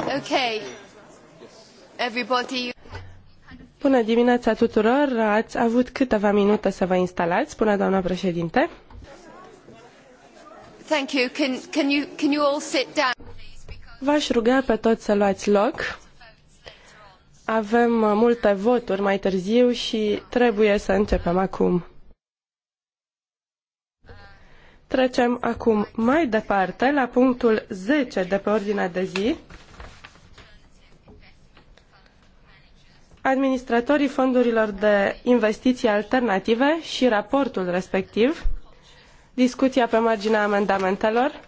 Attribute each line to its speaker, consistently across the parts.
Speaker 1: Okay. Everybody.
Speaker 2: Bună dimineața tuturor! Ați avut câteva minute să vă instalați, spune doamna președinte.
Speaker 1: Thank you. Can, can you, can you all sit down,
Speaker 2: V-aș ruga pe toți să luați loc. Avem multe voturi mai târziu și trebuie să începem acum. Trecem acum mai departe la punctul 10 de pe ordinea de zi. Administratorii fondurilor de investiții alternative și raportul respectiv, discuția pe marginea amendamentelor.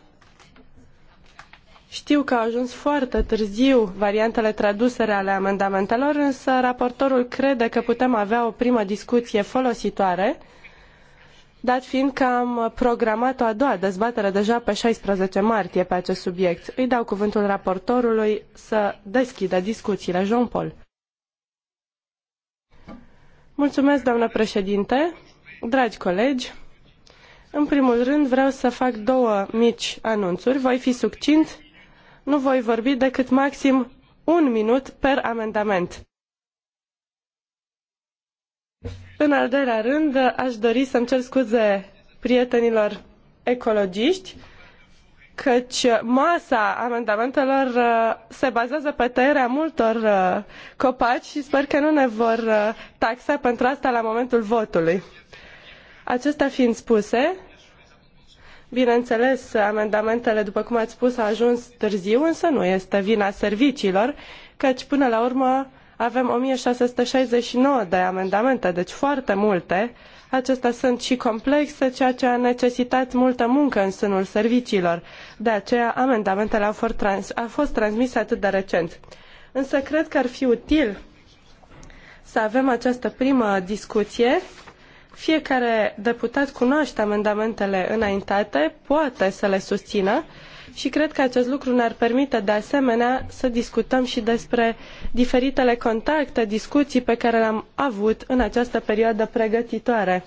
Speaker 2: Știu că au ajuns foarte târziu variantele tradusere ale amendamentelor, însă raportorul crede că putem avea o primă discuție folositoare dat fiind că am programat o a doua dezbatere deja pe 16 martie pe acest subiect. Îi dau cuvântul raportorului să deschidă discuțiile. Jean-Paul. Mulțumesc, doamnă președinte, dragi colegi. În primul rând vreau să fac două mici anunțuri. Voi fi succint, nu voi vorbi decât maxim un minut per amendament. În al doilea rând, aș dori să-mi cer scuze prietenilor ecologiști, căci masa amendamentelor uh, se bazează pe tăierea multor uh, copaci și sper că nu ne vor uh, taxa pentru asta la momentul votului. Acestea fiind spuse, bineînțeles, amendamentele, după cum ați spus, au ajuns târziu, însă nu este vina serviciilor, căci până la urmă avem 1669 de amendamente, deci foarte multe. Acestea sunt și complexe, ceea ce a necesitat multă muncă în sânul serviciilor. De aceea, amendamentele au fost, trans- au fost transmise atât de recent. Însă cred că ar fi util să avem această primă discuție. Fiecare deputat cunoaște amendamentele înaintate, poate să le susțină și cred că acest lucru ne-ar permite de asemenea să discutăm și despre diferitele contacte, discuții pe care le-am avut în această perioadă pregătitoare.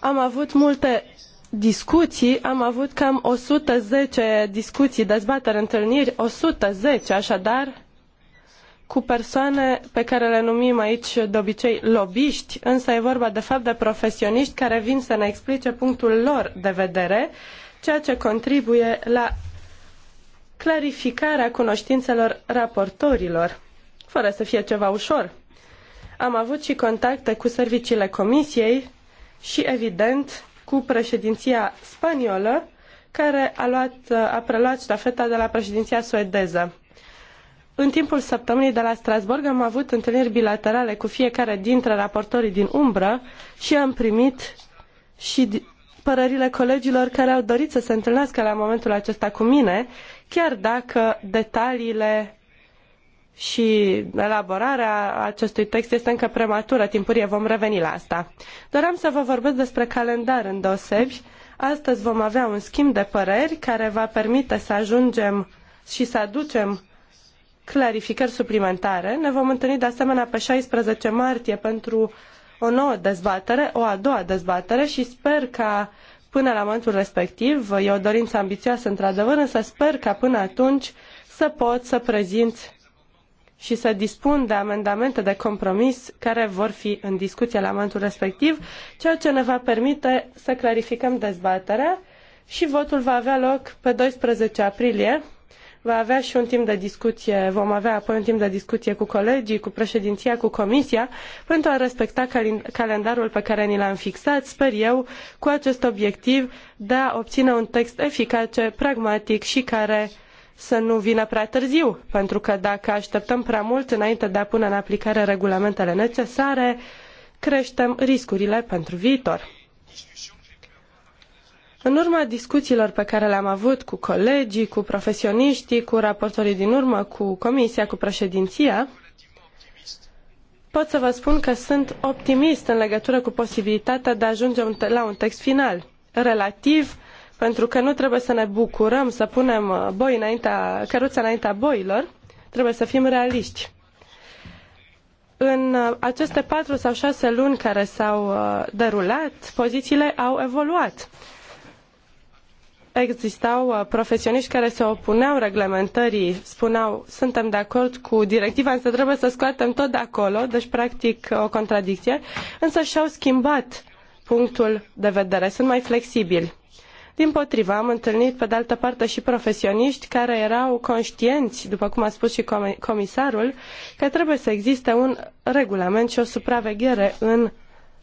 Speaker 2: Am avut multe discuții, am avut cam 110 discuții, dezbateri, întâlniri, 110 așadar, cu persoane pe care le numim aici de obicei lobiști, însă e vorba de fapt de profesioniști care vin să ne explice punctul lor de vedere uh, ceea ce contribuie la clarificarea cunoștințelor raportorilor, fără să fie ceva ușor. Am avut și contacte cu serviciile comisiei și, evident, cu președinția spaniolă, care a, luat, a preluat ștafeta de la președinția suedeză. În timpul săptămânii de la Strasbourg am avut întâlniri bilaterale cu fiecare dintre raportorii din umbră și am primit și părările colegilor care au dorit să se întâlnească la momentul acesta cu mine, chiar dacă detaliile și elaborarea acestui text este încă prematură, timpurie, vom reveni la asta. Doream să vă vorbesc despre calendar în dosebi. Astăzi vom avea un schimb de păreri care va permite să ajungem și să aducem clarificări suplimentare. Ne vom întâlni de asemenea pe 16 martie pentru o nouă dezbatere, o a doua dezbatere și sper ca până la momentul respectiv, e o dorință ambițioasă într-adevăr, însă sper ca până atunci să pot să prezint și să dispun de amendamente de compromis care vor fi în discuție la momentul respectiv, ceea ce ne va permite să clarificăm dezbaterea și votul va avea loc pe 12 aprilie va avea și un timp de discuție, vom avea apoi un timp de discuție cu colegii, cu președinția, cu comisia, pentru a respecta cal calendarul pe care ni l-am fixat, sper eu, cu acest obiectiv de a obține un text eficace, pragmatic și care să nu vină prea târziu, pentru că dacă așteptăm prea mult înainte de a pune în aplicare regulamentele necesare, creștem riscurile pentru viitor. În urma discuțiilor pe care le-am avut cu colegii, cu profesioniștii, cu raportorii din urmă, cu comisia, cu președinția, pot să vă spun că sunt optimist în legătură cu posibilitatea de a ajunge la un text final, relativ, pentru că nu trebuie să ne bucurăm să punem uh, boi înaintea, căruța înaintea boilor, trebuie să fim realiști. În uh, aceste patru sau șase luni care s-au uh, derulat, pozițiile au evoluat existau uh, profesioniști care se opuneau reglementării, spuneau suntem de acord cu directiva, însă trebuie să scoatem tot de acolo, deci practic o contradicție, însă și-au schimbat punctul de vedere, sunt mai flexibili. Din potrivă, am întâlnit pe de altă parte și profesioniști care erau conștienți, după cum a spus și comisarul, că trebuie să existe un regulament și o supraveghere în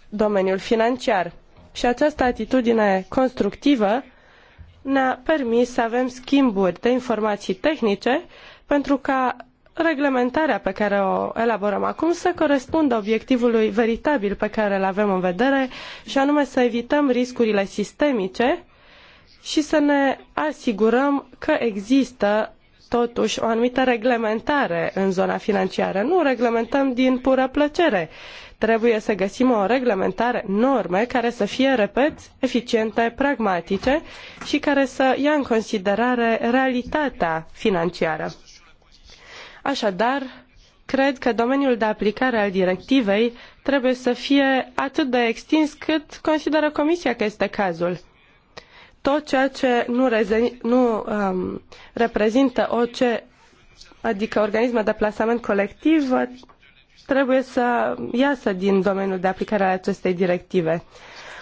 Speaker 2: domeniul financiar. Și această atitudine constructivă ne-a permis să avem schimburi de informații tehnice pentru ca reglementarea pe care o elaborăm acum să corespundă obiectivului veritabil pe care îl avem în vedere și anume să evităm riscurile sistemice și să ne asigurăm că există totuși o anumită reglementare în zona financiară. Nu reglementăm din pură plăcere, Trebuie să găsim o reglementare, norme care să fie, repet, eficiente, pragmatice și care să ia în considerare realitatea financiară. Așadar, cred că domeniul de aplicare al directivei trebuie să fie atât de extins cât consideră Comisia că este cazul. Tot ceea ce nu, rezen, nu um, reprezintă orice, adică organisme de plasament colectiv, trebuie să iasă din domeniul de aplicare al acestei directive.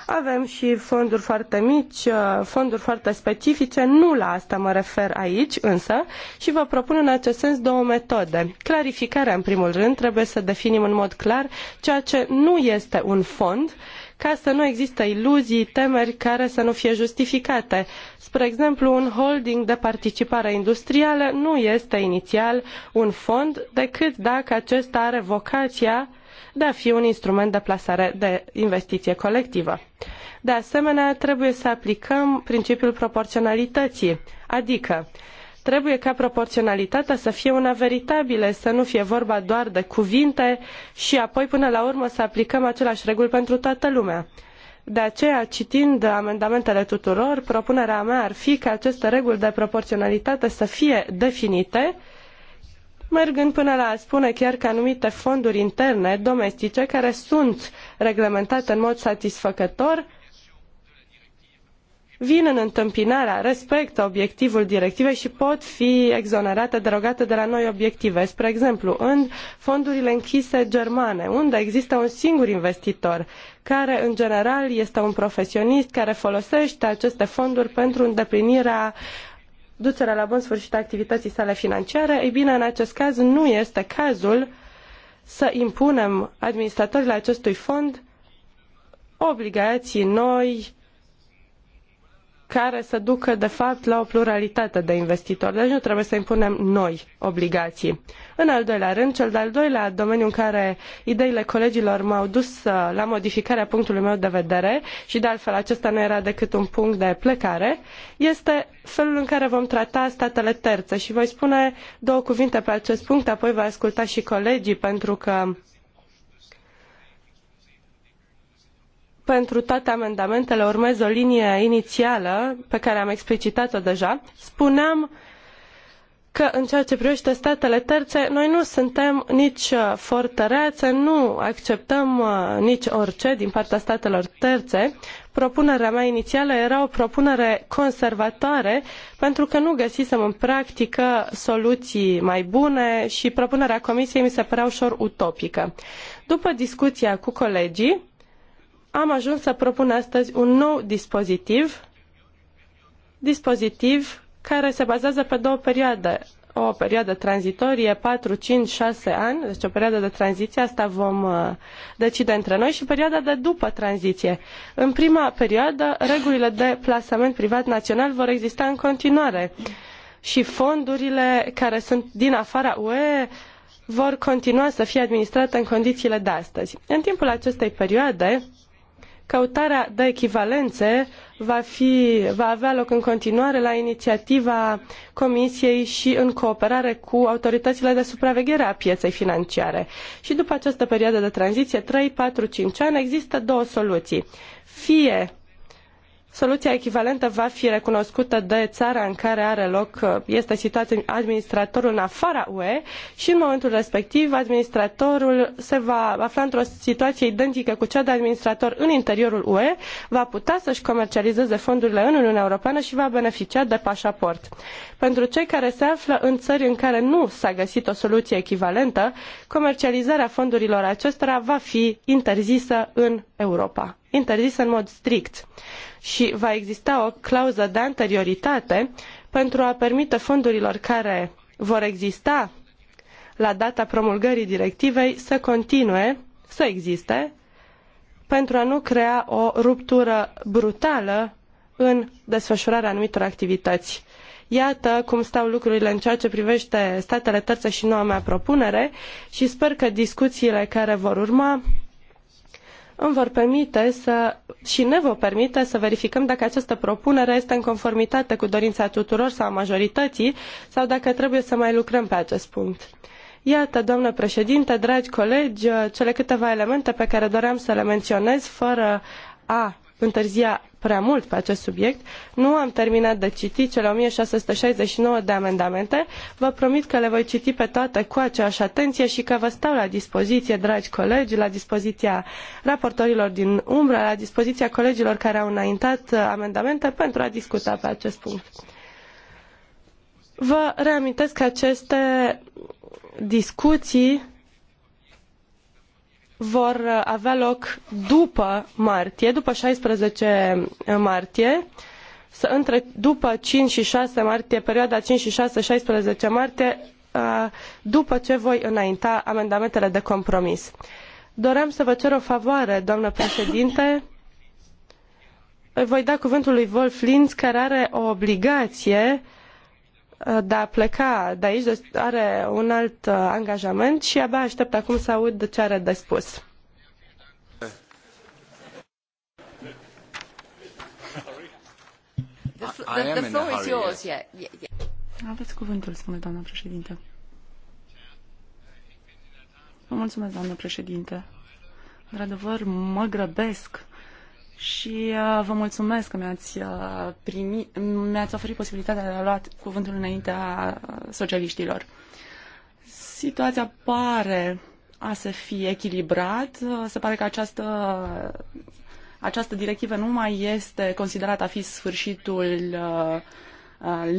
Speaker 2: Avem și fonduri foarte mici, uh, fonduri foarte specifice, nu la asta mă refer aici însă și vă propun în acest sens două metode. Clarificarea în primul rând, trebuie să definim în mod clar ceea ce nu este un fond ca să nu există iluzii, temeri care să nu fie justificate. Spre exemplu, un holding de participare industrială nu este inițial un fond decât dacă acesta are vocația de a fi un instrument de plasare de investiție colectivă. De asemenea, trebuie să aplicăm principiul proporționalității, adică Trebuie ca proporționalitatea să fie una veritabilă, să nu fie vorba doar de cuvinte și apoi până la urmă să aplicăm aceleași reguli pentru toată lumea. De aceea, citind amendamentele tuturor, propunerea mea ar fi ca aceste reguli de proporționalitate să fie definite, mergând până la a spune chiar că anumite fonduri interne, domestice, care sunt reglementate în mod satisfăcător, vin în întâmpinarea, respectă obiectivul directivei și pot fi exonerate, derogate de la noi obiective. Spre exemplu, în fondurile închise germane, unde există un singur investitor, care în general este un profesionist care folosește aceste fonduri pentru îndeplinirea ducerea la bun sfârșit a activității sale financiare, ei bine, în acest caz nu este cazul să impunem administratorilor acestui fond obligații noi, care să ducă, de fapt, la o pluralitate de investitori. Deci nu trebuie să impunem noi obligații. În al doilea rând, cel de-al doilea domeniu în care ideile colegilor m-au dus uh, la modificarea punctului meu de vedere și, de altfel, acesta nu era decât un punct de plecare, este felul în care vom trata statele terțe. Și voi spune două cuvinte pe acest punct, apoi voi asculta și colegii, pentru că pentru toate amendamentele urmez o linie inițială pe care am explicitat-o deja. Spuneam că în ceea ce privește statele terțe, noi nu suntem nici uh, fortăreață, nu acceptăm uh, nici orice din partea statelor terțe. Propunerea mea inițială era o propunere conservatoare pentru că nu găsisem în practică soluții mai bune și propunerea comisiei mi se părea ușor utopică. După discuția cu colegii, am ajuns să propun astăzi un nou dispozitiv, dispozitiv care se bazează pe două perioade. O perioadă tranzitorie, 4, 5, 6 ani, deci o perioadă de tranziție, asta vom uh, decide între noi, și perioada de după tranziție. În prima perioadă, regulile de plasament privat național vor exista în continuare și fondurile care sunt din afara UE vor continua să fie administrate în condițiile de astăzi. În timpul acestei perioade, Căutarea de echivalențe va, fi, va avea loc în continuare la inițiativa Comisiei și în cooperare cu autoritățile de supraveghere a pieței financiare. Și după această perioadă de tranziție, 3, 4, 5 ani, există două soluții. Fie soluția echivalentă va fi recunoscută de țara în care are loc, uh, este situat administratorul în afara UE și în momentul respectiv administratorul se va afla într-o situație identică cu cea de administrator în interiorul UE, va putea să-și comercializeze fondurile în Uniunea Europeană și va beneficia de pașaport. Pentru cei care se află în ări în care nu s-a găsit o soluție echivalentă, comercializarea fondurilor acestora va fi interzisă în Europa interzisă în mod strict și va exista o clauză de anterioritate pentru a permite fondurilor care vor exista la data promulgării directivei să continue să existe pentru a nu crea o ruptură brutală în desfășurarea anumitor activități. Iată cum stau lucrurile în ceea ce privește statele terțe și noua mea propunere și sper că discuțiile care vor urma îmi vor permite să, și ne vor permite să verificăm dacă această propunere este în conformitate cu dorința tuturor sau a majorității sau dacă trebuie să mai lucrăm pe acest punct. Iată, doamnă președinte, dragi colegi, cele câteva elemente pe care doream să le menționez fără a întârzia prea mult pe acest subiect. Nu am terminat de citit cele 1669 de amendamente. Vă promit că le voi citi pe toate cu aceeași atenție și că vă stau la dispoziție, dragi colegi, la dispoziția raportorilor din umbră, la dispoziția colegilor care au înaintat uh, amendamente pentru a discuta pe acest punct. Vă reamintesc că aceste discuții vor uh, avea loc după martie, după 16 uh, martie, să între, după 5 și 6 martie, perioada 5 și 6, 16 martie, uh, după ce voi înainta amendamentele de compromis. Doream să vă cer o favoare, doamnă președinte. Voi da cuvântul lui Wolf Linz, care are o obligație uh, de a pleca de aici, are un alt uh, angajament și abia aștept acum să aud ce are de spus.
Speaker 1: The, floor is yours. Yeah, yeah, yeah.
Speaker 3: Aveți cuvântul, spune doamna președinte. Vă mulțumesc, doamnă președinte. Într-adevăr, mă grăbesc și uh, vă mulțumesc că mi-ați, uh, primi, mi-ați oferit posibilitatea de a lua cuvântul înaintea uh, socialiștilor. Situația pare a se fi echilibrat. Se pare că această, această directivă nu mai este considerată a fi sfârșitul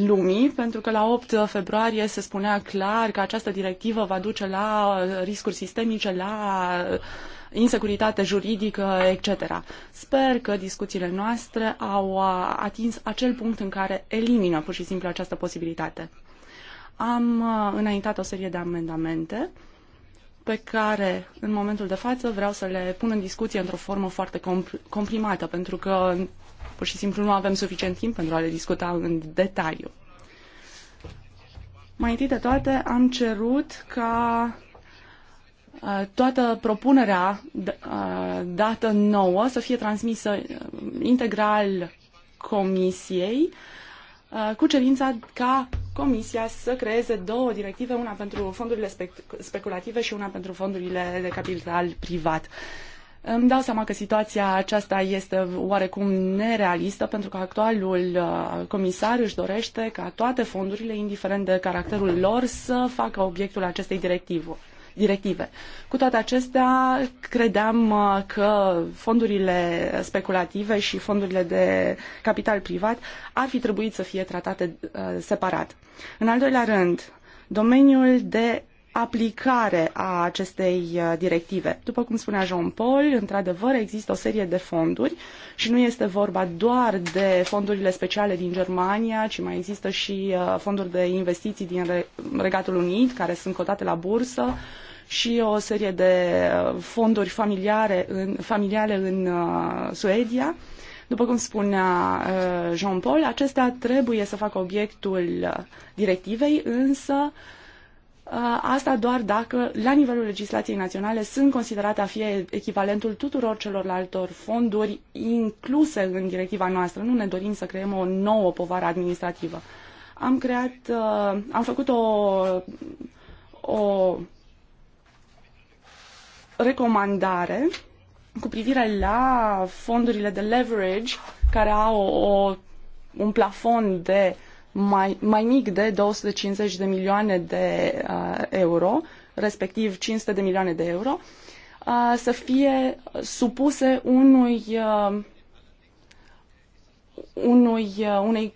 Speaker 3: lumii, pentru că la 8 februarie se spunea clar că această directivă va duce la riscuri sistemice, la insecuritate juridică, etc. Sper că discuțiile noastre au uh, atins acel punct în care elimină pur și simplu această posibilitate. Am uh, înaintat o serie de amendamente pe care, în momentul de față, vreau să le pun în discuție într-o formă foarte comprimată, pentru că pur și simplu nu avem suficient timp pentru a le discuta în detaliu. Mai întâi de toate, am cerut ca Uh, toată propunerea uh, dată nouă să fie transmisă uh, integral Comisiei cu cerința ca Comisia să creeze două directive, una pentru fondurile speculative și una pentru fondurile de capital privat. Îmi dau seama că situația aceasta este oarecum nerealistă pentru că actualul comisar își dorește ca toate fondurile, indiferent de caracterul lor, să facă obiectul acestei directivi directive. Cu toate acestea, credeam uh, că fondurile speculative și fondurile de capital privat ar fi trebuit să fie tratate uh, separat. În al doilea rând, domeniul de aplicare a acestei uh, directive. După cum spunea Jean-Paul, într-adevăr există o serie de fonduri și nu este vorba doar de fondurile speciale din Germania, ci mai există și fonduri de investiții din Regatul Unit care sunt cotate la bursă și o serie de uh, fonduri familiare în, familiale în uh, Suedia. După cum spunea uh, Jean-Paul, acestea trebuie să facă obiectul directivei, însă Asta doar dacă, la nivelul legislației naționale, sunt considerate a fi echivalentul tuturor celorlaltor fonduri incluse în directiva noastră. Nu ne dorim să creăm o nouă povară administrativă. Am creat, am făcut o, o recomandare cu privire la fondurile de leverage care au o, un plafon de mai, mai mic de 250 de milioane de uh, euro, respectiv 500 de milioane de euro, uh, să fie supuse unui, uh, unui, uh, unei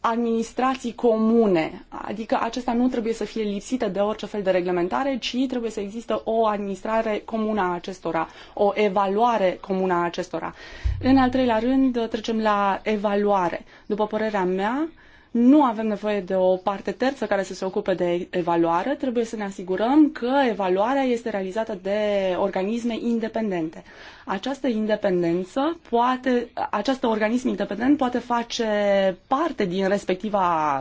Speaker 3: administrații comune, adică acestea nu trebuie să fie lipsite de orice fel de reglementare, ci trebuie să există o administrare comună a acestora, o evaluare comună a acestora. În al treilea rând, trecem la evaluare. După părerea mea, nu avem nevoie de o parte terță care să se ocupe de evaluare, trebuie să ne asigurăm că evaluarea este realizată de organisme independente. Această independență poate, acest organism independent poate face parte din respectiva,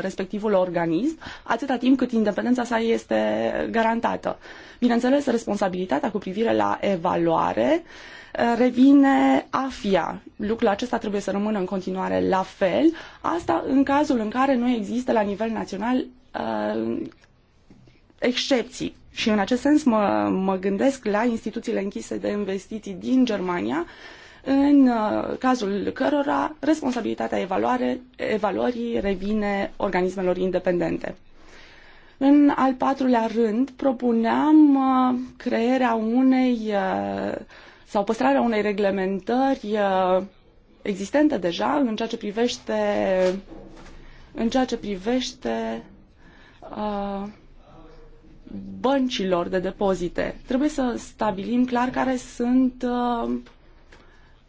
Speaker 3: respectivul organism atâta timp cât independența sa este garantată. Bineînțeles, responsabilitatea cu privire la evaluare uh, revine AFIA. Lucrul acesta trebuie să rămână în continuare la fel, asta în cazul în care nu există la nivel național uh, excepții. Și în acest sens mă, mă gândesc la instituțiile închise de investiții din Germania, în uh, cazul cărora responsabilitatea evaluare, evaluării revine organismelor independente. În al patrulea rând, propuneam uh, crearea unei uh, sau păstrarea unei reglementări uh, existente deja în ceea ce privește în ceea ce privește uh, băncilor de depozite. Trebuie să stabilim clar care sunt uh,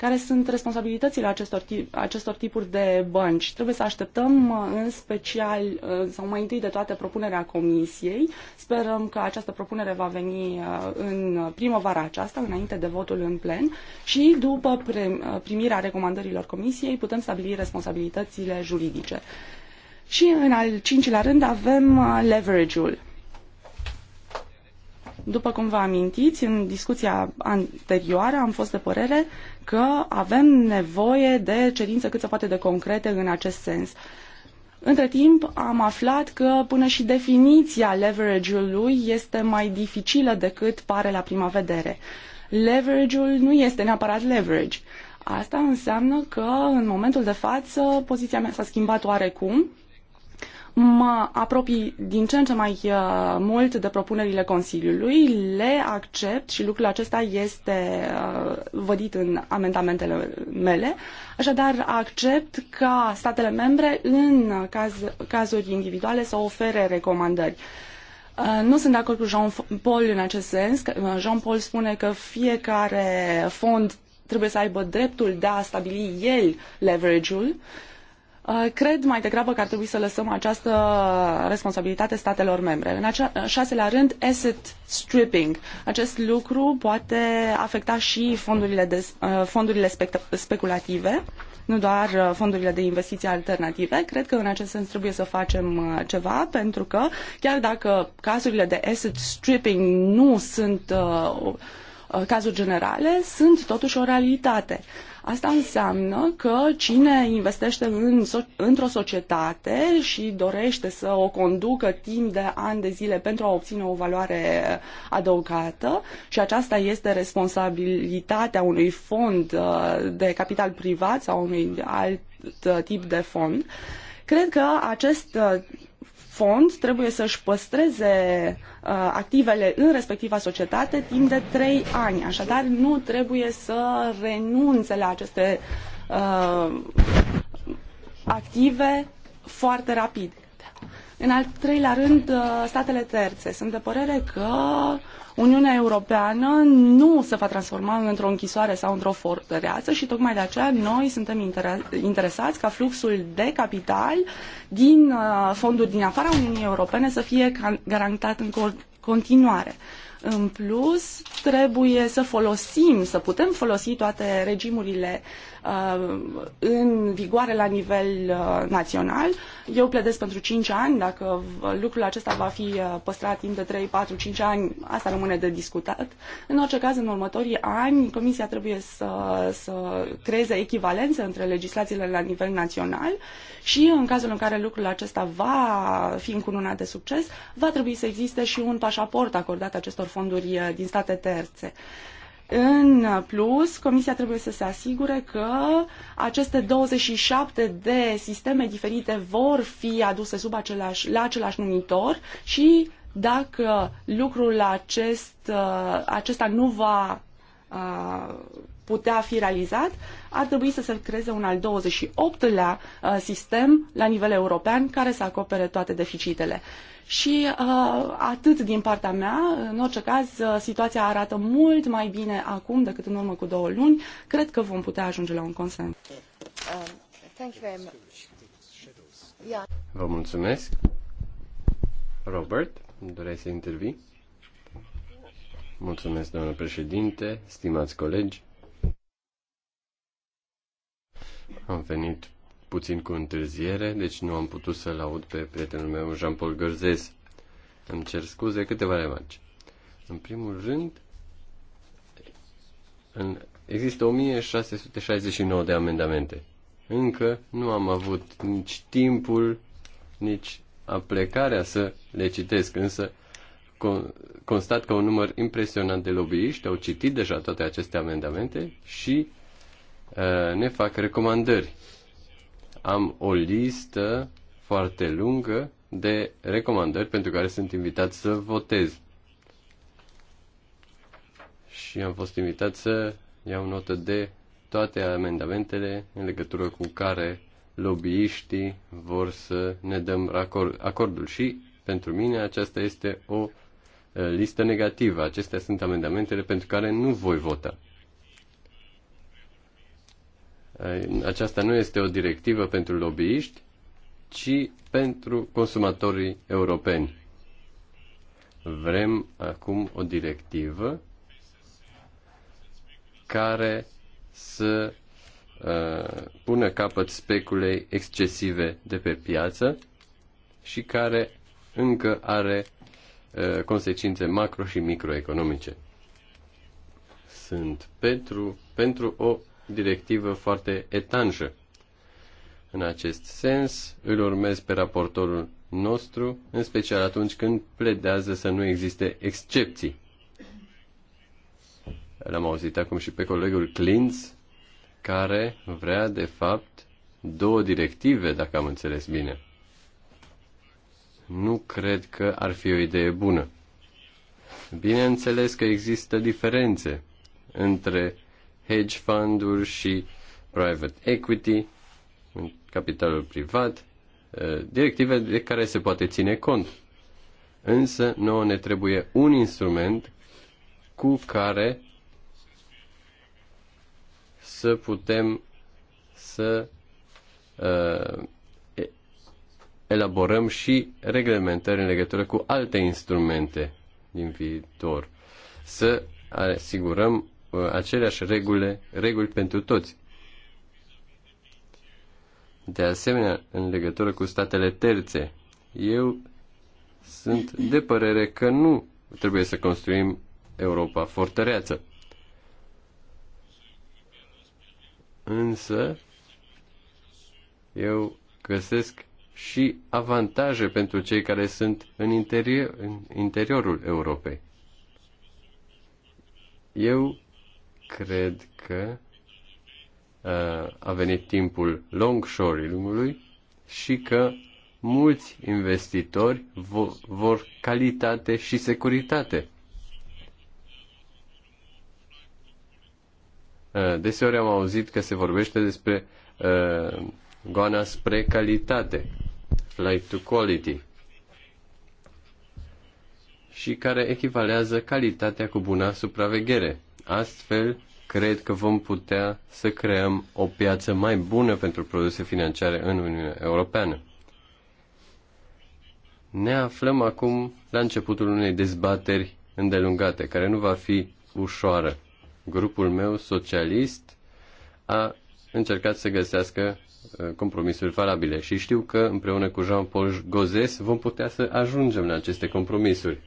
Speaker 3: care sunt responsabilitățile acestor, tip, acestor tipuri de bănci. Trebuie să așteptăm uh, în special uh, sau mai întâi de toate propunerea Comisiei. Sperăm că această propunere va veni uh, în primăvara aceasta, înainte de votul în plen și după primirea recomandărilor Comisiei putem stabili responsabilitățile juridice. Și în al cincilea rând avem leverage-ul după cum vă amintiți, în discuția anterioară am fost de părere că avem nevoie de cerințe cât se poate de concrete în acest sens. Între timp am aflat că până și definiția leverage-ului este mai dificilă decât pare la prima vedere. Leverage-ul nu este neapărat leverage. Asta înseamnă că în momentul de față poziția mea s-a schimbat oarecum mă apropii din ce în ce mai uh, mult de propunerile Consiliului, le accept și lucrul acesta este uh, vădit în amendamentele mele. Așadar, accept ca statele membre, în caz, cazuri individuale, să ofere recomandări. Uh, nu sunt de acord cu Jean-Paul în acest sens. Jean-Paul spune că fiecare fond trebuie să aibă dreptul de a stabili el leverage-ul. Uh, Uh, cred mai degrabă că ar trebui să lăsăm această responsabilitate statelor membre. În acea, șaselea rând, asset stripping. Acest lucru poate afecta și fondurile, de, uh, fondurile speculative, nu doar uh, fondurile de investiții alternative. Cred că în acest sens trebuie să facem ceva, pentru că chiar dacă cazurile de asset stripping nu sunt cazuri generale, sunt totuși o realitate. Asta înseamnă că cine investește în, într-o societate și dorește să o conducă timp de ani de zile pentru a obține o valoare adăugată și aceasta este responsabilitatea unui fond uh, de capital privat sau unui alt uh, tip de fond, cred că acest uh, fond trebuie să-și păstreze uh, activele în respectiva societate timp de trei ani. Așadar, nu trebuie să renunțe la aceste uh, active foarte rapid. În al treilea rând, uh, statele terțe. Sunt de părere că uh, Uniunea Europeană nu se va transforma într-o închisoare sau într-o fortăreață și tocmai de aceea noi suntem interesați ca fluxul de capital din uh, fonduri din afara Uniunii Europene să fie garantat în continuare. În plus, trebuie să folosim, să putem folosi toate regimurile Uh, în vigoare la nivel uh, național. Eu pledez pentru 5 ani, dacă lucrul acesta va fi uh, păstrat timp de 3, 4, 5 ani, asta rămâne de discutat. În orice caz, în următorii ani, Comisia trebuie să, să creeze echivalențe între legislațiile la nivel național și în cazul în care lucrul acesta va fi încununat de succes, va trebui să existe și un pașaport acordat acestor fonduri din state terțe. În plus, Comisia trebuie să se asigure că aceste 27 de sisteme diferite vor fi aduse sub același, la același numitor și dacă lucrul acest, acesta nu va uh, putea fi realizat, ar trebui să se creeze un al 28-lea uh, sistem la nivel european care să acopere toate deficitele. Și uh, atât din partea mea, în orice caz, uh, situația arată mult mai bine acum decât în urmă cu două luni. Cred că vom putea ajunge la un consens.
Speaker 4: Vă mulțumesc. Robert, doreai să intervii? Mulțumesc, doamnă președinte, stimați colegi. Am venit puțin cu întârziere, deci nu am putut să-l aud pe prietenul meu, Jean-Paul Gărzes. Îmi cer scuze, câteva remarci. În primul rând, în, există 1669 de amendamente. Încă nu am avut nici timpul, nici aplecarea să le citesc, însă constat că un număr impresionant de lobbyiști au citit deja toate aceste amendamente și Eh, ne fac recomandări. Am o listă foarte lungă de recomandări pentru care sunt invitat să votez. Și am fost invitat să iau notă de toate amendamentele în legătură cu care lobbyiștii vor să ne dăm acord, acordul. Și pentru mine aceasta este o eh, listă negativă. Acestea sunt amendamentele pentru care nu voi vota. Aceasta nu este o directivă pentru lobbyiști, ci pentru consumatorii europeni. Vrem acum o directivă care să uh, pună capăt speculei excesive de pe piață și care încă are uh, consecințe macro și microeconomice. Sunt pentru, pentru o directivă foarte etanjă. În acest sens, îl urmez pe raportorul nostru, în special atunci când pledează să nu existe excepții. L-am auzit acum și pe colegul Klintz, care vrea, de fapt, două directive, dacă am înțeles bine. Nu cred că ar fi o idee bună. Bineînțeles că există diferențe între hedge fund-uri și private equity, în capitalul privat, directive de care se poate ține cont. Însă nouă ne trebuie un instrument cu care să putem să uh, elaborăm și reglementări în legătură cu alte instrumente din viitor. Să asigurăm Uh, aceleași regule, reguli pentru toți. De asemenea, în legătură cu statele terțe, eu sunt de părere că nu trebuie să construim Europa fortăreață. Însă, eu găsesc și avantaje pentru cei care sunt în, interior, în interiorul Europei. Eu cred că uh, a venit timpul longshoring-ului și că mulți investitori vor calitate și securitate. Uh, deseori am auzit că se vorbește despre uh, goana spre calitate, flight to quality, și care echivalează calitatea cu buna supraveghere. Astfel, cred că vom putea să creăm o piață mai bună pentru produse financiare în Uniunea Europeană. Ne aflăm acum la începutul unei dezbateri îndelungate, care nu va fi ușoară. Grupul meu socialist a încercat să găsească uh, compromisuri valabile și știu că împreună cu Jean-Paul Gozes vom putea să ajungem la aceste compromisuri.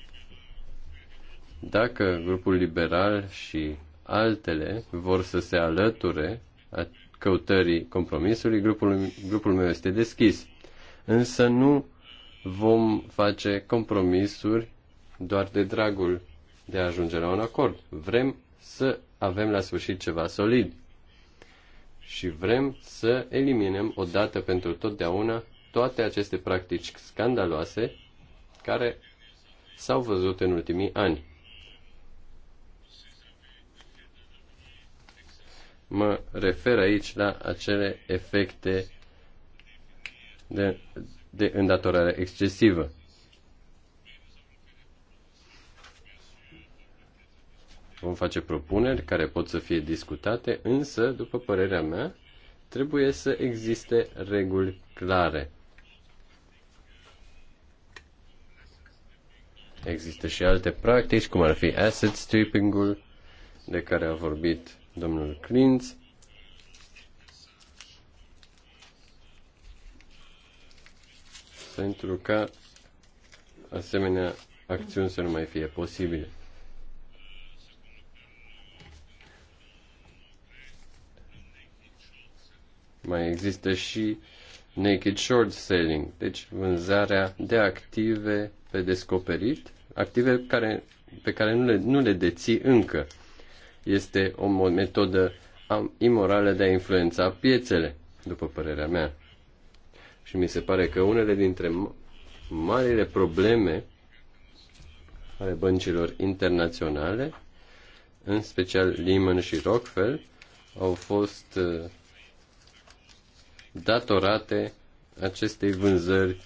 Speaker 4: Dacă grupul liberal și altele vor să se alăture a căutării compromisului, grupul, grupul meu este deschis. Însă nu vom face compromisuri doar de dragul de a ajunge la un acord. Vrem să avem la sfârșit ceva solid și vrem să eliminăm odată pentru totdeauna toate aceste practici scandaloase care s-au văzut în ultimii ani. Mă refer aici la acele efecte de, de îndatorare excesivă. Vom face propuneri care pot să fie discutate, însă, după părerea mea, trebuie să existe reguli clare. Există și alte practici, cum ar fi asset stripping-ul, de care a vorbit domnul Clinț. pentru ca asemenea acțiuni să nu mai fie posibile. Mai există și naked short selling, deci vânzarea de active pe descoperit, active care, pe care nu le, nu le deții încă este o metodă imorală de a influența piețele, după părerea mea. Și mi se pare că unele dintre marile probleme ale băncilor internaționale, în special Lehman și Rockefeller, au fost uh, datorate acestei vânzări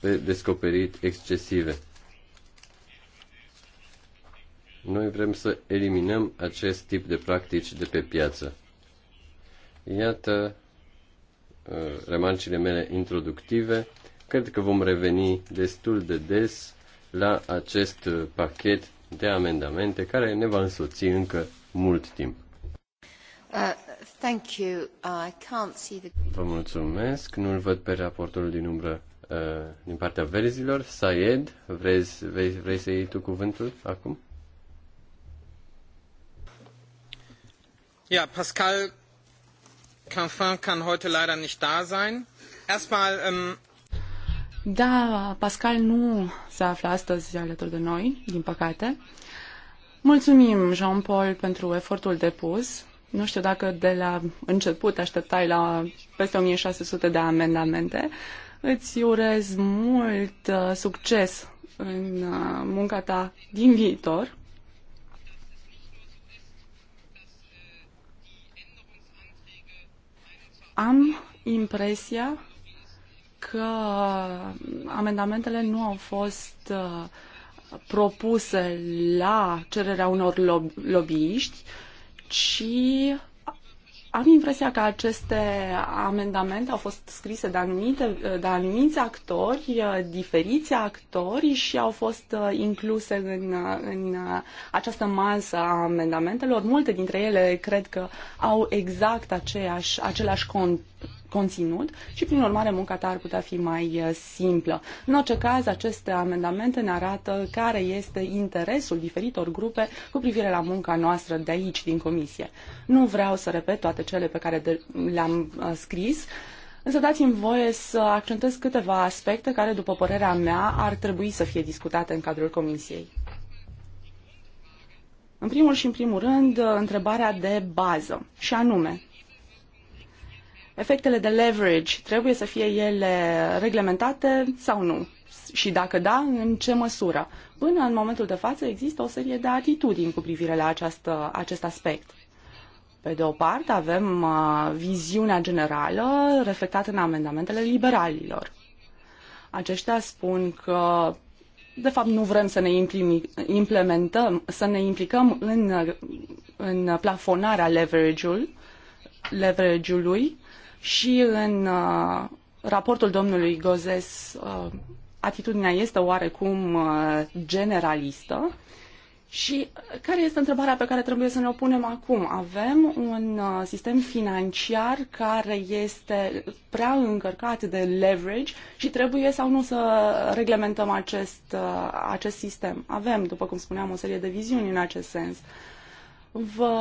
Speaker 4: pe descoperit excesive. Noi vrem să eliminăm acest tip de practici de pe piață. Iată uh, remarcile mele introductive. Cred că vom reveni destul de des la acest pachet de amendamente care ne va însoți încă mult timp.
Speaker 1: Uh, thank you. Uh, I can't see the...
Speaker 4: Vă mulțumesc. Nu-l văd pe raportorul din umbră uh, din partea verzilor. Saed, vrei, vrei, vrei să iei tu cuvântul acum? Ja, Pascal Canfin kann heute leider nicht da sein. Erstmal ähm,
Speaker 3: da, Pascal nu se află astăzi alături de noi, din păcate. Mulțumim, Jean-Paul, pentru efortul depus. Nu știu dacă de la început așteptai la peste 1600 de amendamente. Îți urez mult uh, succes în uh, munca ta din viitor. Am impresia că amendamentele nu au fost uh, propuse la cererea unor lob- lobbyiști, ci am impresia că aceste amendamente au fost scrise de, anumite, de anumiți actori, eh, diferiți actori și au fost eh, incluse în, eh, în această masă a amendamentelor. Multe dintre ele cred că au exact aceeași, același cont, conținut și, prin urmare, munca ta ar putea fi mai uh, simplă. În orice caz, aceste amendamente ne arată care este interesul diferitor grupe cu privire la munca noastră de aici, din comisie. Nu vreau să repet toate cele pe care le-am uh, scris, Însă dați-mi voie să accentez câteva aspecte care, după părerea mea, ar trebui să fie discutate în cadrul comisiei. În primul și în primul rând, uh, întrebarea de bază, și anume, Efectele de leverage trebuie să fie ele reglementate sau nu? Și dacă da, în ce măsură? Până în momentul de față există o serie de atitudini cu privire la această, acest aspect. Pe de o parte avem uh, viziunea generală reflectată în amendamentele liberalilor. Aceștia spun că de fapt nu vrem să ne implementăm, să ne implicăm în, în plafonarea leverage ului leverage-ului, și în uh, raportul domnului Gozes uh, atitudinea este oarecum uh, generalistă. Și care este întrebarea pe care trebuie să ne o punem acum? Avem un sistem financiar care este prea încărcat de leverage și trebuie sau nu să reglementăm acest, acest sistem. Avem, după cum spuneam, o serie de viziuni în acest sens. Vă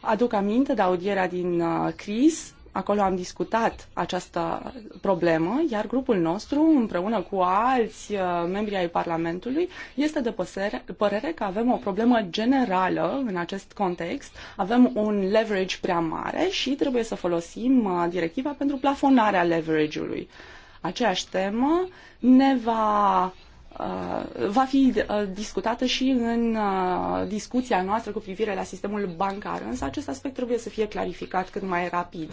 Speaker 3: aduc aminte de audierea din CRIS Acolo am discutat această problemă, iar grupul nostru, împreună cu alți uh, membri ai Parlamentului, este de părere că avem o problemă generală în acest context. Avem un leverage prea mare și trebuie să folosim uh, directiva pentru plafonarea leverage-ului. Aceeași temă ne va uh, va fi discutată și în discuția noastră cu privire la sistemul bancar, însă acest aspect trebuie să fie clarificat cât mai rapid.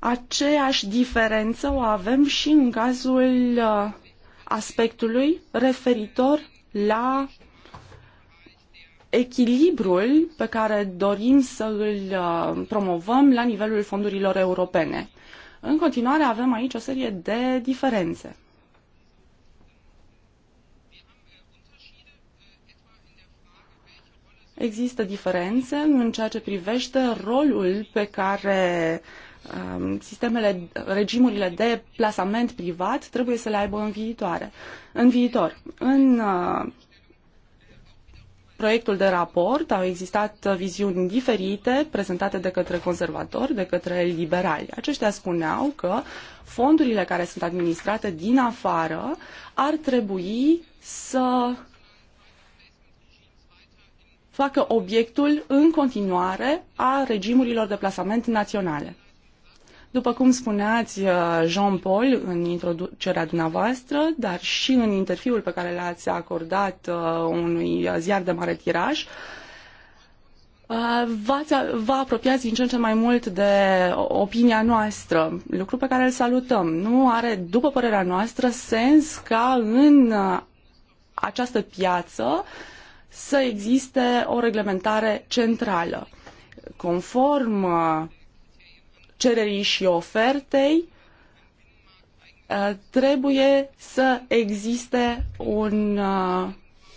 Speaker 3: Aceeași diferență o avem și în cazul uh, aspectului referitor la echilibrul pe care dorim să îl uh, promovăm la nivelul fondurilor europene. În continuare avem aici o serie de diferențe. Există diferențe în ceea ce privește rolul pe care uh, Um, sistemele, regimurile de plasament privat trebuie să le aibă în, viitoare, în viitor. În uh, proiectul de raport au existat viziuni diferite prezentate de către conservatori, de către liberali. Aceștia spuneau că fondurile care sunt administrate din afară ar trebui să facă obiectul în continuare a regimurilor de plasament naționale. După cum spuneați, uh, Jean-Paul, în introducerea dumneavoastră, dar și în interviul pe care l-ați acordat uh, unui ziar de mare tiraj, uh, Vă apropiați din ce în ce mai mult de opinia noastră, lucru pe care îl salutăm. Nu are, după părerea noastră, sens ca în această piață să existe o reglementare centrală. Conform cererii și ofertei, uh, trebuie să existe un, uh,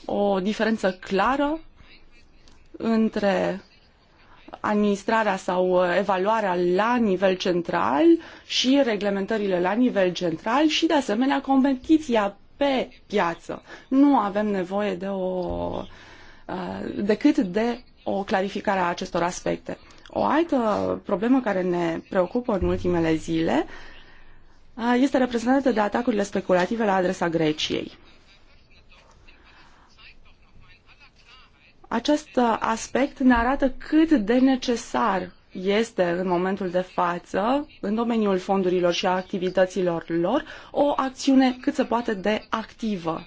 Speaker 3: o diferență clară între administrarea sau uh, evaluarea la nivel central și reglementările la nivel central și, de asemenea, competiția pe piață. Nu avem nevoie de o, decât de o clarificare a acestor aspecte. O altă problemă care ne preocupă în ultimele zile este reprezentată de atacurile speculative la adresa Greciei. Acest aspect ne arată cât de necesar este în momentul de față, în domeniul fondurilor și a activităților lor, o acțiune cât se poate de activă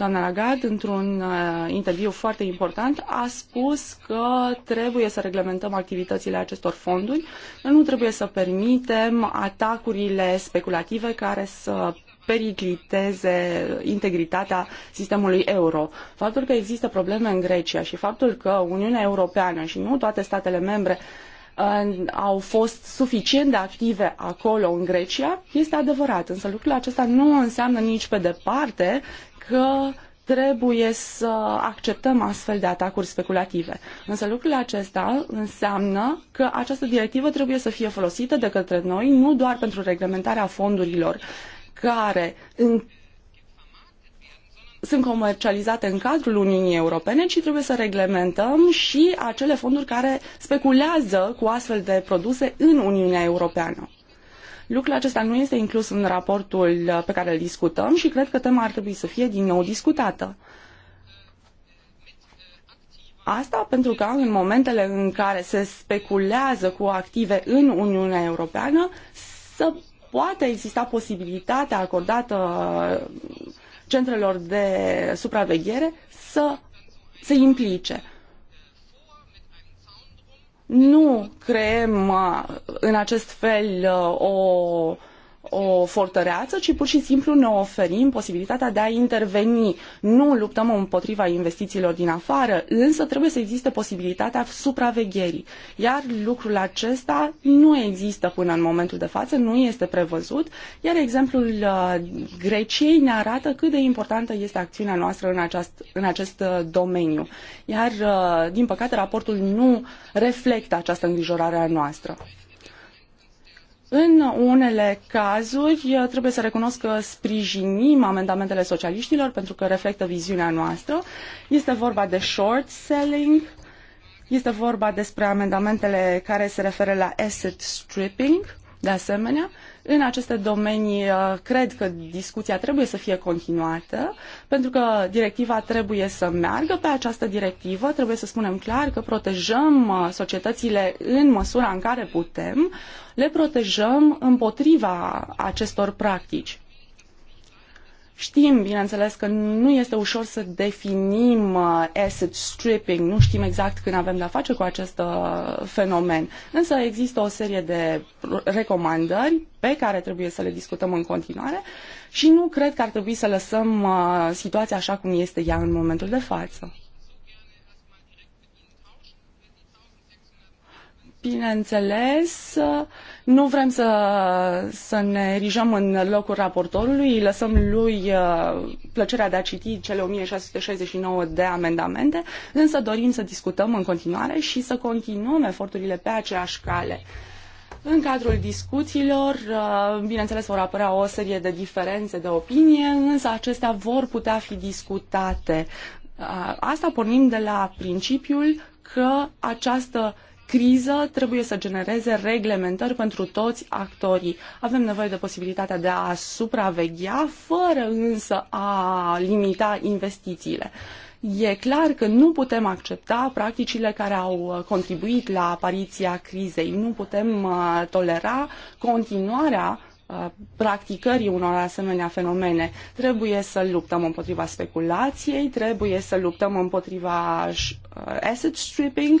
Speaker 3: Doamna Lagarde, într-un uh, interviu foarte important, a spus că trebuie să reglementăm activitățile acestor fonduri, nu trebuie să permitem atacurile speculative care să pericliteze integritatea sistemului euro. Faptul că există probleme în Grecia și faptul că Uniunea Europeană și nu toate statele membre uh, au fost suficient de active acolo în Grecia, este adevărat, însă lucrul acesta nu înseamnă nici pe departe că trebuie să acceptăm astfel de atacuri speculative. Însă lucrul acesta înseamnă că această directivă trebuie să fie folosită de către noi nu doar pentru reglementarea fondurilor care în sunt comercializate în cadrul Uniunii Europene, ci trebuie să reglementăm și acele fonduri care speculează cu astfel de produse în Uniunea Europeană. Lucrul acesta nu este inclus în raportul uh, pe care îl discutăm și cred că tema ar trebui să fie din nou discutată. Asta pentru că în momentele în care se speculează cu active în Uniunea Europeană să poate exista posibilitatea acordată uh, centrelor de supraveghere să se implice nu creăm uh, în acest fel uh, o o fortăreață, ci pur și simplu ne oferim posibilitatea de a interveni. Nu luptăm împotriva investițiilor din afară, însă trebuie să existe posibilitatea supravegherii. Iar lucrul acesta nu există până în momentul de față, nu este prevăzut, iar exemplul uh, Greciei ne arată cât de importantă este acțiunea noastră în, aceast, în acest uh, domeniu. Iar, uh, din păcate, raportul nu reflectă această îngrijorare a noastră. În unele cazuri, trebuie să recunosc că sprijinim amendamentele socialiștilor pentru că reflectă viziunea noastră. Este vorba de short selling, este vorba despre amendamentele care se referă la asset stripping, de asemenea, în aceste domenii uh, cred că discuția trebuie să fie continuată, pentru că directiva trebuie să meargă pe această directivă, trebuie să spunem clar că protejăm uh, societățile în măsura în care putem, le protejăm împotriva acestor practici. Știm, bineînțeles, că nu este ușor să definim uh, asset stripping, nu știm exact când avem de-a face cu acest uh, fenomen, însă există o serie de recomandări pe care trebuie să le discutăm în continuare și nu cred că ar trebui să lăsăm uh, situația așa cum este ea în momentul de față. Bineînțeles, nu vrem să, să ne erijăm în locul raportorului, lăsăm lui uh, plăcerea de a citi cele 1669 de amendamente, însă dorim să discutăm în continuare și să continuăm eforturile pe aceeași cale. În cadrul discuțiilor, uh, bineînțeles, vor apărea o serie de diferențe de opinie, însă acestea vor putea fi discutate. Uh, asta pornim de la principiul că această uh, criză trebuie să genereze reglementări pentru toți actorii. Avem nevoie de posibilitatea de a supraveghea, fără însă a limita investițiile. E clar că nu putem accepta practicile care au contribuit la apariția crizei. Nu putem uh, tolera continuarea uh, practicării unor asemenea fenomene. Trebuie să luptăm împotriva speculației, trebuie să luptăm împotriva uh, asset stripping,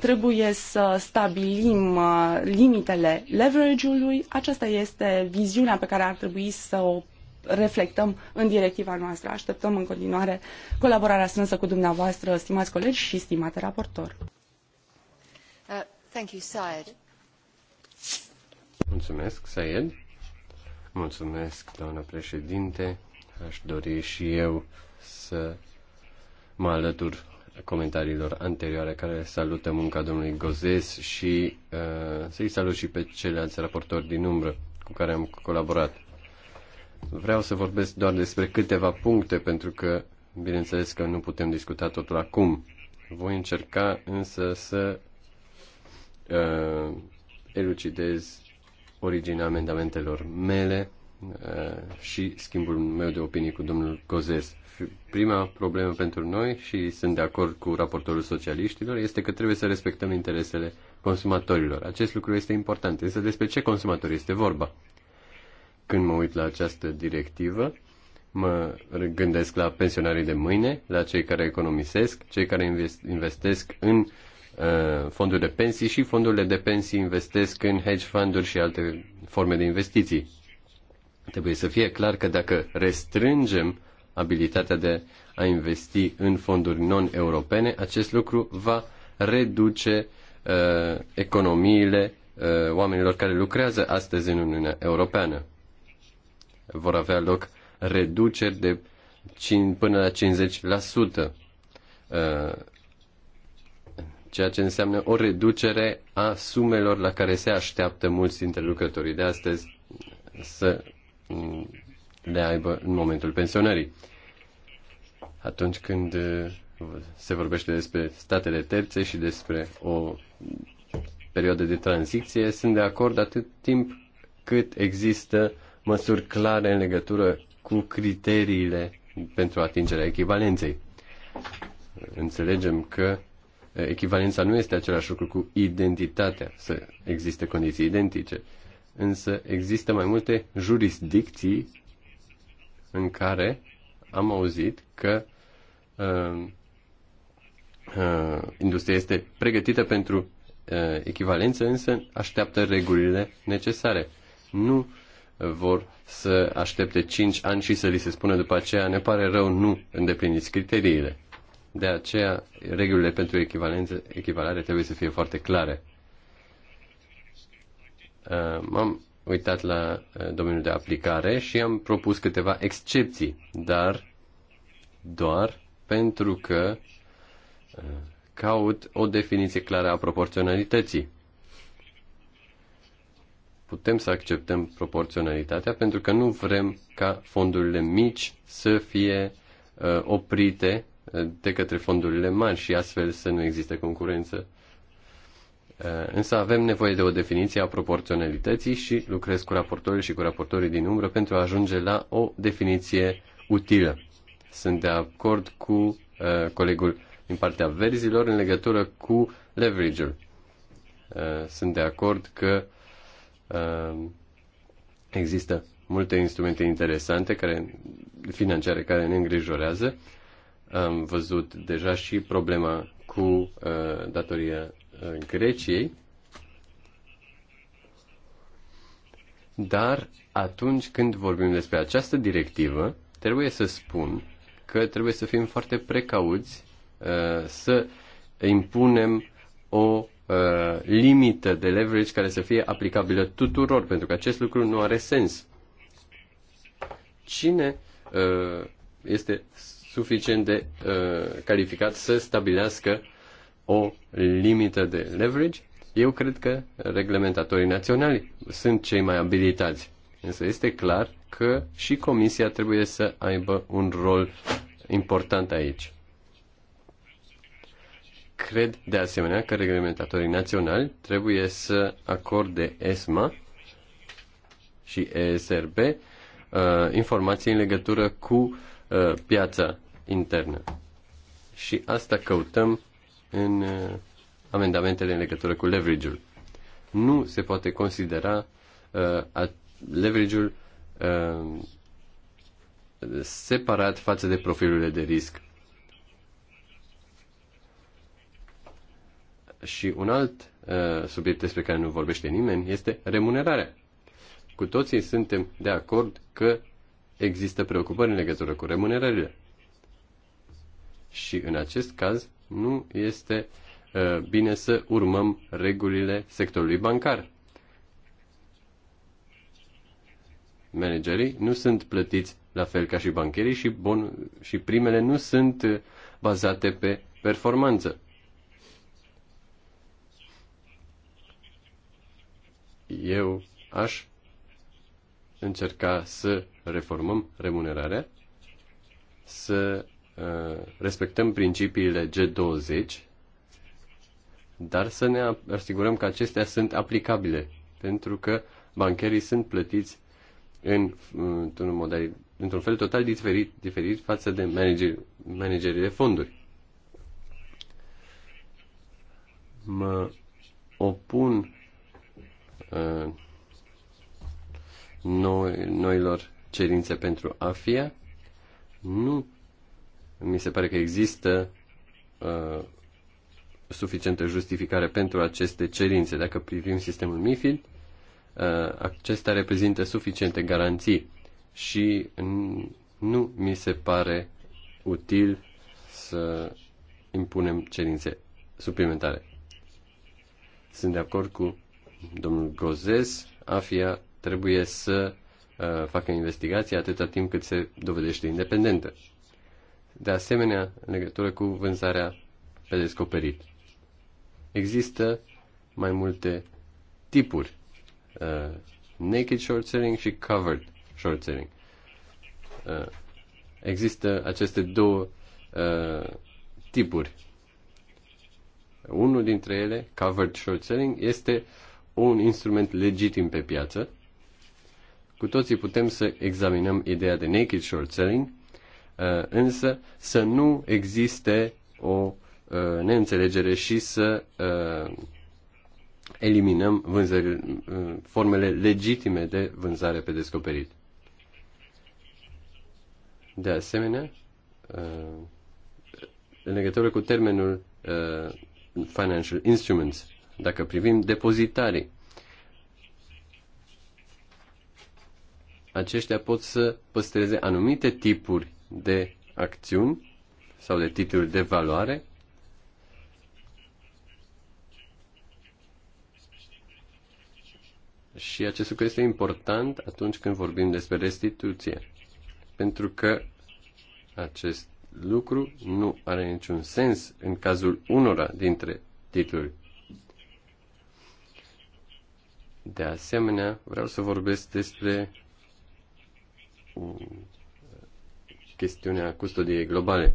Speaker 3: trebuie să stabilim uh, limitele leverage-ului. Aceasta este viziunea pe care ar trebui să o reflectăm în directiva noastră. Așteptăm în continuare colaborarea strânsă cu dumneavoastră, stimați colegi și stimate raportor.
Speaker 1: Uh, thank you, Syed.
Speaker 4: Mulțumesc, Saed. Mulțumesc, doamna președinte. Aș dori și eu să mă alătur comentariilor anterioare care salută munca domnului Gozes și uh, să-i salut și pe ceilalți raportori din umbră cu care am colaborat. Vreau să vorbesc doar despre câteva puncte pentru că, bineînțeles că nu putem discuta totul acum. Voi încerca însă să uh, elucidez originea amendamentelor mele uh, și schimbul meu de opinii cu domnul Gozes prima problemă pentru noi și sunt de acord cu raportorul socialiștilor este că trebuie să respectăm interesele consumatorilor. Acest lucru este important. Însă despre ce consumatori este vorba? Când mă uit la această directivă, mă gândesc la pensionarii de mâine, la cei care economisesc, cei care investesc în uh, fonduri de pensii și fondurile de pensii investesc în hedge funduri și alte forme de investiții. Trebuie să fie clar că dacă restrângem abilitatea de a investi în fonduri non-europene, acest lucru va reduce uh, economiile uh, oamenilor care lucrează astăzi în Uniunea Europeană. Vor avea loc reduceri de 5, până la 50%, uh, ceea ce înseamnă o reducere a sumelor la care se așteaptă mulți dintre lucrătorii de astăzi să le aibă în momentul pensionării. Atunci când uh, se vorbește despre statele terțe și despre o perioadă de tranziție, sunt de acord atât timp cât există măsuri clare în legătură cu criteriile pentru atingerea echivalenței. Înțelegem că uh, echivalența nu este același lucru cu identitatea, să existe condiții identice, însă există mai multe jurisdicții în care am auzit că uh, uh, industria este pregătită pentru uh, echivalență, însă așteaptă regulile necesare. Nu uh, vor să aștepte 5 ani și să li se spună după aceea, ne pare rău, nu îndepliniți criteriile. De aceea, regulile pentru echivalență, echivalare trebuie să fie foarte clare. Uh, m-am uitat la eh, domeniul de aplicare și am propus câteva excepții, dar doar pentru că eh, caut o definiție clară a proporționalității. Putem să acceptăm proporționalitatea pentru că nu vrem ca fondurile mici să fie eh, oprite de către fondurile mari și astfel să nu existe concurență Eh, însă avem nevoie de o definiție a proporționalității și lucrez cu raportorii și cu raportorii din umbră pentru a ajunge la o definiție utilă. Sunt de acord cu uh, colegul din partea verzilor în legătură cu leverage-ul. Uh, sunt de acord că uh, există multe instrumente interesante care, financiare care ne îngrijorează. Am văzut deja și problema cu uh, datoria Greciei, dar atunci când vorbim despre această directivă, trebuie să spun că trebuie să fim foarte precauți uh, să impunem o uh, limită de leverage care să fie aplicabilă tuturor, pentru că acest lucru nu are sens. Cine uh, este suficient de calificat să stabilească o limită de leverage, eu cred că reglementatorii naționali sunt cei mai abilitați. Însă este clar că și Comisia trebuie să aibă un rol important aici. Cred de asemenea că reglementatorii naționali trebuie să acorde ESMA și ESRB uh, informații în legătură cu uh, piața internă. Și asta căutăm în uh, amendamentele în legătură cu leverage-ul. Nu se poate considera uh, leverage-ul uh, separat față de profilurile de risc. Și un alt uh, subiect despre care nu vorbește nimeni este remunerarea. Cu toții suntem de acord că există preocupări în legătură cu remunerările. Și în acest caz nu este uh, bine să urmăm regulile sectorului bancar. Managerii nu sunt plătiți la fel ca și bancherii și, bon, și primele nu sunt uh, bazate pe performanță. Eu aș încerca să reformăm remunerarea, să respectăm principiile G20, dar să ne asigurăm că acestea sunt aplicabile, pentru că bancherii sunt plătiți în, într-un, model, într-un fel total diferit, diferit față de manager, managerii de fonduri. Mă opun uh, noi, noilor cerințe pentru AFIA. Nu mi se pare că există uh, suficientă justificare pentru aceste cerințe. Dacă privim sistemul MIFID, uh, acesta reprezintă suficiente garanții și nu mi se pare util să impunem cerințe suplimentare. Sunt de acord cu domnul Gozes, AFIA trebuie să uh, facă investigații atâta timp cât se dovedește independentă de asemenea în legătură cu vânzarea pe descoperit. Există mai multe tipuri, uh, naked short selling și covered short selling. Uh, există aceste două uh, tipuri. Unul dintre ele, covered short selling, este un instrument legitim pe piață. Cu toții putem să examinăm ideea de naked short selling Uh, însă să nu existe o uh, neînțelegere și să uh, eliminăm vânzări, formele legitime de vânzare pe descoperit. De asemenea, în legătură cu termenul financial instruments, dacă privim depozitarii, aceștia pot să păstreze anumite tipuri de acțiuni sau de titluri de valoare Și acest lucru este important atunci când vorbim despre restituție, pentru că acest lucru nu are niciun sens în cazul unora dintre titluri. De asemenea, vreau să vorbesc despre chestiunea custodiei globale.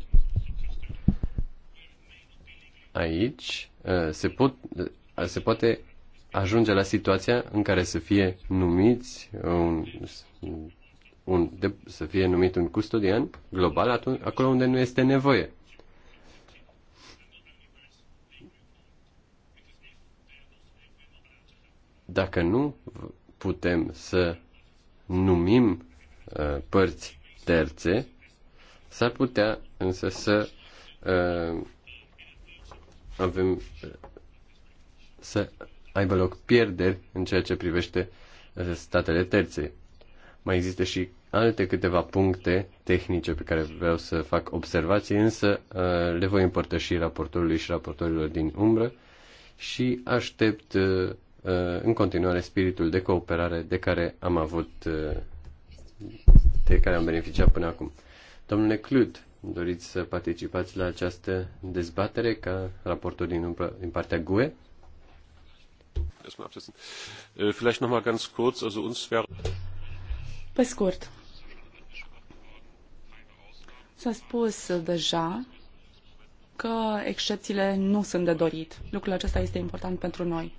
Speaker 4: Aici uh, se, pot, uh, se poate ajunge la situația în care să fie numiți un, un, de, să fie numit un custodian global atunci, acolo unde nu este nevoie. Dacă nu putem să numim uh, părți terțe, S-ar putea însă să uh, avem uh, să aibă loc pierderi în ceea ce privește uh, statele terțe. Mai există și alte câteva puncte tehnice pe care vreau să fac observații, însă uh, le voi împărtăși raportorului și raportorilor din umbră și aștept uh, uh în continuare spiritul de cooperare de care am avut uh, de care am beneficiat până acum. Domnule Clut, doriți să participați la această dezbatere ca raportor din, din partea GUE? Äh, vielleicht nochmal ganz kurz, also uns wäre...
Speaker 2: Pe scurt.
Speaker 3: S-a spus deja că excepțiile nu sunt de dorit. Lucrul acesta este important pentru noi.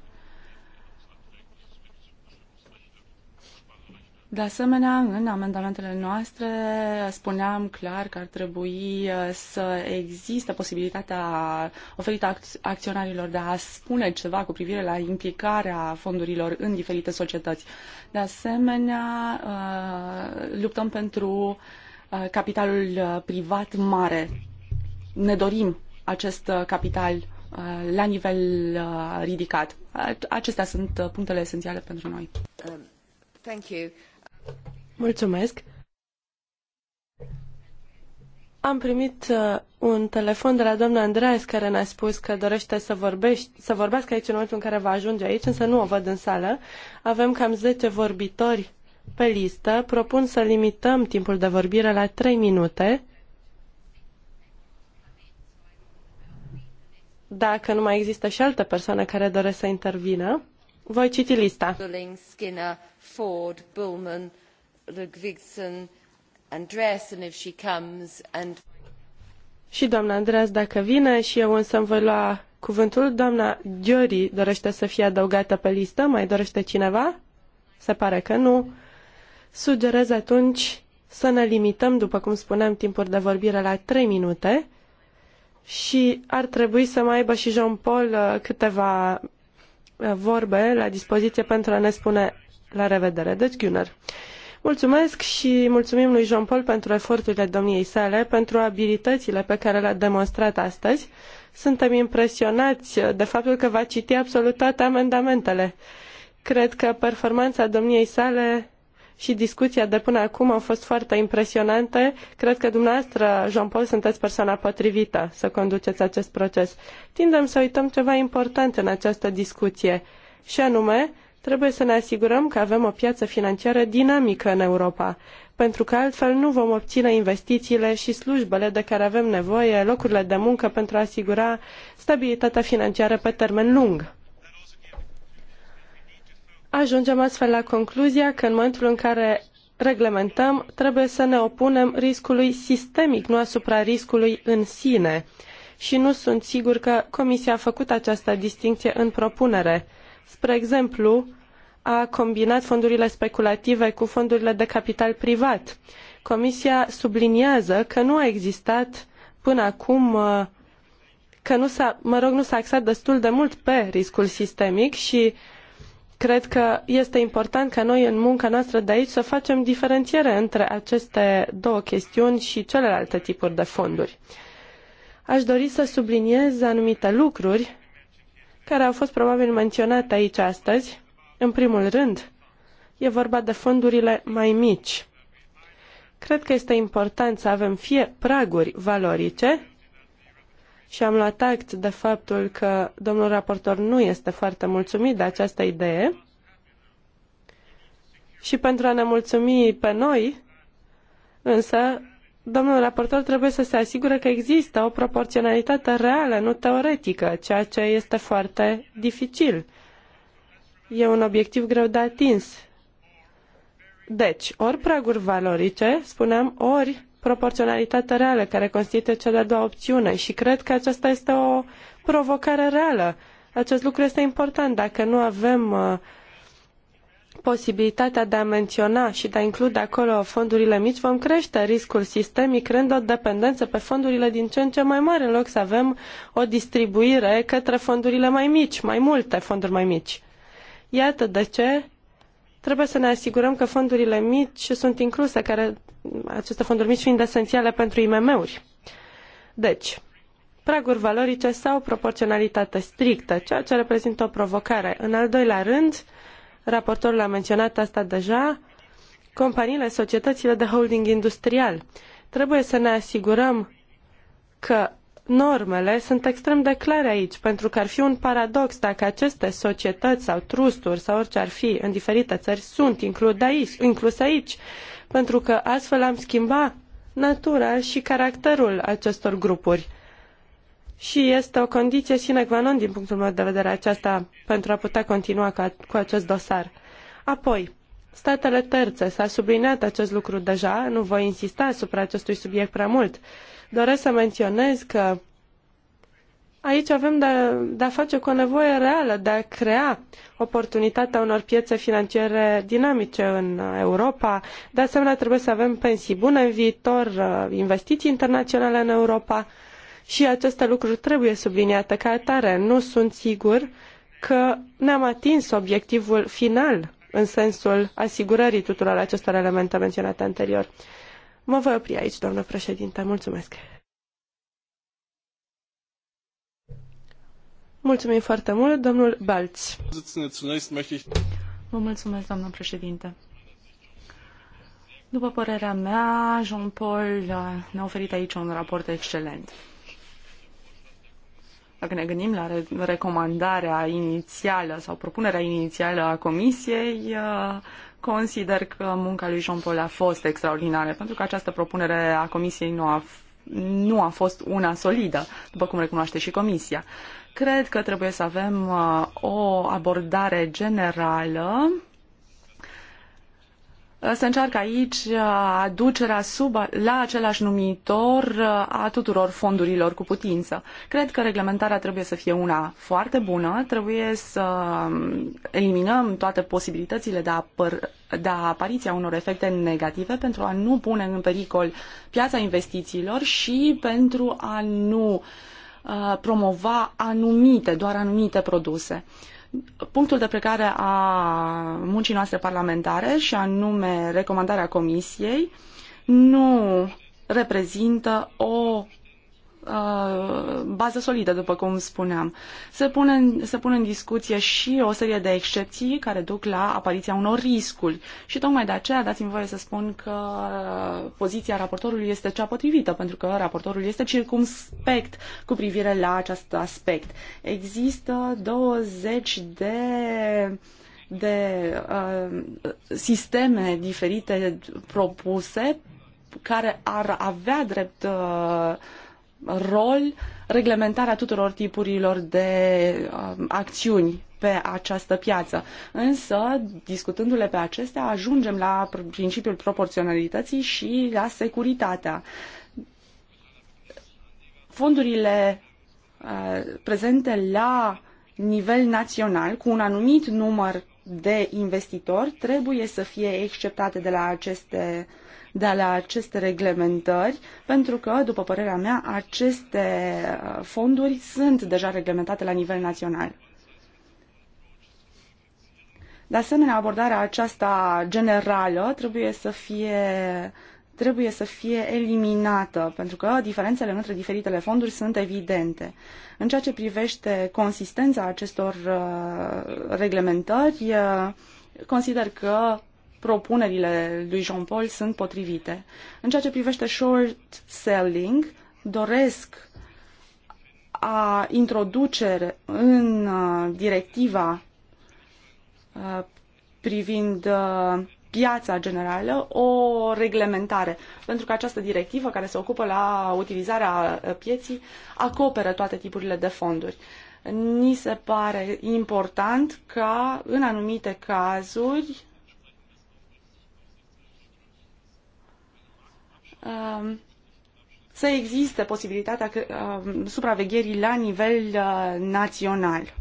Speaker 3: De asemenea, în amendamentele noastre spuneam clar că ar trebui uh, să existe posibilitatea oferită acționarilor de a spune ceva cu privire la implicarea fondurilor în diferite societăți. De asemenea, uh, luptăm pentru uh, capitalul privat mare. Ne dorim acest capital la nivel ridicat. Acestea sunt punctele esențiale pentru noi.
Speaker 1: Um, thank you. Mulțumesc.
Speaker 2: Am primit uh, un telefon de la doamna Andreas care ne-a spus că dorește să, vorbești, să vorbească aici în momentul în care va ajunge aici, însă nu o văd în sală. Avem cam zece vorbitori pe listă. Propun să limităm timpul de vorbire la trei minute. Dacă nu mai există și alte persoane care doresc să intervină,
Speaker 1: voi citi lista ford bullmann ludvigsen andreasen if she comes and
Speaker 2: și doamna Andreas dacă vine și eu însă îmi voi lua cuvântul. Doamna Giori dorește să fie adăugată pe listă? Mai dorește cineva? Se pare că nu. Sugerez atunci să ne limităm, după cum spuneam, timpul de vorbire la 3 minute și ar trebui să mai aibă și Jean-Paul uh, câteva uh, vorbe la dispoziție pentru a ne spune la revedere, deci Gunner. Mulțumesc și mulțumim lui Jean-Paul pentru eforturile domniei sale, pentru abilitățile pe care le-a demonstrat astăzi. Suntem impresionați de faptul că va citi absolut toate amendamentele. Cred că performanța domniei sale și discuția de până acum au fost foarte impresionante. Cred că dumneavoastră, Jean-Paul, sunteți persoana potrivită să conduceți acest proces. Tindem să uităm ceva important în această discuție, și anume Trebuie să ne asigurăm că avem o piață financiară dinamică în Europa, pentru că altfel nu vom obține investițiile și slujbele de care avem nevoie, locurile de muncă pentru a asigura stabilitatea financiară pe termen lung. Ajungem astfel la concluzia că în momentul în care reglementăm, trebuie să ne opunem riscului sistemic, nu asupra riscului în sine. Și nu sunt sigur că Comisia a făcut această distinție în propunere spre exemplu, a combinat fondurile speculative cu fondurile de capital privat. Comisia subliniază că nu a existat până acum uh, că nu s-a, mă rog, nu s-a axat destul de mult pe riscul sistemic și cred că este important ca noi în munca noastră de aici să facem diferențiere între aceste două chestiuni și celelalte tipuri de fonduri. Aș dori să subliniez anumite lucruri care au fost probabil menționate aici astăzi. În primul rând, e vorba de fondurile mai mici. Cred că este important să avem fie praguri valorice, și am luat act de faptul că domnul raportor nu este foarte mulțumit de această idee, și pentru a ne mulțumi pe noi, însă domnul raportor trebuie să se asigure că există o proporționalitate reală, nu teoretică, ceea ce este foarte dificil. E un obiectiv greu de atins. Deci, ori praguri valorice, spuneam, ori proporționalitate reală, care constituie cea de-a doua opțiune și cred că aceasta este o provocare reală. Acest lucru este important. Dacă nu avem uh, posibilitatea de a menționa și de a include acolo fondurile mici, vom crește riscul sistemic, creând o dependență pe fondurile din ce în ce mai mare, în loc să avem o distribuire către fondurile mai mici, mai multe fonduri mai mici. Iată de ce trebuie să ne asigurăm că fondurile mici sunt incluse, care, aceste fonduri mici fiind esențiale pentru IMM-uri. Deci, praguri valorice sau proporționalitate strictă, ceea ce reprezintă o provocare. În al doilea rând, raportorul a menționat asta deja, companiile, societățile de holding industrial. Trebuie să ne asigurăm că normele sunt extrem de clare aici, pentru că ar fi un paradox dacă aceste societăți sau trusturi sau orice ar fi în diferite țări sunt aici, incluse aici, pentru că astfel am schimba natura și caracterul acestor grupuri și este o condiție sine qua non din punctul meu de vedere aceasta pentru a putea continua ca, cu acest dosar. Apoi, statele terțe, s-a subliniat acest lucru deja, nu voi insista asupra acestui subiect prea mult. Doresc să menționez că aici avem de, de a face cu o nevoie reală de a crea oportunitatea unor piețe financiare dinamice în Europa. De asemenea, trebuie să avem pensii bune în viitor, uh, investiții internaționale în Europa și aceste lucruri trebuie subliniate ca atare. Nu sunt sigur că ne-am atins obiectivul final în sensul asigurării tuturor acestor elemente menționate anterior. Mă voi opri aici, doamnă președinte. Mulțumesc. Mulțumim foarte mult, domnul Balț. Vă mulțumesc, doamnă președinte.
Speaker 3: După părerea mea, Jean-Paul ne-a oferit aici un raport excelent. Dacă ne gândim la recomandarea inițială sau propunerea inițială a Comisiei, uh, consider că munca lui Jean-Paul a fost extraordinară, pentru că această propunere a Comisiei nu a nu a fost una solidă, după cum recunoaște și Comisia. Cred că trebuie să avem uh, o abordare generală se încearcă aici uh, aducerea sub, la același numitor uh, a tuturor fondurilor cu putință. Cred că reglementarea trebuie să fie una foarte bună, trebuie să um, eliminăm toate posibilitățile de, apăr, de apariția unor efecte negative pentru a nu pune în pericol piața investițiilor și pentru a nu uh, promova anumite, doar anumite produse. Uh, punctul de plecare a muncii noastre parlamentare și anume recomandarea Comisiei nu reprezintă o uh, bază solidă, după cum spuneam. Se pune, în, se pune în discuție și o serie de excepții care duc la apariția unor riscuri. Și tocmai de aceea dați-mi voie să spun că poziția raportorului este cea potrivită, pentru că raportorul este circumspect cu privire la acest aspect. Există 20 de de uh, sisteme diferite propuse care ar avea drept uh, rol reglementarea tuturor tipurilor de um, acțiuni pe această piață. Însă, discutându-le pe acestea, ajungem la principiul proporționalității și la securitatea. Fondurile uh, prezente la nivel național, cu un anumit număr de investitori, trebuie să fie exceptate de la aceste uh, de la aceste reglementări, pentru că, după părerea mea, aceste uh, fonduri sunt deja reglementate la nivel național. De asemenea, abordarea aceasta generală trebuie să fie trebuie să fie eliminată, pentru că diferențele între diferitele fonduri sunt evidente. În ceea ce privește consistența acestor uh, reglementări, uh, consider că propunerile lui Jean-Paul sunt potrivite. În ceea ce privește short selling, doresc a introduce în uh, directiva uh, privind uh, piața generală o reglementare, pentru că această directivă care se ocupă la utilizarea pieții acoperă toate tipurile de fonduri. Ni se pare important ca în anumite cazuri Um, să existe posibilitatea um, supravegherii la nivel uh, național.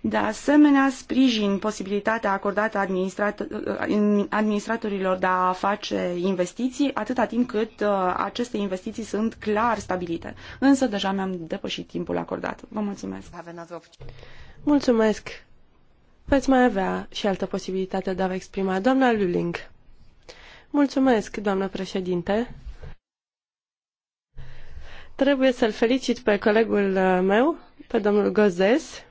Speaker 3: De asemenea, sprijin posibilitatea acordată uh, administratorilor de a face investiții atâta timp cât uh, aceste investiții sunt
Speaker 2: clar stabilite. Însă deja mi-am depășit timpul acordat. Vă mulțumesc! Mulțumesc! Veți mai avea și altă posibilitate de a vă exprima. Doamna Luling. Mulțumesc, doamnă președinte. Trebuie să-l felicit pe colegul uh, meu, pe domnul Gozes.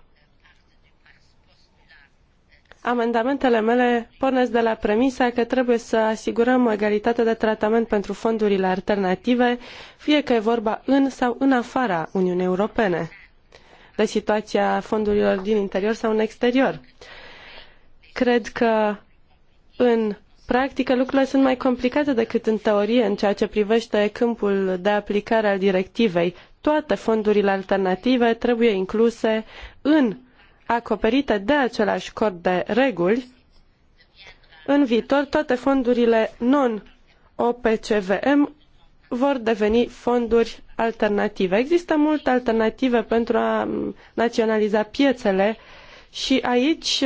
Speaker 2: Amendamentele mele pornesc de la premisa că trebuie să asigurăm egalitate de tratament pentru fondurile alternative, fie că e vorba în sau în afara Uniunii Europene, de situația fondurilor din interior sau în exterior. Cred că în practică lucrurile sunt mai complicate decât în teorie în ceea ce privește câmpul de aplicare al directivei. Toate fondurile alternative trebuie incluse în acoperite de același cod de reguli. În viitor, toate fondurile non-OPCVM vor deveni fonduri alternative. Există multe alternative pentru a naționaliza piețele și aici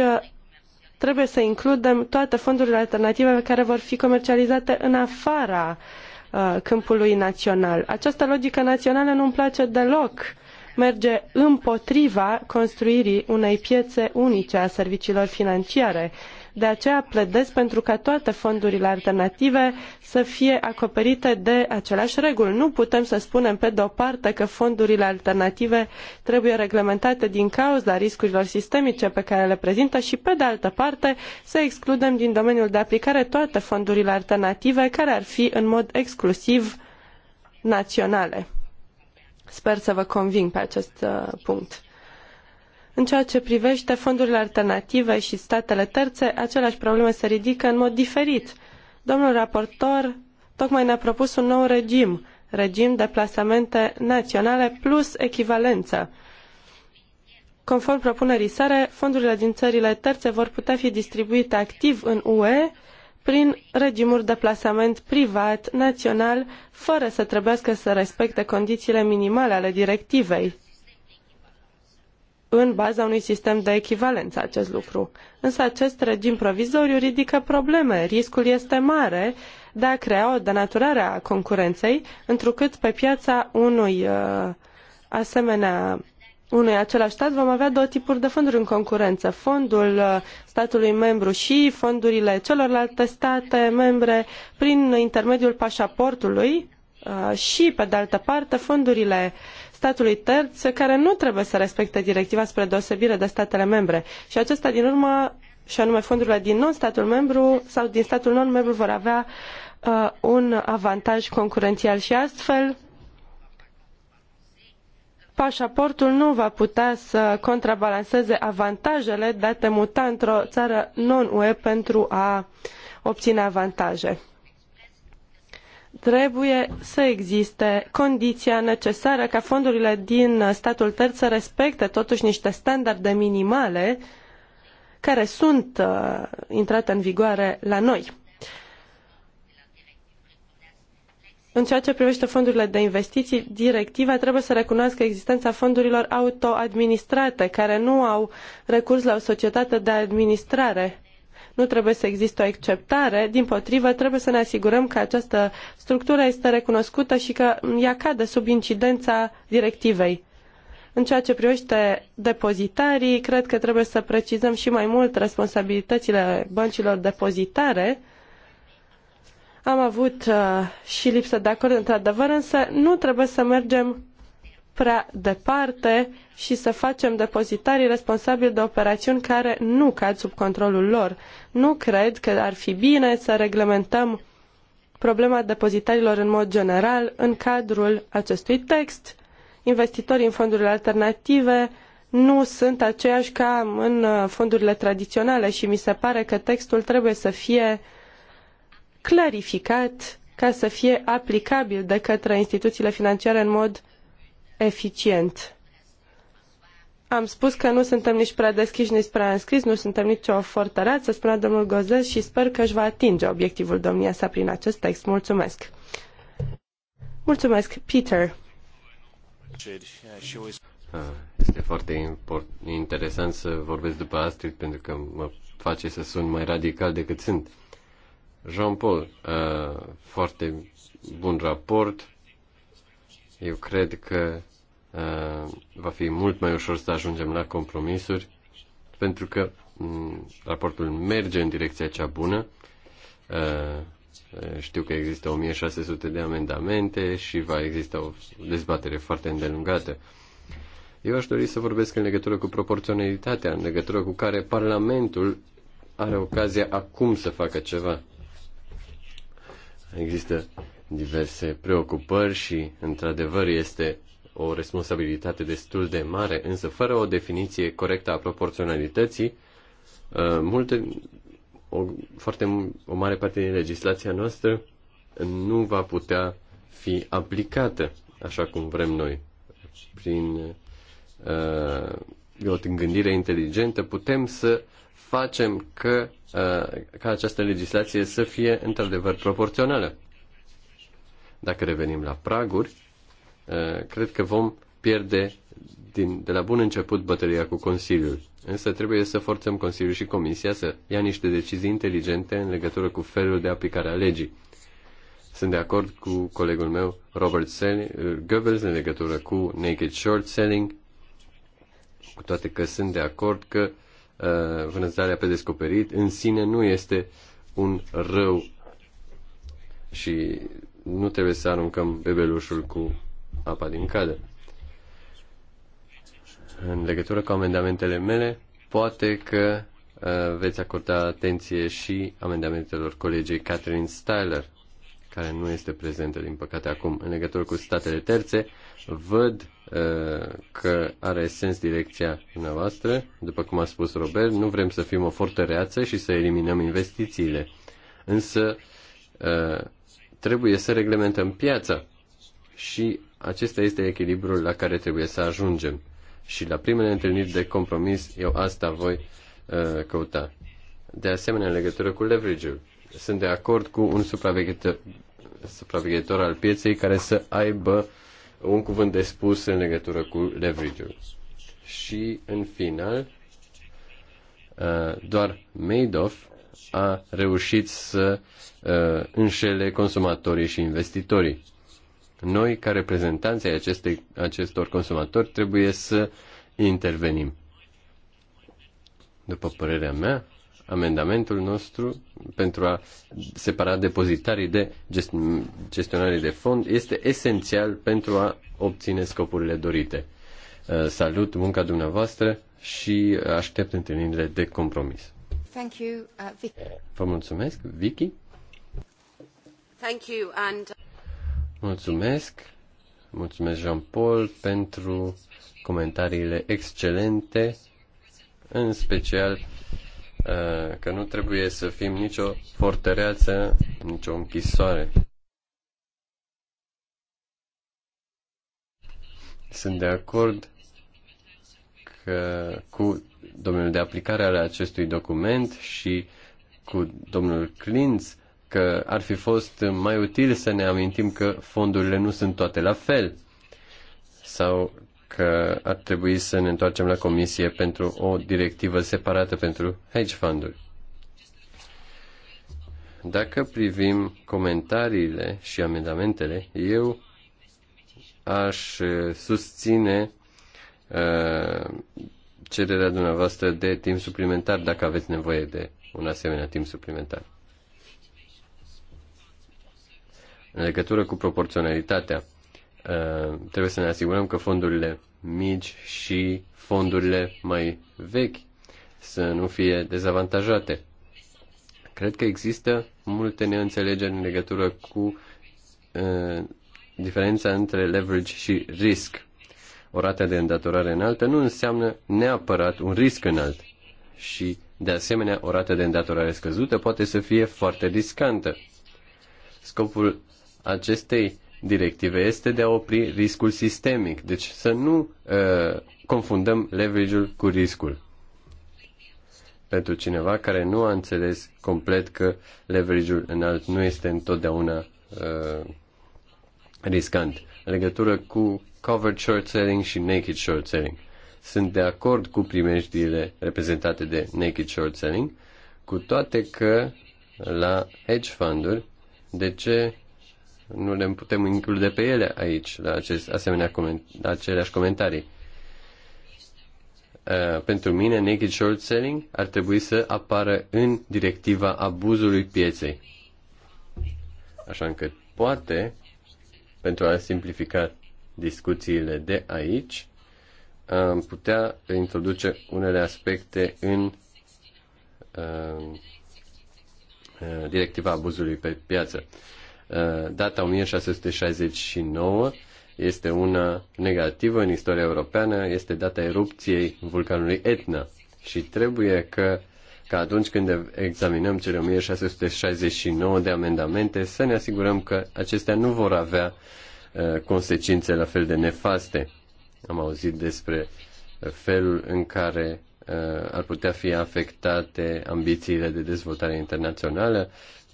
Speaker 2: trebuie să includem toate fondurile alternative care vor fi comercializate în afara uh, câmpului național. Această logică națională nu-mi place deloc. Merge împotriva construirii unei piețe unice a serviciilor financiare. Uh, de aceea pledez pentru ca toate fondurile alternative să fie acoperite de același reguli. Nu putem să spunem pe de o parte că fondurile alternative trebuie reglementate din cauza riscurilor sistemice pe care le prezintă și pe de altă parte să excludem din domeniul de aplicare toate fondurile alternative care ar fi în mod exclusiv naționale. Sper să vă conving pe acest uh, punct. În ceea ce privește fondurile alternative și statele terțe, aceleași probleme se ridică în mod diferit. Domnul raportor tocmai ne-a propus un nou regim, regim de plasamente naționale plus echivalență. Conform propunerii sale, fondurile din țările terțe vor putea fi distribuite activ în UE prin regimuri de plasament privat, național, fără să trebuiască să respecte condițiile minimale ale directivei în baza unui sistem de echivalență acest lucru. Însă acest regim provizoriu ridică probleme. Riscul este mare de a crea o denaturare a concurenței, întrucât pe piața unui uh, asemenea unui același stat vom avea două tipuri de fonduri în concurență. Fondul uh, statului membru și fondurile celorlalte state membre prin intermediul pașaportului uh, și, pe de altă parte, fondurile statului terț care nu trebuie să respecte directiva spre deosebire de statele membre. Și acesta din urmă, și anume fondurile din non-statul membru sau din statul non-membru vor avea uh, un avantaj concurențial și astfel pașaportul nu va putea să contrabalanceze avantajele date muta într-o țară non-UE pentru a obține avantaje trebuie să existe condiția necesară ca fondurile din statul terț să respecte totuși niște standarde minimale care sunt uh, intrate în vigoare la noi. În ceea ce privește fondurile de investiții, directiva trebuie să recunoască existența fondurilor autoadministrate, care nu au recurs la o societate de administrare nu trebuie să existe o acceptare, din potrivă trebuie să ne asigurăm că această structură este recunoscută și că ea cade sub incidența directivei. În ceea ce privește depozitarii, cred că trebuie să precizăm și mai mult responsabilitățile băncilor depozitare. Am avut uh, și lipsă de acord, într-adevăr, însă nu trebuie să mergem prea departe și să facem depozitarii responsabili de operațiuni care nu cad sub controlul lor. Nu cred că ar fi bine să reglementăm problema depozitarilor în mod general în cadrul acestui text. Investitorii în fondurile alternative nu sunt aceiași ca în fondurile tradiționale și mi se pare că textul trebuie să fie clarificat ca să fie aplicabil de către instituțiile financiare în mod eficient. Am spus că nu suntem nici prea deschiși, nici prea înscriși, nu suntem nicio fortăreață, spunea domnul Gozes și sper că își va atinge obiectivul domnia sa prin acest text. Mulțumesc! Mulțumesc, Peter!
Speaker 4: Ah, este foarte import, interesant să vorbesc după Astrid pentru că mă face să sun mai radical decât sunt. Jean-Paul, ah, foarte bun raport. Eu cred că Uh, va fi mult mai ușor să ajungem la compromisuri, pentru că mm, raportul merge în direcția cea bună. Uh, uh, știu că există 1600 de amendamente și va exista o dezbatere foarte îndelungată. Eu aș dori să vorbesc în legătură cu proporționalitatea, în legătură cu care Parlamentul are ocazia acum să facă ceva. Există diverse preocupări și, într-adevăr, este o responsabilitate destul de mare, însă fără o definiție corectă a proporționalității, uh, multe, o, foarte, o mare parte din legislația noastră nu va putea fi aplicată așa cum vrem noi. Prin uh, o gândire inteligentă putem să facem că, uh, ca această legislație să fie într-adevăr proporțională. Dacă revenim la praguri, Eh, cred că vom pierde din, de la bun început bătălia cu Consiliul. Însă trebuie să forțăm Consiliul și Comisia să ia niște decizii inteligente în legătură cu felul de aplicare a legii. Sunt de acord cu colegul meu, Robert Selling, Goebbels, în legătură cu Naked Short Selling, cu toate că sunt de acord că uh, eh, vânzarea pe descoperit în sine nu este un rău și nu trebuie să aruncăm bebelușul cu apa din cadă. În legătură cu amendamentele mele, poate că uh, veți acorda atenție și amendamentelor colegii Catherine Styler, care nu este prezentă, din păcate, acum. În legătură cu statele terțe, văd uh, că are sens direcția dumneavoastră. După cum a spus Robert, nu vrem să fim o fortăreață și să eliminăm investițiile. Însă, uh, trebuie să reglementăm piața și acesta este echilibrul la care trebuie să ajungem. Și la primele întâlniri de compromis, eu asta voi uh, căuta. De asemenea, în legătură cu leverage-ul, sunt de acord cu un supraveghetor, supraveghetor al pieței care să aibă un cuvânt de spus în legătură cu leverage-ul. Și, în final, uh, doar Madoff a reușit să uh, înșele consumatorii și investitorii noi, ca reprezentanții acestei, acestor consumatori, trebuie să intervenim. După părerea mea, amendamentul nostru pentru a separa depozitarii de gest- gestionarii de fond este esențial pentru a obține scopurile dorite. Uh, salut munca dumneavoastră și aștept întâlnirile de compromis.
Speaker 1: Thank you, uh, Vicky.
Speaker 4: Vă mulțumesc, Vicky.
Speaker 1: Thank you and
Speaker 4: Mulțumesc, mulțumesc Jean-Paul pentru comentariile excelente, în special uh, că nu trebuie să fim nicio fortăreață, nicio închisoare. Sunt de acord că cu domnul de aplicare al acestui document și cu domnul Clintz că ar fi fost mai util să ne amintim că fondurile nu sunt toate la fel sau că ar trebui să ne întoarcem la comisie pentru o directivă separată pentru hedge funduri. Dacă privim comentariile și amendamentele, eu aș susține uh, cererea dumneavoastră de timp suplimentar dacă aveți nevoie de un asemenea timp suplimentar. În legătură cu proporționalitatea, uh, trebuie să ne asigurăm că fondurile mici și fondurile mai vechi să nu fie dezavantajate. Cred că există multe neînțelegeri în legătură cu uh, diferența între leverage și risc. O rată de îndatorare înaltă nu înseamnă neapărat un risc înalt și, de asemenea, o rată de îndatorare scăzută poate să fie foarte riscantă. Scopul acestei directive este de a opri riscul sistemic, deci să nu uh, confundăm leverage-ul cu riscul. Pentru cineva care nu a înțeles complet că leverage-ul înalt nu este întotdeauna uh, riscant. În legătură cu covered short selling și naked short selling. Sunt de acord cu primejdiile reprezentate de naked short selling, cu toate că la hedge fund-uri, de ce nu le putem include pe ele aici, la, acest, asemenea, coment, la aceleași comentarii. Uh, pentru mine, naked short selling ar trebui să apară în directiva abuzului pieței. Așa încât poate, pentru a simplifica discuțiile de aici, am putea introduce unele aspecte în uh, uh directiva abuzului pe piață. Uh, data 1669 este una negativă în istoria europeană, este data erupției vulcanului Etna. Și trebuie că, ca atunci când examinăm cele 1669 de amendamente, să ne asigurăm că acestea nu vor avea uh, consecințe la fel de nefaste. Am auzit despre uh, felul în care ar putea fi afectate ambițiile de dezvoltare internațională,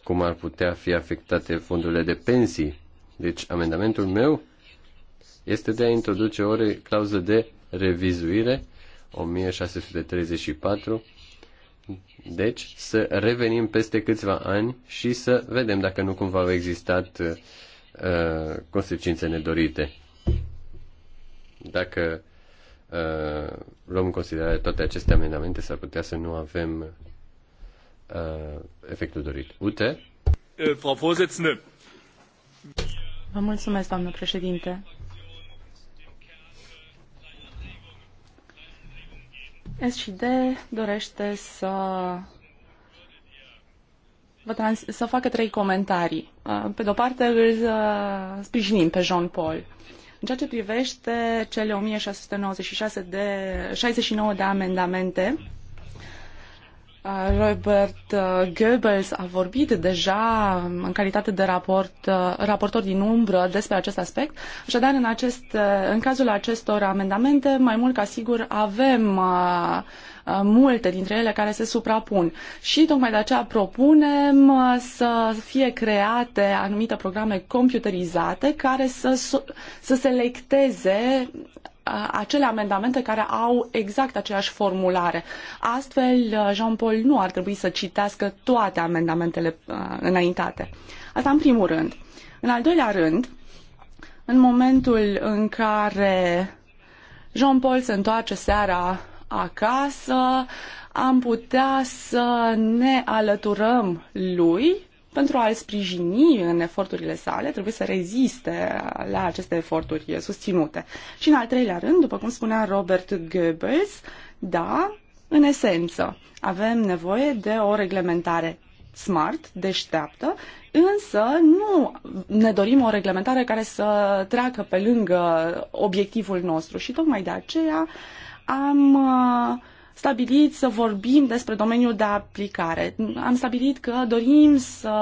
Speaker 4: cum ar putea fi afectate fondurile de pensii. Deci amendamentul meu este de a introduce o clauză de revizuire 1634. Deci să revenim peste câțiva ani și să vedem dacă nu cumva au existat uh, consecințe nedorite. Dacă uh, luăm în considerare toate aceste amendamente, s-ar putea să nu avem uh, efectul dorit. Ute?
Speaker 3: Uh, Frau Vorsitzende. Vă mulțumesc, doamnă președinte. SD dorește să vă trans- să facă trei comentarii. Uh, pe de-o parte îl uh, sprijinim pe Jean Paul. În ceea ce privește cele 1696 de, 69 de amendamente, Uh, Robert uh, Goebbels a vorbit deja în calitate de raport, uh, raportor din umbră despre acest aspect. Așadar, în, acest, în cazul acestor amendamente, mai mult ca sigur avem multe dintre ele care se suprapun. Și tocmai de aceea propunem să fie create anumite programe computerizate care să, să selecteze acele amendamente care au exact aceeași formulare. Astfel, uh, Jean-Paul nu ar trebui să citească toate amendamentele uh, înaintate. Asta în primul rând. În al doilea rând, în momentul în care Jean-Paul se întoarce seara acasă, am putea să ne alăturăm lui pentru a-l sprijini în eforturile sale, trebuie să reziste la aceste eforturi susținute. Și în al treilea rând, după cum spunea Robert Goebbels, da, în esență, avem nevoie de o reglementare smart, deșteaptă, însă nu ne dorim o reglementare care să treacă pe lângă obiectivul nostru și tocmai de aceea am uh, stabilit să vorbim despre domeniul de aplicare. Am stabilit că dorim să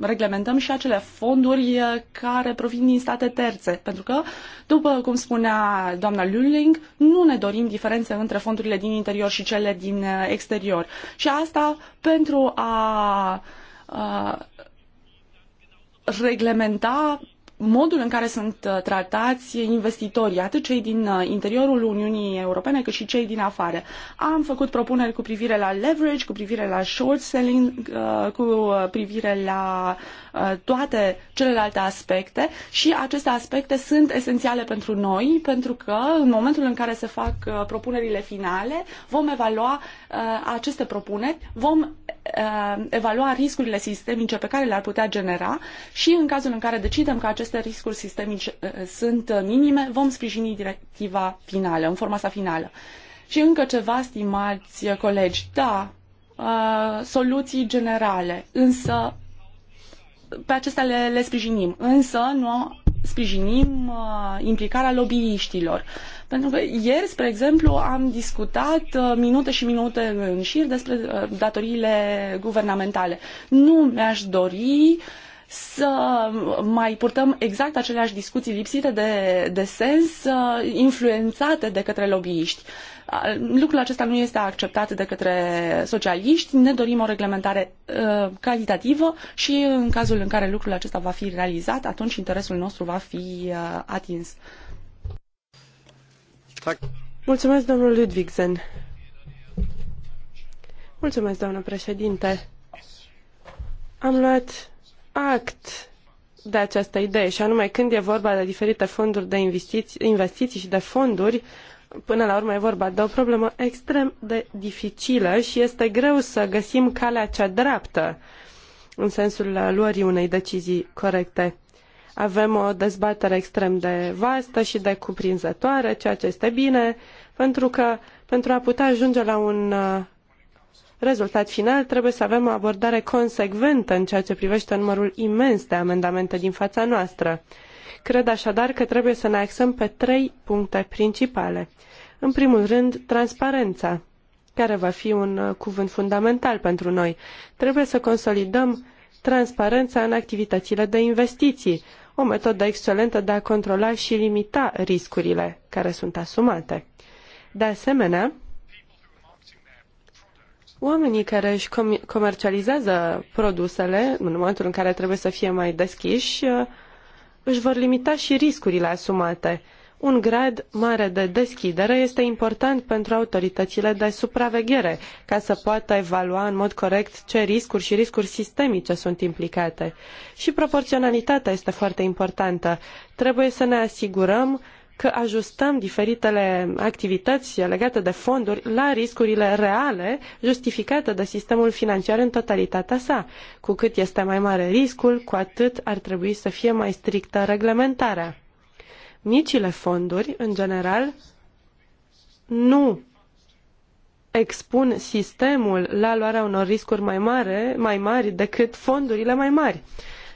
Speaker 3: reglementăm și acele fonduri care provin din state terțe, pentru că, după cum spunea doamna Lulling, nu ne dorim diferențe între fondurile din interior și cele din uh, exterior. Și asta pentru a, a uh, reglementa modul în care sunt uh, tratați investitorii, atât cei din uh, interiorul Uniunii Europene, cât și cei din afară. Am făcut propuneri cu privire la leverage, cu privire la short selling, uh, cu privire la toate celelalte aspecte și aceste aspecte sunt esențiale pentru noi, pentru că în momentul în care se fac propunerile finale, vom evalua aceste propuneri, vom Uh, evalua riscurile sistemice pe care le-ar putea genera și în cazul în care decidem că aceste riscuri sistemice uh, sunt minime, vom sprijini directiva finală, în forma sa finală. Și încă ceva, stimați colegi, da, uh, soluții generale, însă pe acestea le, le sprijinim, însă nu sprijinim implicarea lobbyiștilor. Uh, pentru că ieri, spre exemplu, am discutat uh, minute și minute în șir despre uh, datoriile guvernamentale. Nu mi-aș dori să mai purtăm exact aceleași discuții lipsite de, de sens, uh, influențate de către lobbyiști. Lucrul acesta nu este acceptat de către socialiști, ne dorim o reglementare uh, calitativă și în cazul în care lucrul acesta va fi realizat, atunci interesul nostru va fi uh, atins.
Speaker 2: Mulțumesc, domnul Ludvigsen. Mulțumesc, doamnă președinte. Am luat act de această idee și anume când e vorba de diferite fonduri de investiții, investiții și de fonduri, până la urmă e vorba de o problemă extrem de dificilă și este greu să găsim calea cea dreaptă în sensul luării unei decizii corecte. Avem o dezbatere extrem de vastă și de cuprinzătoare, ceea ce este bine, pentru că pentru a putea ajunge la un uh, rezultat final trebuie să avem o abordare consecventă în ceea ce privește numărul imens de amendamente din fața noastră. Cred așadar că trebuie să ne axăm pe trei puncte principale. În primul rând, transparența, care va fi un uh, cuvânt fundamental pentru noi. Trebuie să consolidăm transparența în activitățile de investiții, o metodă excelentă de a controla și limita riscurile care sunt asumate. De asemenea, oamenii care își comercializează produsele, în momentul în care trebuie să fie mai deschiși, își vor limita și riscurile asumate. Un grad mare de deschidere este important pentru autoritățile de supraveghere, ca să poată evalua în mod corect ce riscuri și riscuri sistemice sunt implicate. Și proporționalitatea este foarte importantă. Trebuie să ne asigurăm că ajustăm diferitele activități legate de fonduri la riscurile reale justificate de sistemul financiar în totalitatea sa. Cu cât este mai mare riscul, cu atât ar trebui să fie mai strictă reglementarea micile fonduri, în general, nu expun sistemul la luarea unor riscuri mai, mare, mai mari decât fondurile mai mari.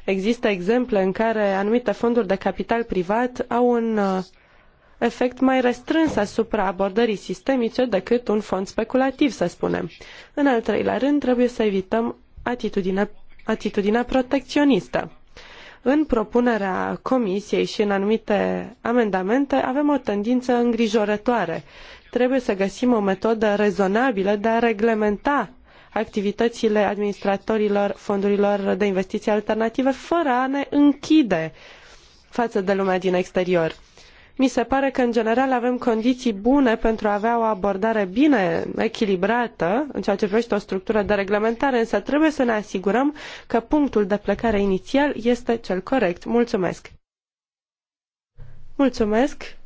Speaker 2: Există exemple în care anumite fonduri de capital privat au un uh, efect mai restrâns asupra abordării sistemice decât un fond speculativ, să spunem. În al treilea rând, trebuie să evităm atitudinea, atitudinea protecționistă în propunerea Comisiei și în anumite amendamente avem o tendință îngrijorătoare. Trebuie să găsim o metodă rezonabilă de a reglementa activitățile administratorilor fondurilor de investiții alternative fără a ne închide față de lumea din exterior. Mi se pare că, în general, avem condiții bune pentru a avea o abordare bine echilibrată în ceea ce privește o structură de reglementare, însă trebuie să ne asigurăm că punctul de plecare inițial este cel corect. Mulțumesc! Mulțumesc!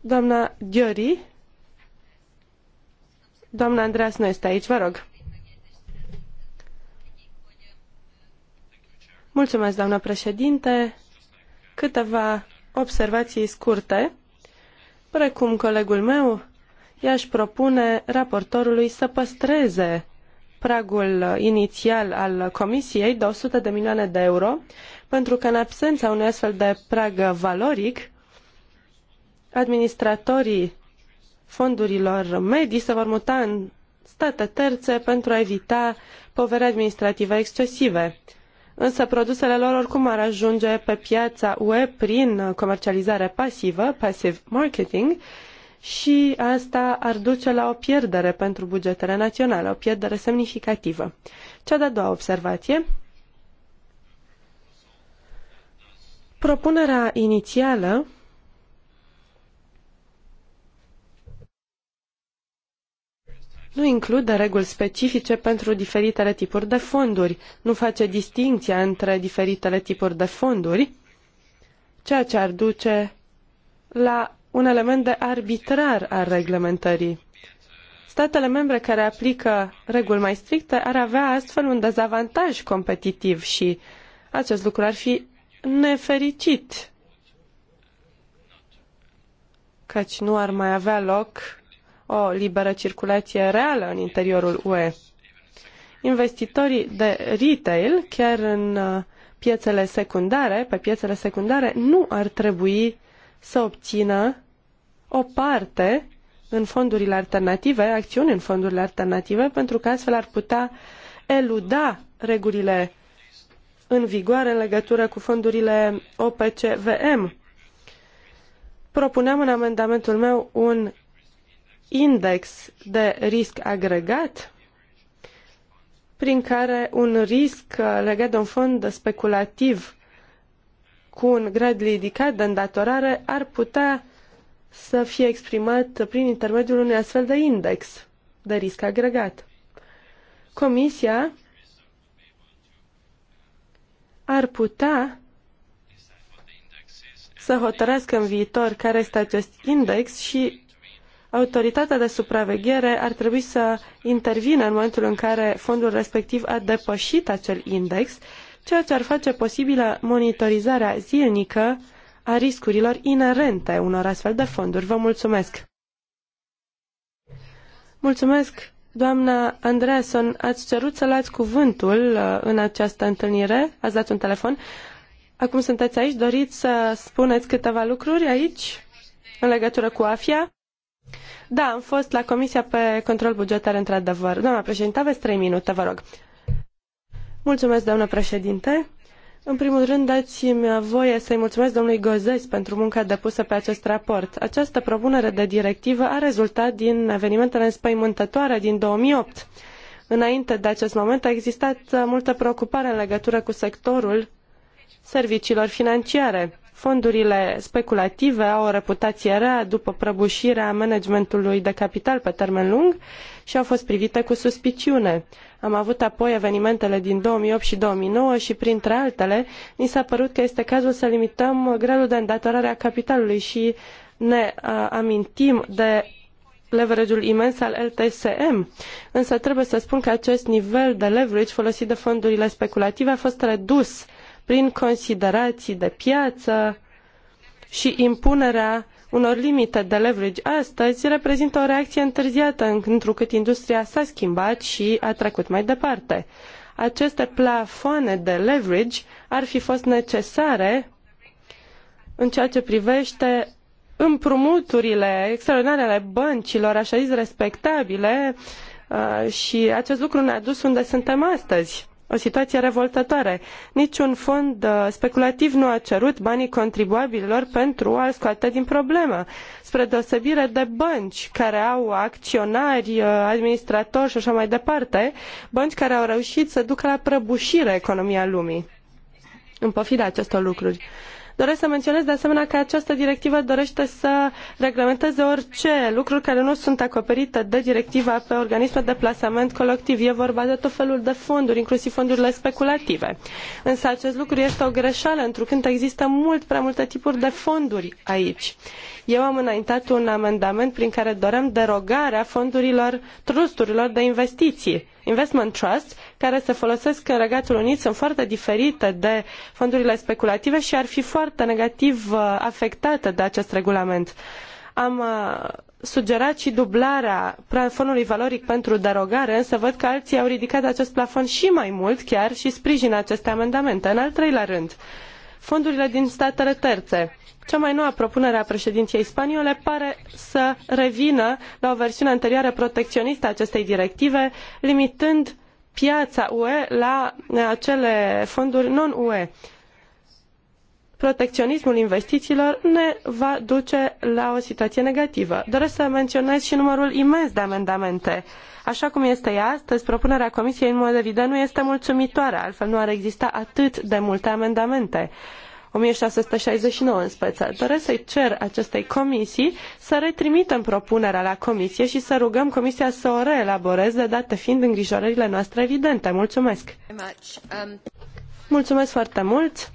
Speaker 2: Doamna Diori, doamna Andreas nu este aici, vă rog. Mulțumesc, doamnă președinte. Câteva observații scurte. Precum colegul meu, i-aș propune raportorului să păstreze pragul inițial al Comisiei de 100 de milioane de euro, pentru că în absența unui astfel de prag valoric, administratorii fondurilor medii se vor muta în state terțe pentru a evita povere administrative excesive însă produsele lor oricum ar ajunge pe piața UE prin comercializare pasivă, passive marketing, și asta ar duce la o pierdere pentru bugetele naționale, o pierdere semnificativă. Cea de-a doua observație, propunerea inițială nu include reguli specifice pentru diferitele tipuri de fonduri, nu face distinția între diferitele tipuri de fonduri, ceea ce ar duce la un element de arbitrar al reglementării. Statele membre care aplică reguli mai stricte ar avea astfel un dezavantaj competitiv și acest lucru ar fi nefericit, căci nu ar mai avea loc o liberă circulație reală în interiorul UE. Investitorii de retail, chiar în uh, piețele secundare, pe piețele secundare, nu ar trebui să obțină o parte în fondurile alternative, acțiuni în fondurile alternative, pentru că astfel ar putea eluda regulile în vigoare în legătură cu fondurile OPCVM. Propuneam în amendamentul meu un index de risc agregat prin care un risc uh, legat de un fond speculativ cu un grad ridicat de îndatorare ar putea să fie exprimat prin intermediul unui astfel de index de risc agregat. Comisia ar putea să hotărească în viitor care este acest index și autoritatea de supraveghere ar trebui să intervină în momentul în care fondul respectiv a depășit acel index, ceea ce ar face posibilă monitorizarea zilnică a riscurilor inerente unor astfel de fonduri. Vă mulțumesc! Mulțumesc, doamna Andreason. Ați cerut să luați cuvântul uh, în această întâlnire. Ați dat un telefon. Acum sunteți aici. Doriți să spuneți câteva lucruri aici în legătură cu AFIA? Da, am fost la Comisia pe Control Bugetar, într-adevăr. Doamna președinte, aveți trei minute, vă rog. Mulțumesc, doamnă președinte. În primul rând, dați-mi voie să-i mulțumesc domnului Gozes pentru munca depusă pe acest raport. Această propunere de directivă a rezultat din evenimentele înspăimântătoare din 2008. Înainte de acest moment a existat multă preocupare în legătură cu sectorul serviciilor financiare. Fondurile speculative au o reputație rea după prăbușirea managementului de capital pe termen lung și au fost privite cu suspiciune. Am avut apoi evenimentele din 2008 și 2009 și, printre altele, mi s-a părut că este cazul să limităm gradul de îndatorare a capitalului și ne uh, amintim de leverage-ul imens al LTSM, însă trebuie să spun că acest nivel de leverage folosit de fondurile speculative a fost redus prin considerații de piață și impunerea unor limite de leverage astăzi reprezintă o reacție întârziată, întrucât industria s-a schimbat și a trecut mai departe. Aceste plafoane de leverage ar fi fost necesare în ceea ce privește împrumuturile extraordinare ale băncilor, așa zis, respectabile, uh, și acest lucru ne-a dus unde suntem astăzi o situație revoltătoare. Niciun fond uh, speculativ nu a cerut banii contribuabililor pentru a-l scoate din problemă, spre deosebire de bănci care au acționari, uh, administratori și așa mai departe, bănci care au reușit să ducă la prăbușire economia lumii, în pofida acestor lucruri. Doresc să menționez de asemenea că această directivă dorește să reglementeze orice lucruri care nu sunt acoperite de directiva pe organisme de plasament colectiv. E vorba de tot felul de fonduri, inclusiv fondurile speculative. Însă acest lucru este o greșeală, întrucât există mult prea multe tipuri de fonduri aici. Eu am înaintat un amendament prin care doream derogarea fondurilor trusturilor de investiții, investment trust, care se folosesc în Regatul Unit, sunt foarte diferite de fondurile speculative și ar fi foarte negativ uh, afectate de acest regulament. Am uh, sugerat și dublarea plafonului valoric pentru derogare, însă văd că alții au ridicat acest plafon și mai mult chiar și sprijină aceste amendamente. În al treilea rând, fondurile din statele terțe. Cea mai nouă propunere a președinției spaniole pare să revină la o versiune anterioară protecționistă a acestei directive, limitând piața UE la acele fonduri non-UE. Protecționismul investițiilor ne va duce la o situație negativă. Doresc să menționez și numărul imens de amendamente. Așa cum este ea astăzi, propunerea Comisiei în mod evident nu este mulțumitoare, altfel nu ar exista atât de multe amendamente. 1669 în speță. Doresc să-i cer acestei comisii să retrimitem propunerea la comisie și să rugăm comisia să o reelaboreze, date fiind îngrijorările noastre evidente. Mulțumesc! Mulțumesc foarte mult!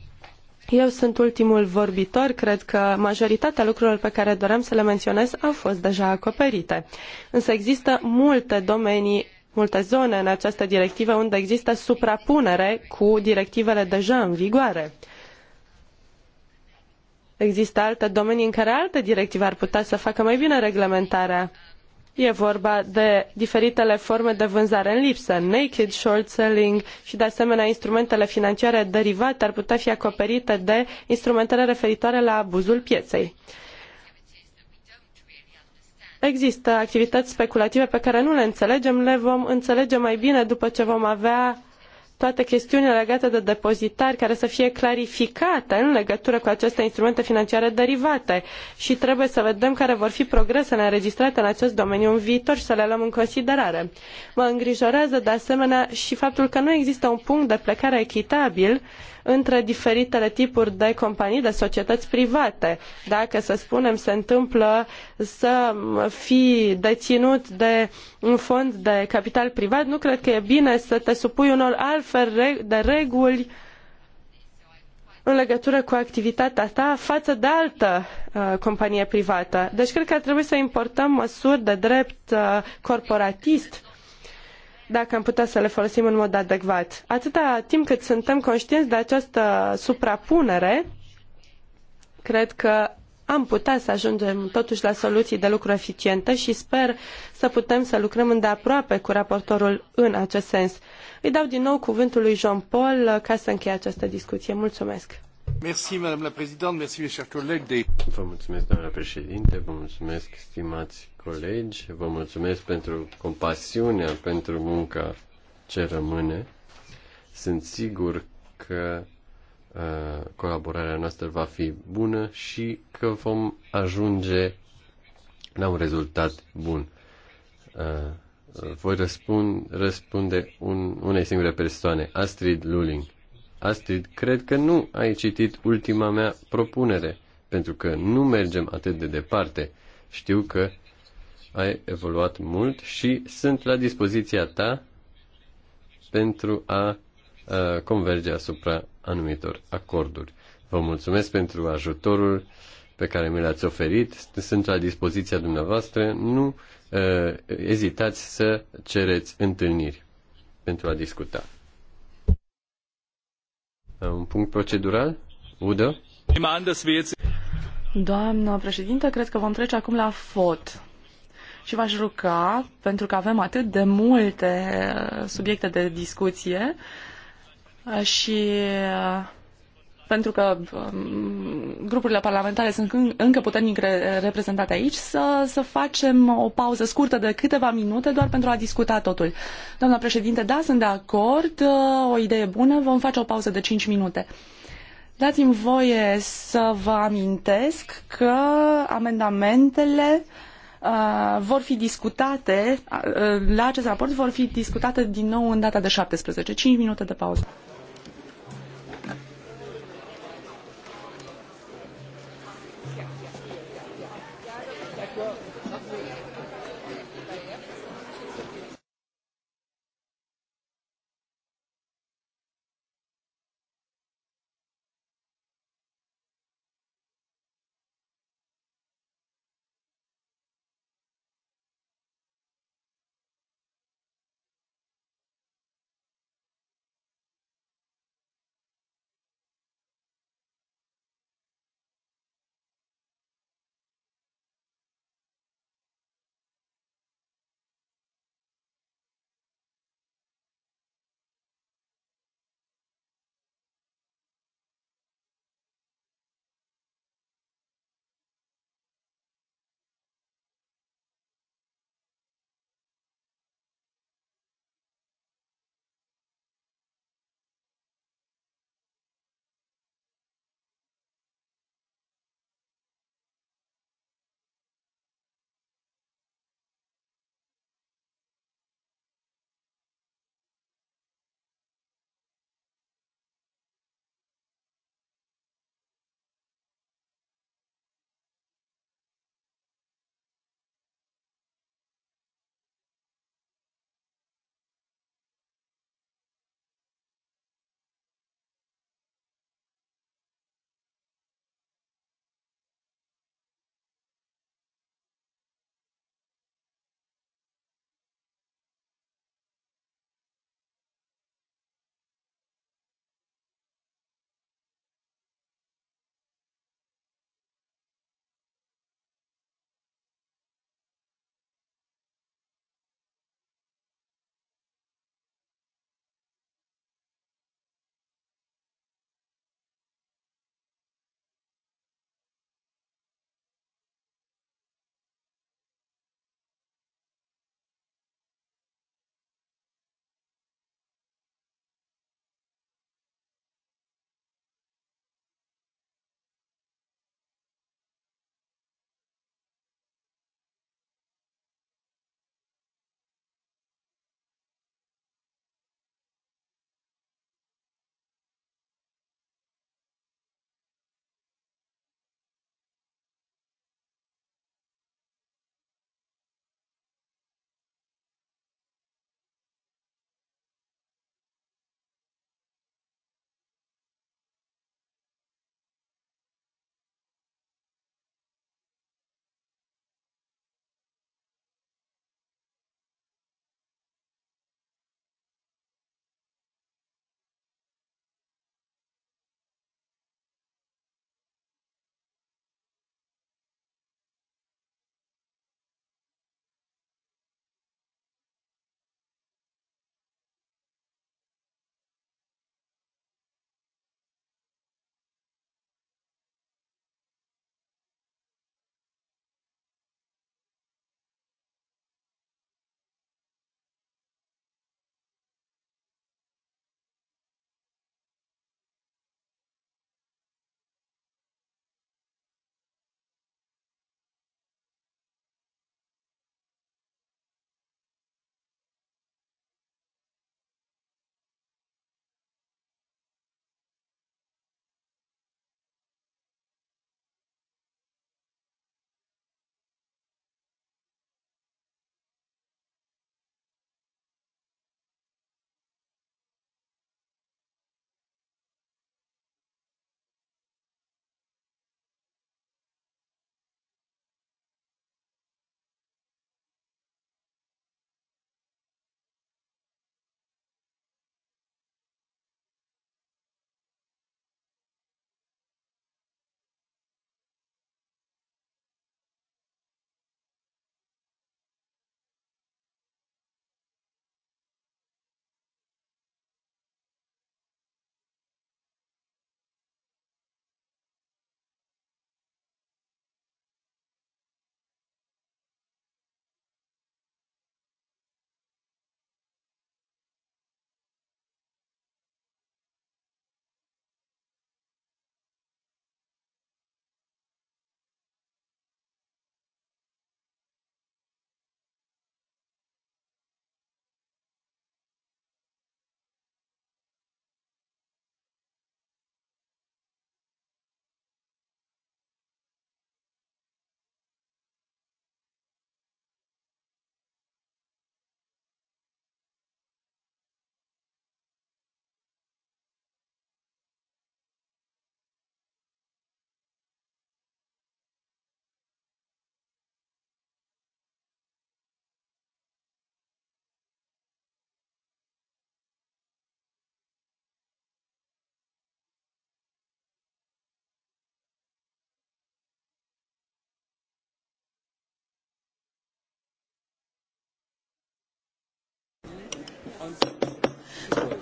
Speaker 2: Eu sunt ultimul vorbitor, cred că majoritatea lucrurilor pe care doream să le menționez au fost deja acoperite. Însă există multe domenii multe zone în această directivă unde există suprapunere cu directivele deja în vigoare. Există alte domenii în care alte directive ar putea să facă mai bine reglementarea. E vorba de diferitele forme de vânzare în lipsă, naked short selling și de asemenea instrumentele financiare derivate ar putea fi acoperite de instrumentele referitoare la abuzul pieței. Există activități speculative pe care nu le înțelegem, le vom înțelege mai bine după ce vom avea toate chestiunile legate de depozitari care să fie clarificate în legătură cu aceste instrumente financiare derivate și trebuie să vedem care vor fi progresele înregistrate în acest domeniu în viitor și să le luăm în considerare. Mă îngrijorează de asemenea și faptul că nu există un punct de plecare echitabil între diferitele tipuri de companii, de societăți private. Dacă, să spunem, se întâmplă să fii deținut de un fond de capital privat, nu cred că e bine să te supui unor altfel de reguli în legătură cu activitatea ta față de altă uh, companie privată. Deci cred că ar trebui să importăm măsuri de drept uh, corporatist dacă am putea să le folosim în mod adecvat. Atâta timp cât suntem conștienți de această suprapunere, cred că am putea să ajungem totuși la soluții de lucru eficiente și sper să putem să lucrăm îndeaproape cu raportorul în acest sens. Îi dau din nou cuvântul lui Jean-Paul ca să încheie această discuție. Mulțumesc!
Speaker 4: Vă mulțumesc, doamna președinte, vă mulțumesc, stimați colegi, vă mulțumesc pentru compasiunea, pentru munca ce rămâne. Sunt sigur că uh, colaborarea noastră va fi bună și că vom ajunge la un rezultat bun. Uh, voi răspund, răspunde un, unei singure persoane, Astrid Luling. Astrid, cred că nu ai citit ultima mea propunere, pentru că nu mergem atât de departe. Știu că ai evoluat mult și sunt la dispoziția ta pentru a, a converge asupra anumitor acorduri. Vă mulțumesc pentru ajutorul pe care mi l-ați oferit. Sunt la dispoziția dumneavoastră. Nu uh, ezitați să cereți întâlniri pentru a discuta. Un punct procedural? Udă?
Speaker 3: Doamnă președintă, cred că vom trece acum la FOT. Și v-aș ruga, pentru că avem atât de multe uh, subiecte de discuție uh, și uh, pentru că um, grupurile parlamentare sunt încă puternic reprezentate aici, să, să facem o pauză scurtă de câteva minute doar pentru a discuta totul. Doamna președinte, da, sunt de acord, uh, o idee bună, vom face o pauză de 5 minute. Dați-mi voie să vă amintesc că amendamentele uh, vor fi discutate, uh, la acest raport vor fi discutate din nou în data de 17. 5 minute de pauză.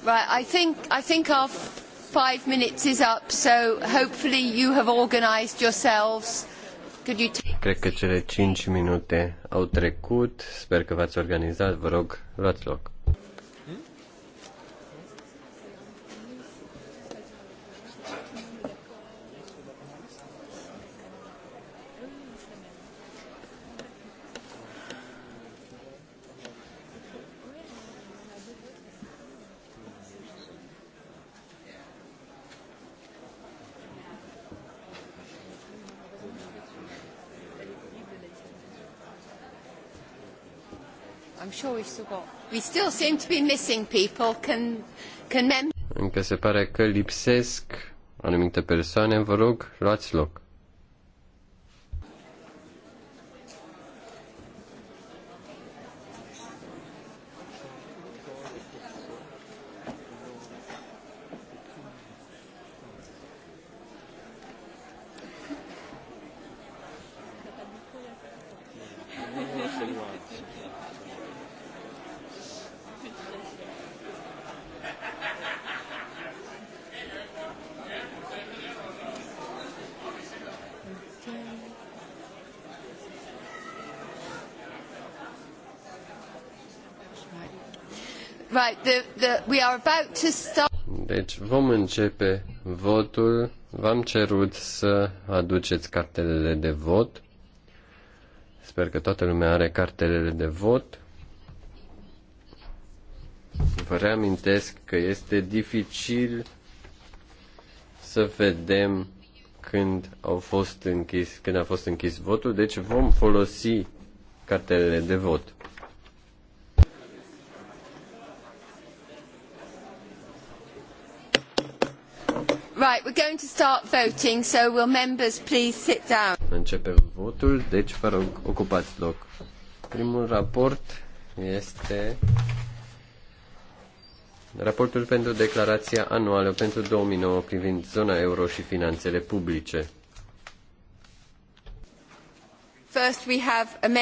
Speaker 1: Right, I think, I think our five minutes is up, so hopefully you have organised yourselves. Could you take...
Speaker 4: Cred că cele cinci minute au trecut. Sper că v-ați organizat. Vă rog, luați loc.
Speaker 1: to go. We still seem to be missing people. Can, can mem-
Speaker 4: Încă se pare că lipsesc anumite persoane. Vă rog, luați loc. Deci vom începe votul. V-am cerut să aduceți cartelele de vot. Sper că toată lumea are cartelele de vot. Vă reamintesc că este dificil să vedem când au fost închis, când a fost închis votul, deci vom folosi cartelele de vot.
Speaker 1: going to start voting, so will members please sit down.
Speaker 4: Începem votul, deci vă rog, ocupați loc. Primul raport este raportul pentru declarația anuală pentru 2009 privind zona euro și finanțele publice.
Speaker 1: First we have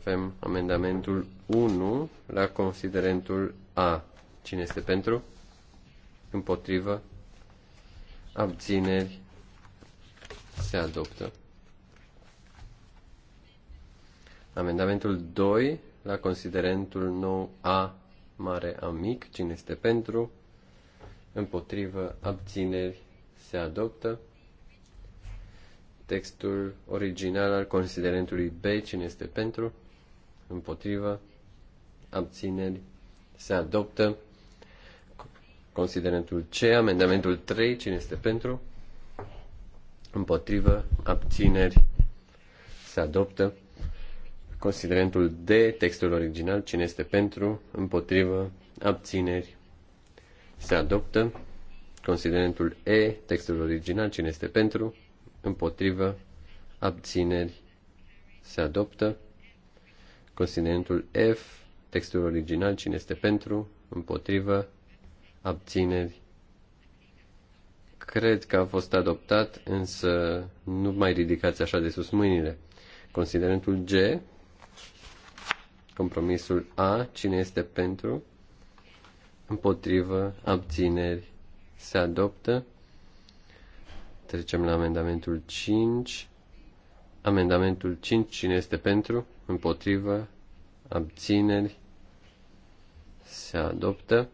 Speaker 4: Avem amendamentul 1 la considerentul A. Cine este pentru? Împotrivă? abțineri, se adoptă. Amendamentul 2 la considerentul 9A mare mic cine este pentru, împotrivă, abțineri, se adoptă. Textul original al considerentului B, cine este pentru, împotrivă, abțineri, se adoptă. Considerentul C, amendamentul 3, cine este pentru? Împotrivă, abțineri, se adoptă. Considerentul D, textul original, cine este pentru? Împotrivă, abțineri, se adoptă. Considerentul E, textul original, cine este pentru? Împotrivă, abțineri, se adoptă. Considerentul F, textul original, cine este pentru? Împotrivă, abțineri. Cred că a fost adoptat, însă nu mai ridicați așa de sus mâinile. Considerentul G, compromisul A, cine este pentru, împotrivă, abțineri, se adoptă. Trecem la amendamentul 5. Amendamentul 5, cine este pentru, împotrivă, abțineri, se adoptă.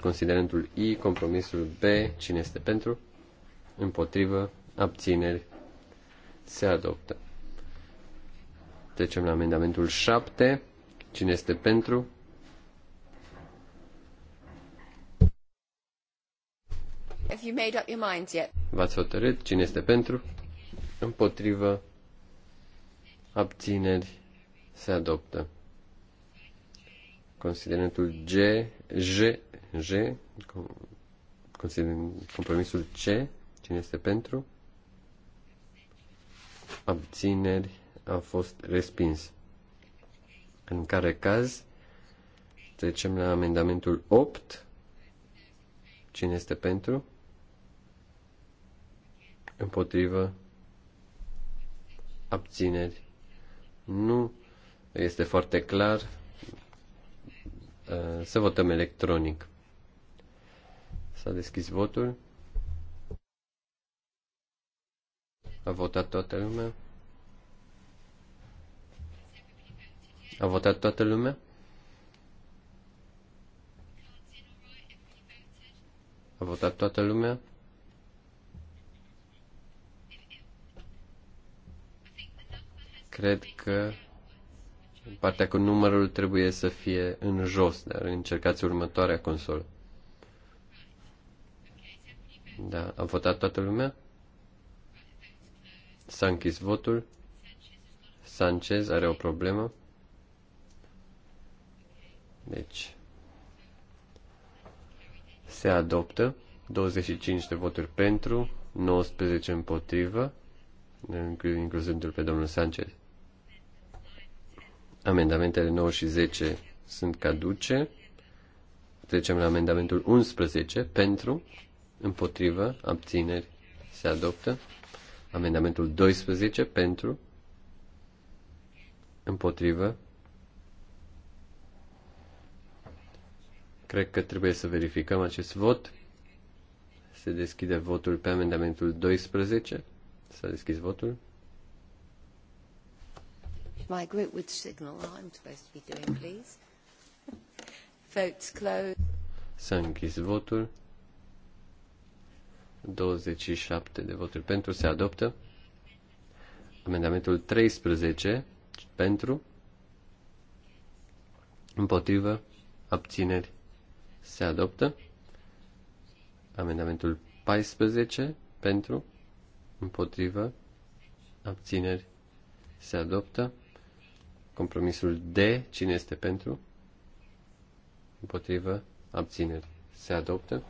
Speaker 4: Considerentul I, compromisul B, cine este pentru? Împotrivă, abțineri, se adoptă. Trecem la amendamentul 7. Cine este pentru?
Speaker 1: Have you made up your minds yet?
Speaker 4: V-ați hotărât? Cine este pentru? Împotrivă, abțineri, se adoptă. Considerentul G, J, J, compromisul C, cine este pentru, abțineri a fost respins. În care caz, trecem la amendamentul 8. Cine este pentru? Împotrivă? Abțineri? Nu este foarte clar. Eh, să votăm electronic. S-a deschis votul. A votat toată lumea? A votat toată lumea? A votat toată lumea? Cred că partea cu numărul trebuie să fie în jos, dar încercați următoarea consolă. Da, a votat toată lumea? S-a închis votul. Sanchez are o problemă. Deci, se adoptă 25 de voturi pentru, 19 împotrivă, inclusiv l pe domnul Sanchez. Amendamentele 9 și 10 sunt caduce. Trecem la amendamentul 11 pentru, împotrivă, abțineri, se adoptă. Amendamentul 12 pentru, împotrivă. Cred că trebuie să verificăm acest vot. Se deschide votul pe amendamentul 12. S-a deschis votul.
Speaker 1: My group would signal what I'm supposed to be doing, please. Votes closed.
Speaker 4: S-a închis votul. 27 de voturi pentru se adoptă. Amendamentul 13 pentru. Împotrivă. Abțineri. Se adoptă. Amendamentul 14 pentru. Împotrivă. Abțineri. Se adoptă. Compromisul D, cine este pentru? Împotrivă, abțineri, se adoptă.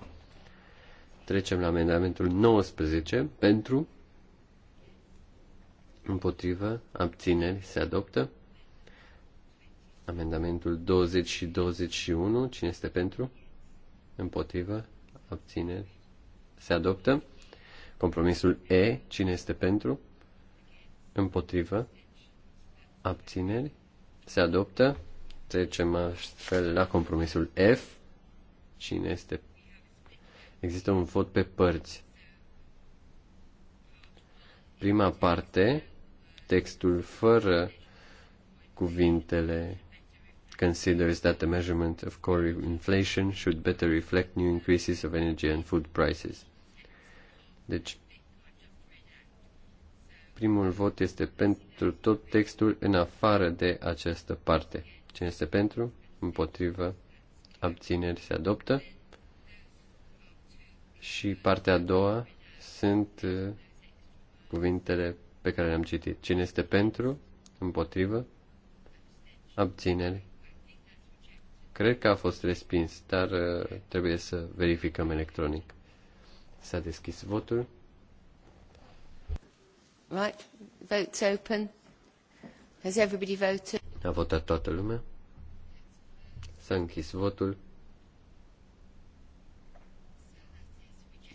Speaker 4: Trecem la amendamentul 19, pentru, împotrivă, abțineri, se adoptă. Amendamentul 20 și 21, cine este pentru? Împotrivă, abțineri, se adoptă. Compromisul E, cine este pentru? Împotrivă, abțineri, se adoptă. Trecem astfel la compromisul F. Cine este? Există un vot pe părți. Prima parte, textul fără cuvintele considers that the measurement of core inflation should better reflect new increases of energy and food prices. Deci, Primul vot este pentru tot textul în afară de această parte. Cine este pentru? Împotrivă? Abțineri se adoptă. Și partea a doua sunt uh, cuvintele pe care le-am citit. Cine este pentru? Împotrivă? Abțineri. Cred că a fost respins, dar uh, trebuie să verificăm electronic. S-a deschis votul.
Speaker 1: Right, vote's open. Has everybody voted?
Speaker 4: A votat toată lumea. S-a închis votul.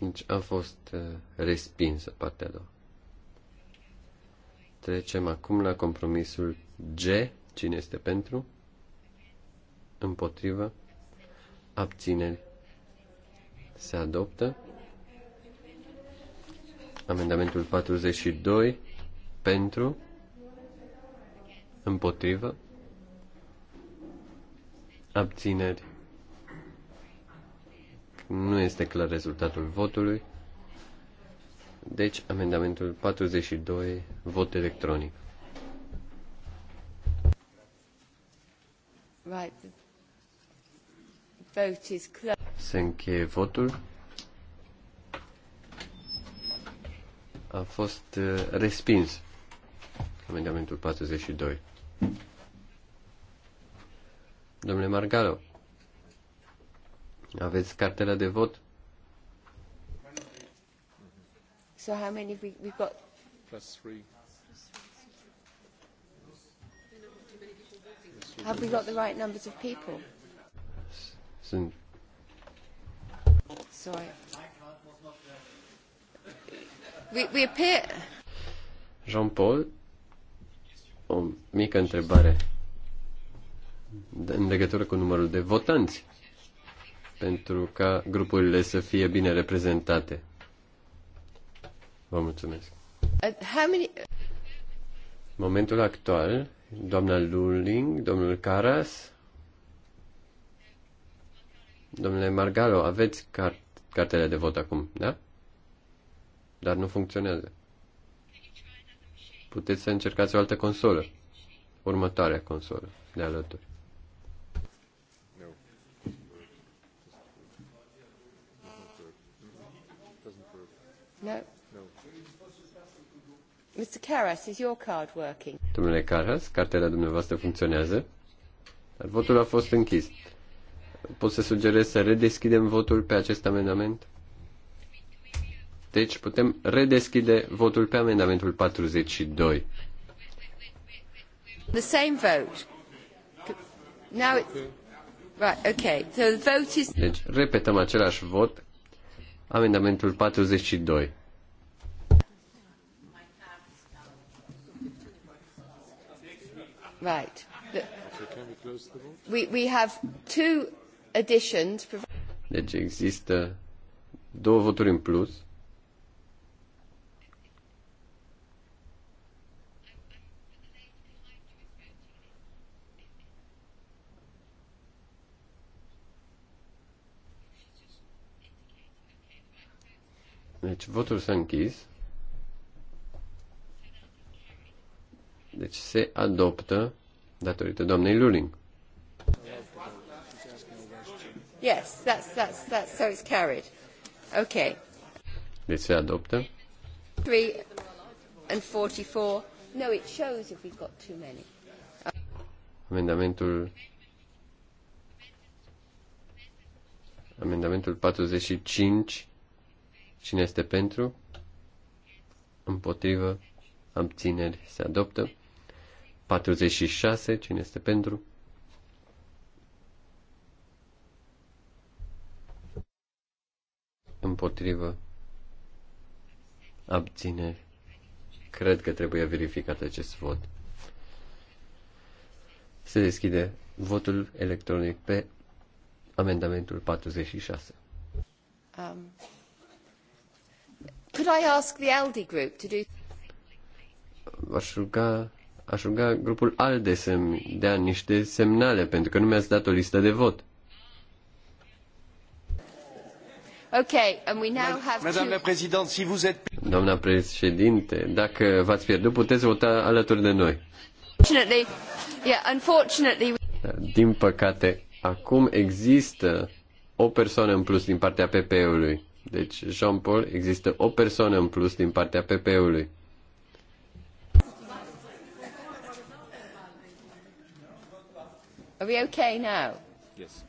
Speaker 4: Deci a fost uh, respinsă partea a doua. Trecem acum la compromisul G. Cine este pentru? Împotrivă? Abțineri? Se adoptă? Amendamentul 42 pentru, împotrivă, abțineri. Nu este clar rezultatul votului. Deci, amendamentul 42, vot electronic.
Speaker 1: Right. Vote is
Speaker 4: Se încheie votul. a fost uh, respins. Amendamentul 42. Domnule Margalo, aveți cartela de vot?
Speaker 1: So how many we, we've got? Plus three. Have we got the right numbers of people? Sunt. Sorry. We, we appear...
Speaker 4: Jean-Paul, o mică întrebare în legătură cu numărul de votanți pentru ca grupurile să fie bine reprezentate. Vă mulțumesc.
Speaker 1: Uh, many...
Speaker 4: Momentul actual, doamna Luling, domnul Caras, domnule Margalo, aveți cart- cartele de vot acum, da? dar nu funcționează. Puteți să încercați o altă consolă. Următoarea consolă de alături.
Speaker 1: No. Mr. Karas, is your card working?
Speaker 4: Domnule Karas, cartela dumneavoastră funcționează, dar votul a fost închis. Pot să sugerez să redeschidem votul pe acest amendament? Deci putem redeschide votul pe amendamentul 42.
Speaker 1: The same vote. Now it... Right, okay. So the vote is...
Speaker 4: Deci repetăm același vot. Amendamentul 42.
Speaker 1: Right. The... We, we have two additions.
Speaker 4: Deci există două voturi în plus. Deci votul s-a închis. Deci se adoptă datorită doamnei Luling.
Speaker 1: Yes, that's, that's, that's, so it's carried. Okay.
Speaker 4: Deci se adoptă.
Speaker 1: Three and 44. No, it shows if we've got too many.
Speaker 4: Amendamentul Amendamentul 45 Cine este pentru? Împotrivă. Abțineri. Se adoptă. 46. Cine este pentru? Împotrivă. Abțineri. Cred că trebuie verificat acest vot. Se deschide votul electronic pe amendamentul 46.
Speaker 1: Um. Could I ask the ALDE group to do...
Speaker 4: Aș ruga, aș ruga grupul ALDE să dea niște semnale, pentru că nu mi-ați dat o listă de vot.
Speaker 1: Okay, and we now have Madame two... si vous êtes...
Speaker 4: Doamna președinte, dacă v-ați pierdut, puteți vota alături de noi.
Speaker 1: Unfortunately, yeah, unfortunately...
Speaker 4: Din păcate, acum există o persoană în plus din partea PP-ului. Deci, Jean-Paul, există o persoană în plus din partea PP-ului.
Speaker 1: Are we okay now? Yes.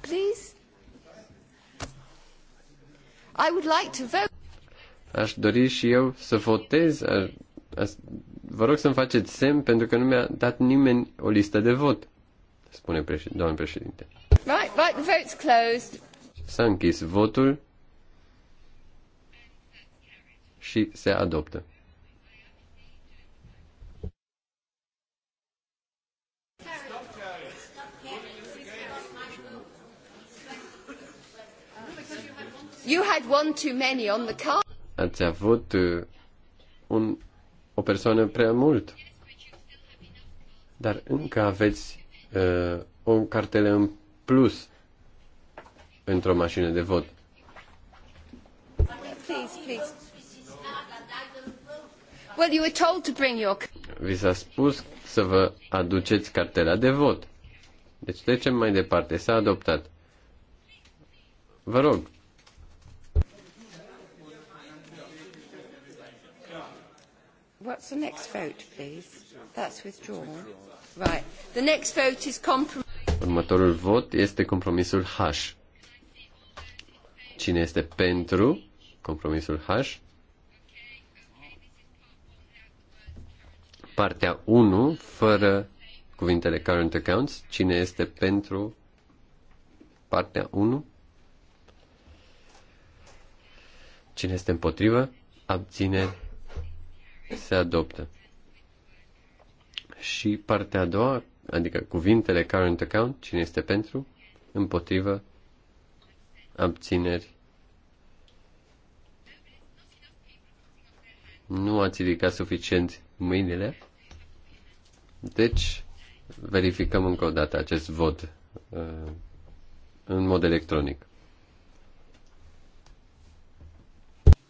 Speaker 1: Please. I would like to vote.
Speaker 4: Aș dori și eu să votez. Aș, aș, vă rog să-mi faceți semn pentru că nu mi-a dat nimeni o listă de vot, spune președ, doamnă președinte.
Speaker 1: Right, right, the vote's closed.
Speaker 4: S-a închis votul și se adoptă.
Speaker 1: You had one too many on the car.
Speaker 4: Ați avut uh, un, o persoană prea mult. Dar încă aveți uh, o cartelă în plus într-o mașină de vot.
Speaker 1: Well, you were told to bring your...
Speaker 4: Vi s-a spus să vă aduceți cartela de vot. Deci trecem mai departe. S-a adoptat. Vă rog.
Speaker 1: What's the next vote, please? That's withdrawn. Right. The next vote is compromise.
Speaker 4: Următorul vot este compromisul H. Cine este pentru compromisul H? Partea 1, fără cuvintele current accounts. Cine este pentru partea 1? Cine este împotrivă? Abține. Se adoptă. Și partea a doua, adică cuvintele current account, cine este pentru? Împotrivă abțineri. Nu ați ridicat suficient mâinile. Deci, verificăm încă o dată acest vot uh, în mod electronic.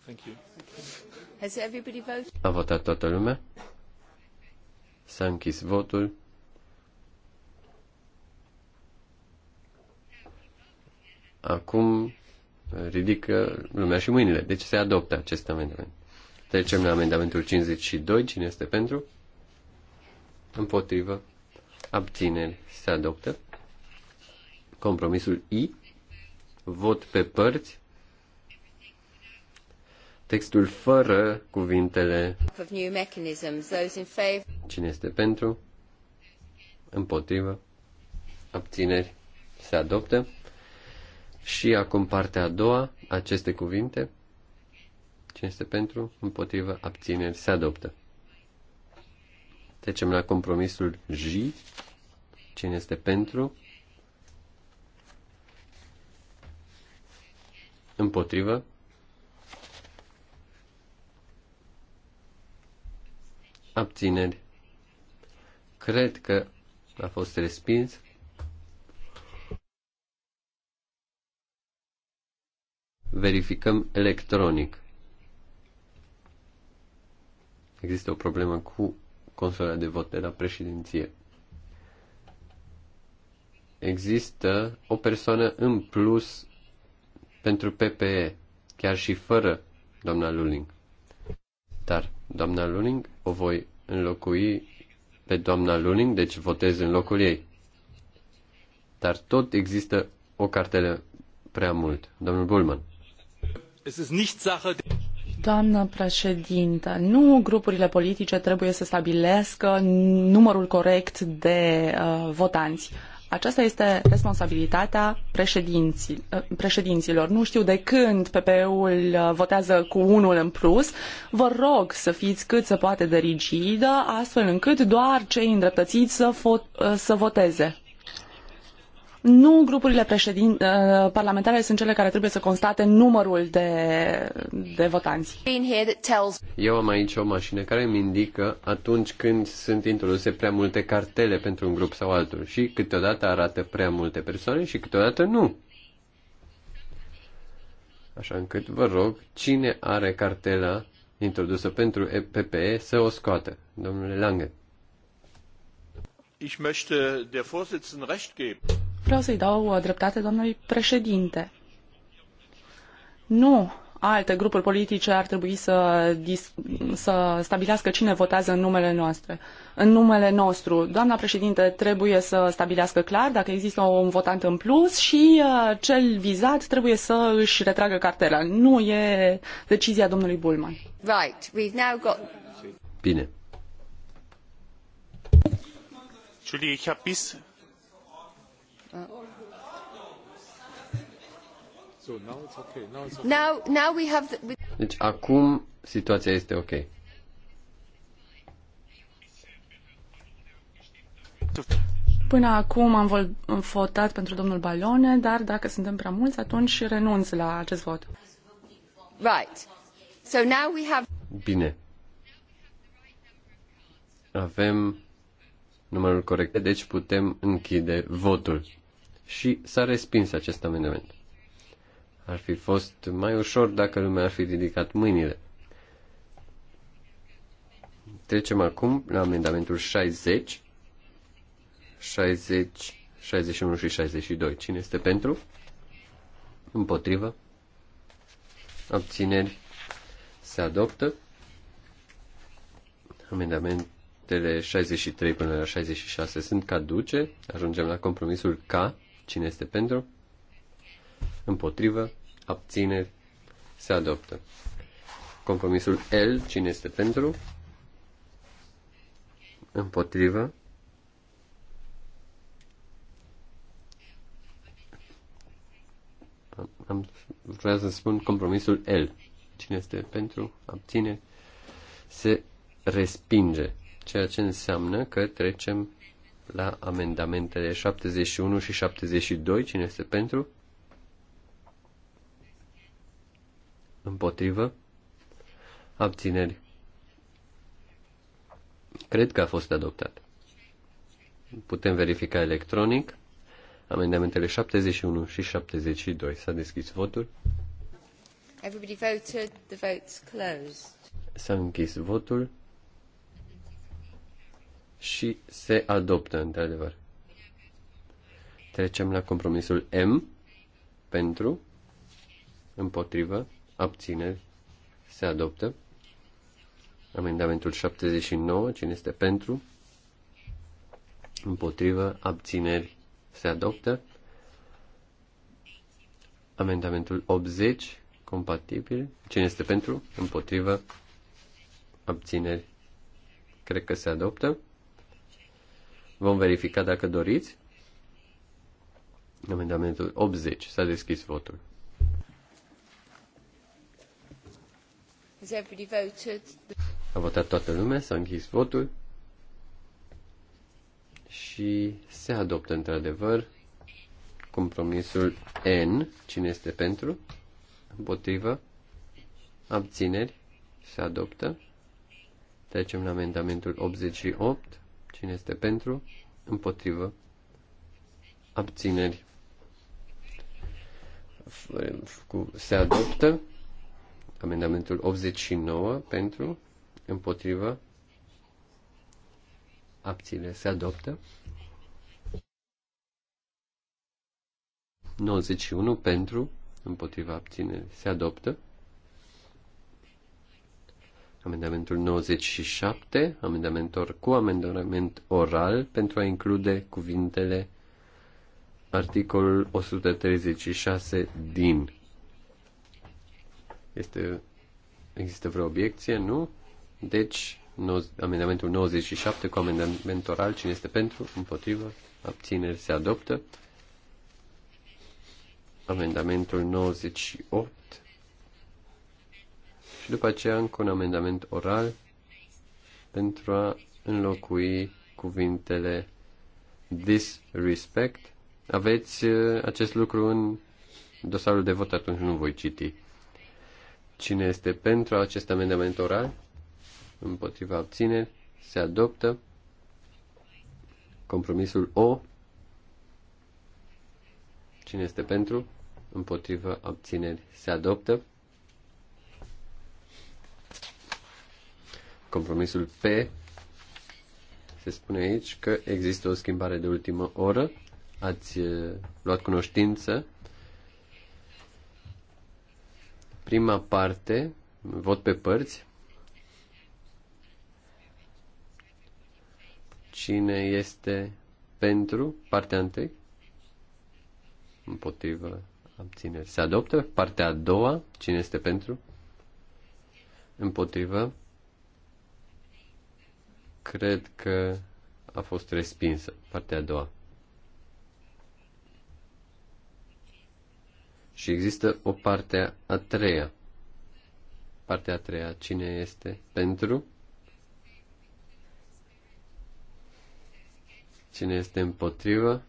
Speaker 3: Thank you.
Speaker 1: Has everybody voted?
Speaker 4: A votat toată lumea? S-a închis votul. Acum ridică lumea și mâinile. Deci se adoptă acest amendament. Trecem la amendamentul 52. Cine este pentru? Împotrivă. Abțineri. Se adoptă. Compromisul I. Vot pe părți. Textul fără cuvintele. Cine este pentru? Împotrivă. Abțineri. Se adoptă. Și acum partea a doua, aceste cuvinte. Cine este pentru? Împotrivă. Abțineri. Se adoptă. Trecem la compromisul J. Cine este pentru? Împotrivă. Abțineri. Cred că a fost respins, verificăm electronic. Există o problemă cu consola de vot de la președinție. Există o persoană în plus pentru PPE, chiar și fără doamna Luling. Dar doamna Luling o voi înlocui pe doamna Luning, deci votez în locul ei. Dar tot există o cartelă prea mult. Domnul Bulman.
Speaker 3: Doamnă președintă, nu grupurile politice trebuie să stabilească numărul corect de uh, votanți. Aceasta este responsabilitatea uh, președinților. Nu știu de când PPE-ul uh, votează cu unul în plus. Vă rog să fiți cât se poate de rigidă, astfel încât doar cei îndreptățiți să, uh, să voteze nu grupurile președin, uh, parlamentare sunt cele care trebuie să constate numărul de, de votanți.
Speaker 4: Eu am aici o mașină care îmi indică atunci când sunt introduse prea multe cartele pentru un grup sau altul și câteodată arată prea multe persoane și câteodată nu. Așa încât vă rog, cine are cartela introdusă pentru EPP să o scoată. Domnule Lange.
Speaker 2: Ich möchte der Vorsitzenden recht geben.
Speaker 3: Vreau să-i dau uh, dreptate doamnei președinte. Nu alte grupuri politice ar trebui să, să stabilească cine votează în numele noastre. În numele nostru, doamna președinte trebuie să stabilească clar dacă există un votant în plus și uh, cel vizat trebuie să își retragă cartela. Nu e decizia domnului Bulman.
Speaker 1: Right. We've now got... Bine. Julie, ich habe bis
Speaker 4: deci acum situația este ok.
Speaker 3: Până acum am votat pentru domnul Balone, dar dacă suntem prea mulți, atunci renunț la acest vot.
Speaker 1: Right. So now we have...
Speaker 4: Bine. Avem numărul corect, deci putem închide votul și s-a respins acest amendament. Ar fi fost mai ușor dacă lumea ar fi ridicat mâinile. Trecem acum la amendamentul 60, 60, 61 și 62. Cine este pentru? Împotrivă? Abțineri? Se adoptă. Amendamentele 63 până la 66 sunt caduce. Ajungem la compromisul K Cine este pentru? Împotrivă. Abțineri. Se adoptă. Compromisul L. Cine este pentru? Împotrivă. Am vrea să spun compromisul L. Cine este pentru? Abține. Se respinge. Ceea ce înseamnă că trecem la amendamentele 71 și 72. Cine este pentru? Împotrivă? Abțineri. Cred că a fost adoptat. Putem verifica electronic. Amendamentele 71 și 72. S-a deschis votul.
Speaker 1: Everybody voted. The vote's closed.
Speaker 4: S-a închis votul și se adoptă, într-adevăr. Trecem la compromisul M pentru, împotrivă, abțineri, se adoptă. Amendamentul 79, cine este pentru, împotrivă, abțineri, se adoptă. Amendamentul 80, compatibil, cine este pentru, împotrivă, abțineri, cred că se adoptă. Vom verifica dacă doriți. Amendamentul 80. S-a deschis votul. A votat toată lumea, s-a închis votul și se adoptă într-adevăr compromisul N. Cine este pentru? Împotrivă? Abțineri? Se adoptă. Trecem la amendamentul 88. Cine este pentru? Împotrivă. Abțineri. Se adoptă amendamentul 89 pentru, împotrivă, abține, se adoptă. 91 pentru, împotriva abține, se adoptă. Amendamentul 97, amendamentor cu amendament oral pentru a include cuvintele articolul 136 din. Este, există vreo obiecție? Nu? Deci, no, amendamentul 97 cu amendament oral, cine este pentru, împotrivă, abțineri, se adoptă. Amendamentul 98 și după aceea încă un amendament oral pentru a înlocui cuvintele disrespect. Aveți uh, acest lucru în dosarul de vot, atunci nu voi citi. Cine este pentru acest amendament oral? Împotriva abțineri? Se adoptă. Compromisul O. Cine este pentru? Împotriva abțineri? Se adoptă. Compromisul P se spune aici că există o schimbare de ultimă oră. Ați eh, luat cunoștință. Prima parte, vot pe părți. Cine este pentru partea întâi? Împotrivă abțineri. Se adoptă partea a doua. Cine este pentru? Împotrivă cred că a fost respinsă. Partea a doua. Și există o parte a treia. Partea a treia, cine este pentru? Cine este împotrivă?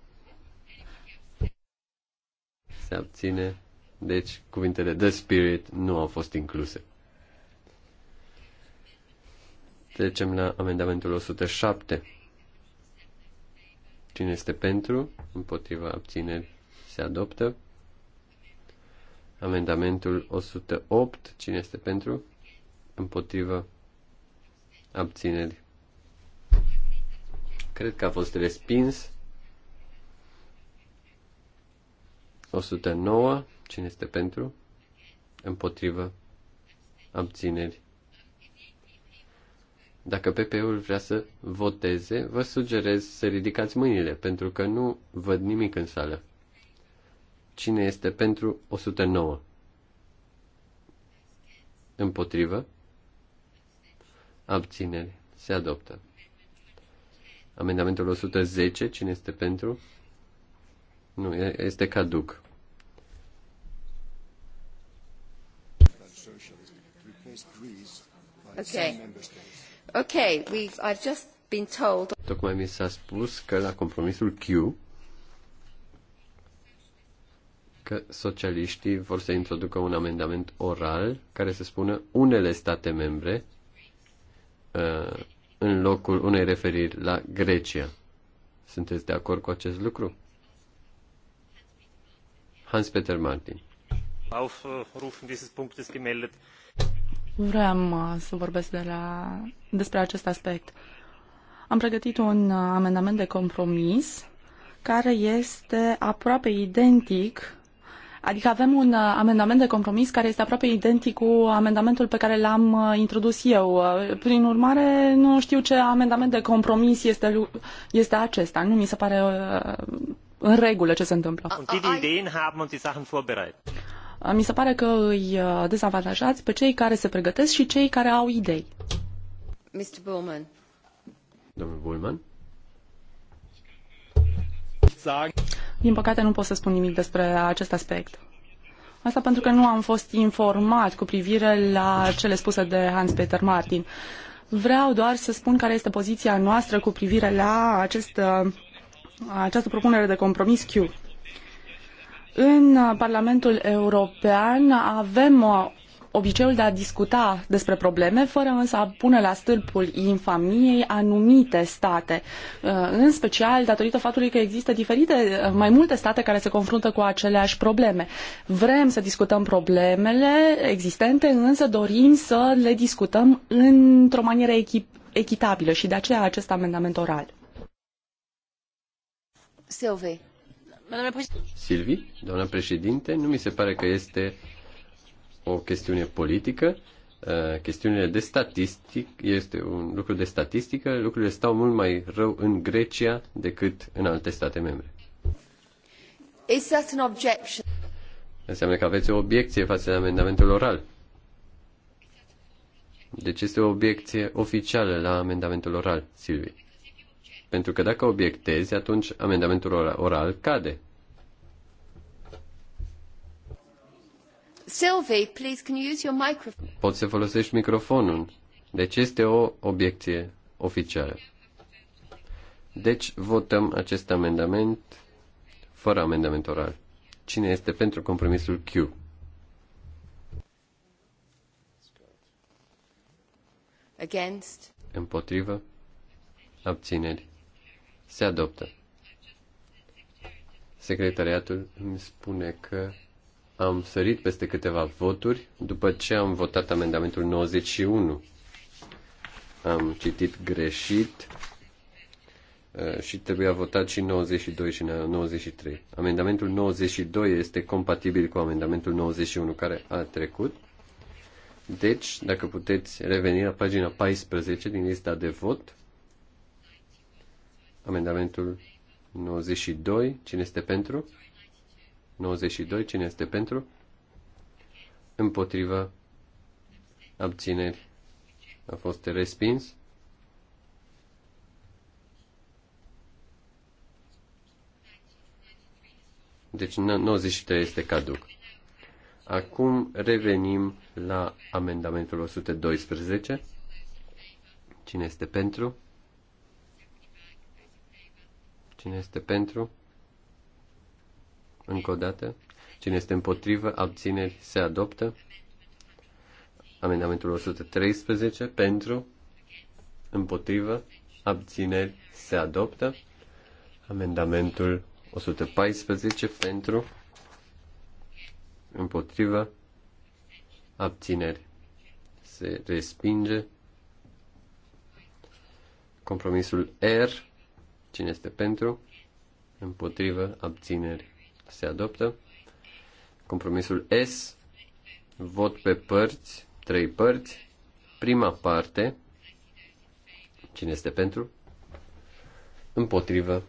Speaker 4: Se abține. Deci, cuvintele de Spirit nu au fost incluse. Trecem la amendamentul 107. Cine este pentru? Împotriva abțineri se adoptă. Amendamentul 108. Cine este pentru? Împotriva abțineri. Cred că a fost respins. 109. Cine este pentru? Împotrivă. Abțineri. Dacă PP-ul vrea să voteze, vă sugerez să ridicați mâinile, pentru că nu văd nimic în sală. Cine este pentru 109? Împotrivă? Abținere. Se adoptă. Amendamentul 110, cine este pentru? Nu, este caduc.
Speaker 1: Okay. Okay, we've, I've just been told...
Speaker 4: Tocmai mi s-a spus că la compromisul Q că socialiștii vor să introducă un amendament oral care să spună unele state membre uh, în locul unei referiri la Grecia. Sunteți de acord cu acest lucru? Hans-Peter Martin. Äh, rufen dieses Punktes gemeldet
Speaker 3: Vreau uh, să vorbesc de la, despre acest aspect. Am pregătit un uh, amendament de compromis care este aproape identic Adică avem un uh, amendament de compromis care este aproape identic cu amendamentul pe care l-am introdus eu. Prin urmare, nu știu ce amendament de compromis este, este acesta. Nu mi se pare în regulă ce se întâmplă. Uh, mi se pare că îi uh, dezavantajați pe cei care se pregătesc și cei care au idei.
Speaker 1: Mr. Bullman.
Speaker 4: Domnul Bullman.
Speaker 3: Din păcate nu pot să spun nimic despre acest aspect. Asta pentru că nu am fost informat cu privire la cele spuse de Hans-Peter Martin. Vreau doar să spun care este poziția noastră cu privire la acest, uh, această propunere de compromis Q. În Parlamentul European avem uh, obiceiul de a discuta despre probleme, fără însă a pune la stâlpul infamiei anumite state, uh, în special datorită faptului că există diferite, uh, mai multe state care se confruntă cu aceleași probleme. Vrem să discutăm problemele existente, însă dorim să le discutăm într-o manieră echitabilă și de aceea acest amendament oral.
Speaker 1: Silvie.
Speaker 4: Silvi, doamna președinte, nu mi se pare că este o chestiune politică. Uh, chestiunile de statistic este un lucru de statistică. Lucrurile stau mult mai rău în Grecia decât în alte state membre.
Speaker 1: Is that an objection?
Speaker 4: Înseamnă că aveți o obiecție față de amendamentul oral. Deci este o obiecție oficială la amendamentul oral, Silvi. Pentru că dacă obiectezi, atunci amendamentul oral cade.
Speaker 1: Sylvie, please, can you use your microphone?
Speaker 4: Poți să folosești microfonul. Deci este o obiecție oficială. Deci votăm acest amendament fără amendament oral. Cine este pentru compromisul Q?
Speaker 1: Against.
Speaker 4: Împotrivă. Abțineri se adoptă. Secretariatul îmi spune că am sărit peste câteva voturi după ce am votat amendamentul 91. Am citit greșit uh, și trebuia votat și 92 și 93. Amendamentul 92 este compatibil cu amendamentul 91 care a trecut. Deci, dacă puteți reveni la pagina 14 din lista de vot, Amendamentul 92. Cine este pentru? 92. Cine este pentru? Împotrivă. Abțineri. A fost respins. Deci 93 este caduc. Acum revenim la amendamentul 112. Cine este pentru? Cine este pentru? Încă o dată. Cine este împotrivă? Abțineri se adoptă. Amendamentul 113 pentru, împotrivă, abțineri se adoptă. Amendamentul 114 pentru, împotrivă, abțineri se respinge. Compromisul R Cine este pentru? Împotrivă. Abțineri. Se adoptă. Compromisul S. Vot pe părți. Trei părți. Prima parte. Cine este pentru? Împotrivă.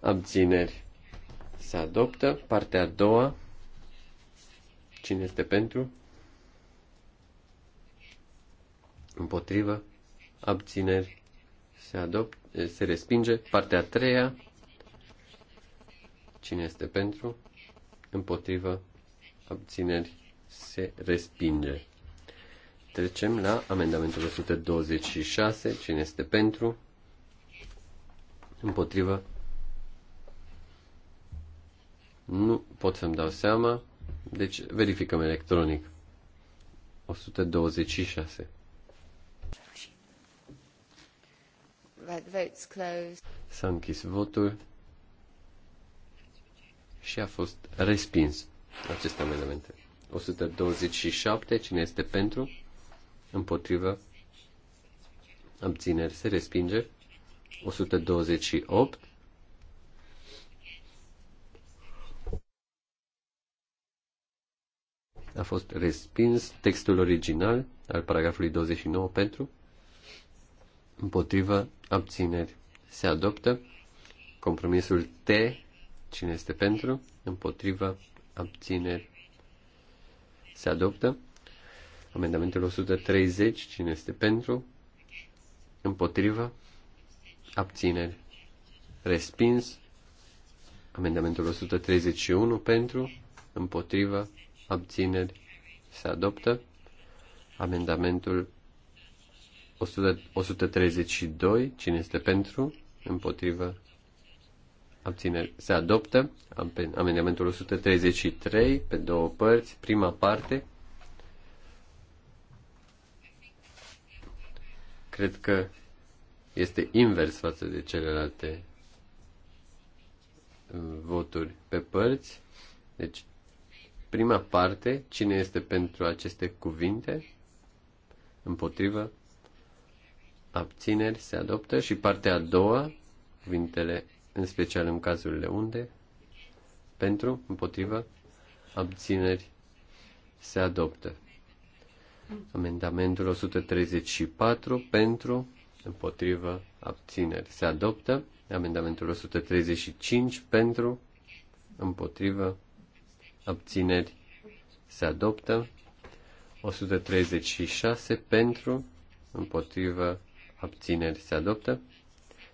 Speaker 4: Abțineri. Se adoptă. Partea a doua. Cine este pentru? Împotrivă. Abțineri se, adopt, se respinge. Partea a treia, cine este pentru, împotrivă, abțineri, se respinge. Trecem la amendamentul 126, cine este pentru, împotrivă, nu pot să-mi dau seama, deci verificăm electronic. 126.
Speaker 1: Votes closed.
Speaker 4: S-a închis votul și a fost respins acest amendament. 127, cine este pentru? Împotrivă? Abțineri, se respinge. 128. A fost respins textul original al paragrafului 29 pentru împotrivă, abțineri, se adoptă. Compromisul T, cine este pentru, împotrivă, abțineri, se adoptă. Amendamentul 130, cine este pentru, împotrivă, abțineri, respins. Amendamentul 131 pentru, împotrivă, abțineri, se adoptă. Amendamentul 132. Cine este pentru? Împotrivă? Abțineri. Se adoptă. Amendamentul 133 pe două părți. Prima parte. Cred că este invers față de celelalte uh, voturi pe părți. Deci, prima parte, cine este pentru aceste cuvinte? Împotrivă? abțineri se adoptă și partea a doua, cuvintele în special în cazurile unde, pentru, împotrivă, abțineri se adoptă. Amendamentul 134 pentru, împotrivă, abțineri se adoptă. Amendamentul 135 pentru, împotrivă, abțineri se adoptă. 136 pentru, împotrivă, abțineri se adoptă.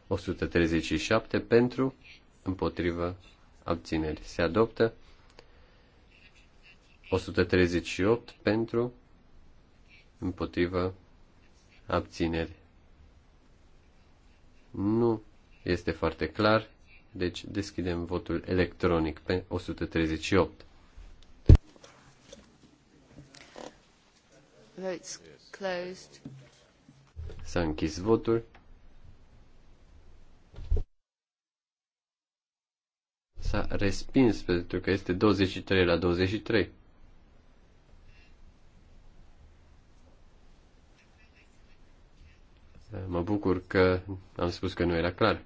Speaker 4: 137 pentru, împotrivă, abțineri se adoptă. 138 pentru, împotrivă, abțineri. Nu este foarte clar, deci deschidem votul electronic pe 138.
Speaker 1: Votes closed.
Speaker 4: S-a închis votul. S-a respins pentru că este 23 la 23. Mă bucur că am spus că nu era clar.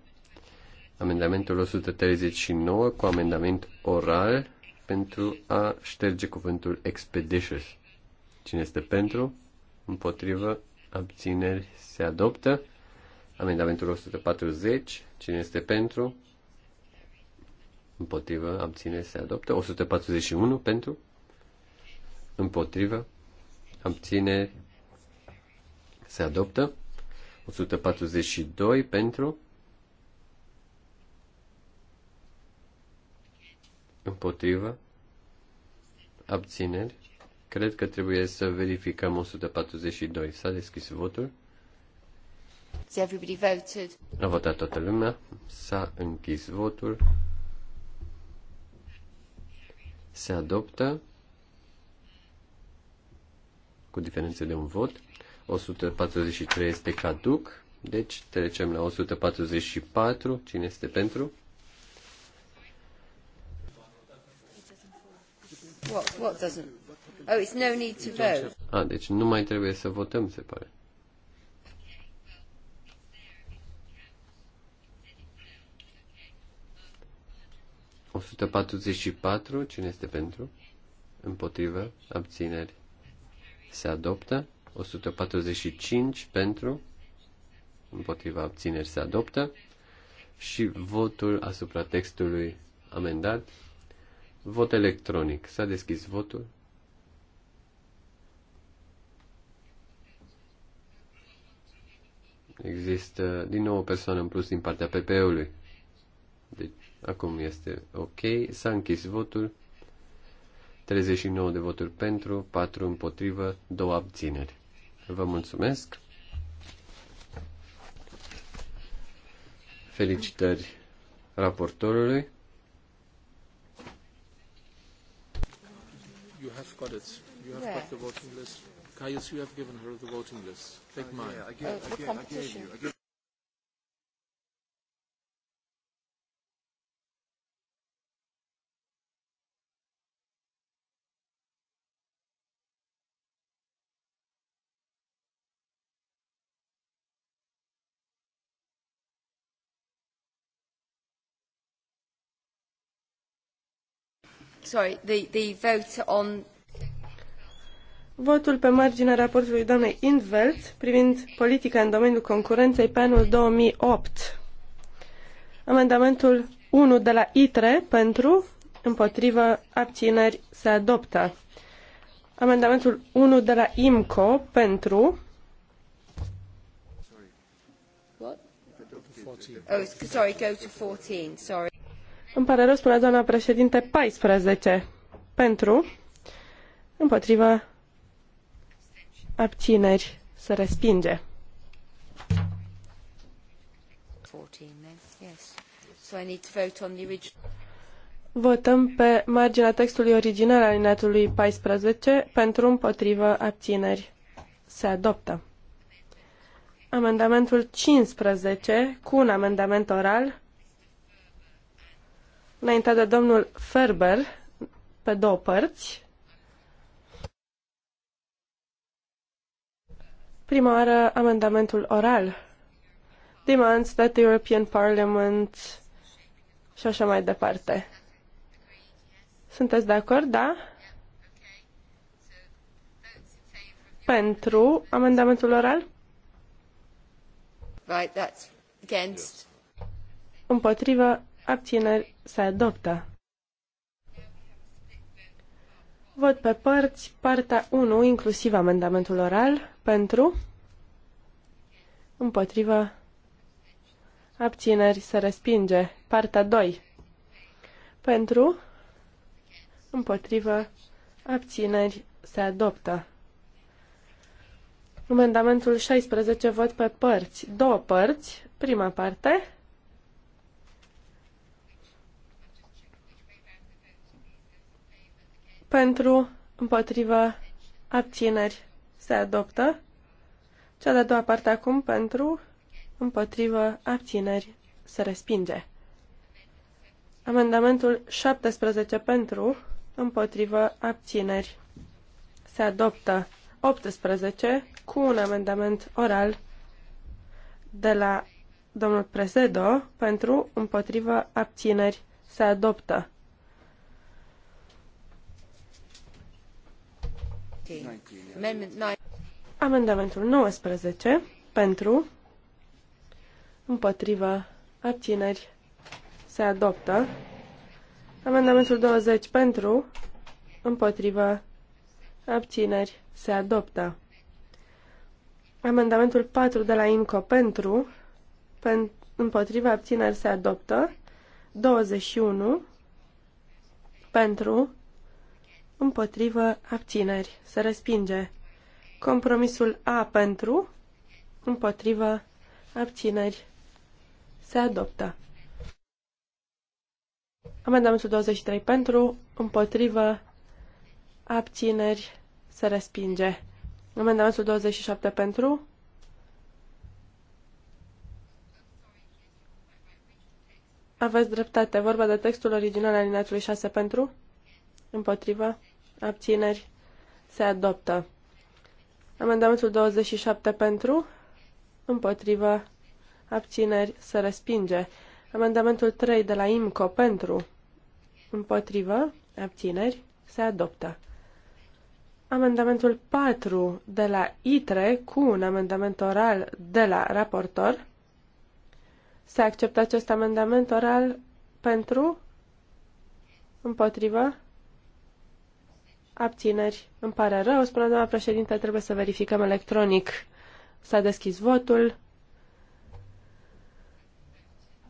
Speaker 4: Amendamentul 139 cu amendament oral pentru a șterge cuvântul expeditious. Cine este pentru? Împotrivă? abțineri se adoptă. Amendamentul 140, cine este pentru? Împotrivă, abțineri se adoptă. 141 pentru? Împotrivă, abțineri se adoptă. 142 pentru? Împotrivă, abțineri Cred că trebuie să verificăm 142. S-a deschis votul. A votat toată lumea. S-a închis votul. Se adoptă cu diferență de un vot. 143 este caduc. Deci trecem la 144. Cine este pentru?
Speaker 1: What, what doesn't? Oh, it's no need to vote.
Speaker 4: Ah, deci nu mai trebuie să votăm, se pare. O 144, cine este pentru? Împotrivă, abțineri. Se adoptă. 145 pentru, împotriva abțineri se adoptă. Și votul asupra textului amendat. Vot electronic. S-a deschis votul. Există din nou o persoană în plus din partea PP-ului. Deci, acum este ok. S-a închis votul. 39 de voturi pentru, 4 împotrivă, 2 abțineri. Vă mulțumesc. Felicitări raportorului.
Speaker 1: You have got it. You have yeah. got the voting list. Caius, you have given her the voting list. Take uh, mine. Yeah, I gave, uh, I gave, I gave you. I gave sorry, the, the vote on
Speaker 2: Votul pe marginea raportului doamnei Indveld privind politica în domeniul concurenței pe anul 2008. Amendamentul 1 de la ITRE pentru, împotrivă, abțineri se adoptă. Amendamentul 1 de la IMCO pentru, Oh,
Speaker 1: sorry, go to sorry.
Speaker 2: Îmi pare rău, spunea doamna președinte, 14. Pentru, împotrivă, abțineri, se respinge. Votăm pe marginea textului original al inatului 14 pentru împotrivă abțineri. Se adoptă. Amendamentul 15 cu un amendament oral înaintea de domnul Ferber pe două părți. Prima oară, amendamentul oral demands that the European Parliament și așa mai departe. Sunteți de acord? Da? Pentru amendamentul oral?
Speaker 1: Right, that's against.
Speaker 2: Împotrivă, abțineri, se adoptă. Văd pe părți, partea 1, inclusiv amendamentul oral, pentru, împotrivă, abțineri, se respinge. Partea 2, pentru, împotrivă, abțineri, se adoptă. Amendamentul 16, văd pe părți, două părți, prima parte, pentru, împotrivă, abțineri se adoptă. Cea de-a doua parte acum pentru, împotrivă, abțineri se respinge. Amendamentul 17 pentru, împotrivă, abțineri se adoptă. 18 cu un amendament oral de la domnul Presedo pentru, împotrivă, abțineri se adoptă. Amendamentul 19 pentru, împotriva, abțineri, se adoptă. Amendamentul 20 pentru, împotriva, abțineri, se adoptă. Amendamentul 4 de la IMCO pentru, împotriva, abțineri, se adoptă. 21 pentru, împotrivă, abțineri, se respinge. Compromisul A pentru, împotrivă, abțineri, se adoptă. Amendamentul 23 pentru, împotrivă, abțineri, se respinge. Amendamentul 27 pentru, Aveți dreptate. Vorba de textul original al alineatului 6 pentru? Împotrivă? abțineri, se adoptă. Amendamentul 27 pentru, împotrivă, abțineri, se respinge. Amendamentul 3 de la IMCO pentru, împotrivă, abțineri, se adoptă. Amendamentul 4 de la ITRE cu un amendament oral de la raportor. Se acceptă acest amendament oral pentru, împotrivă, Abțineri. Îmi pare rău, spune doamna președinte, trebuie să verificăm electronic. S-a deschis votul.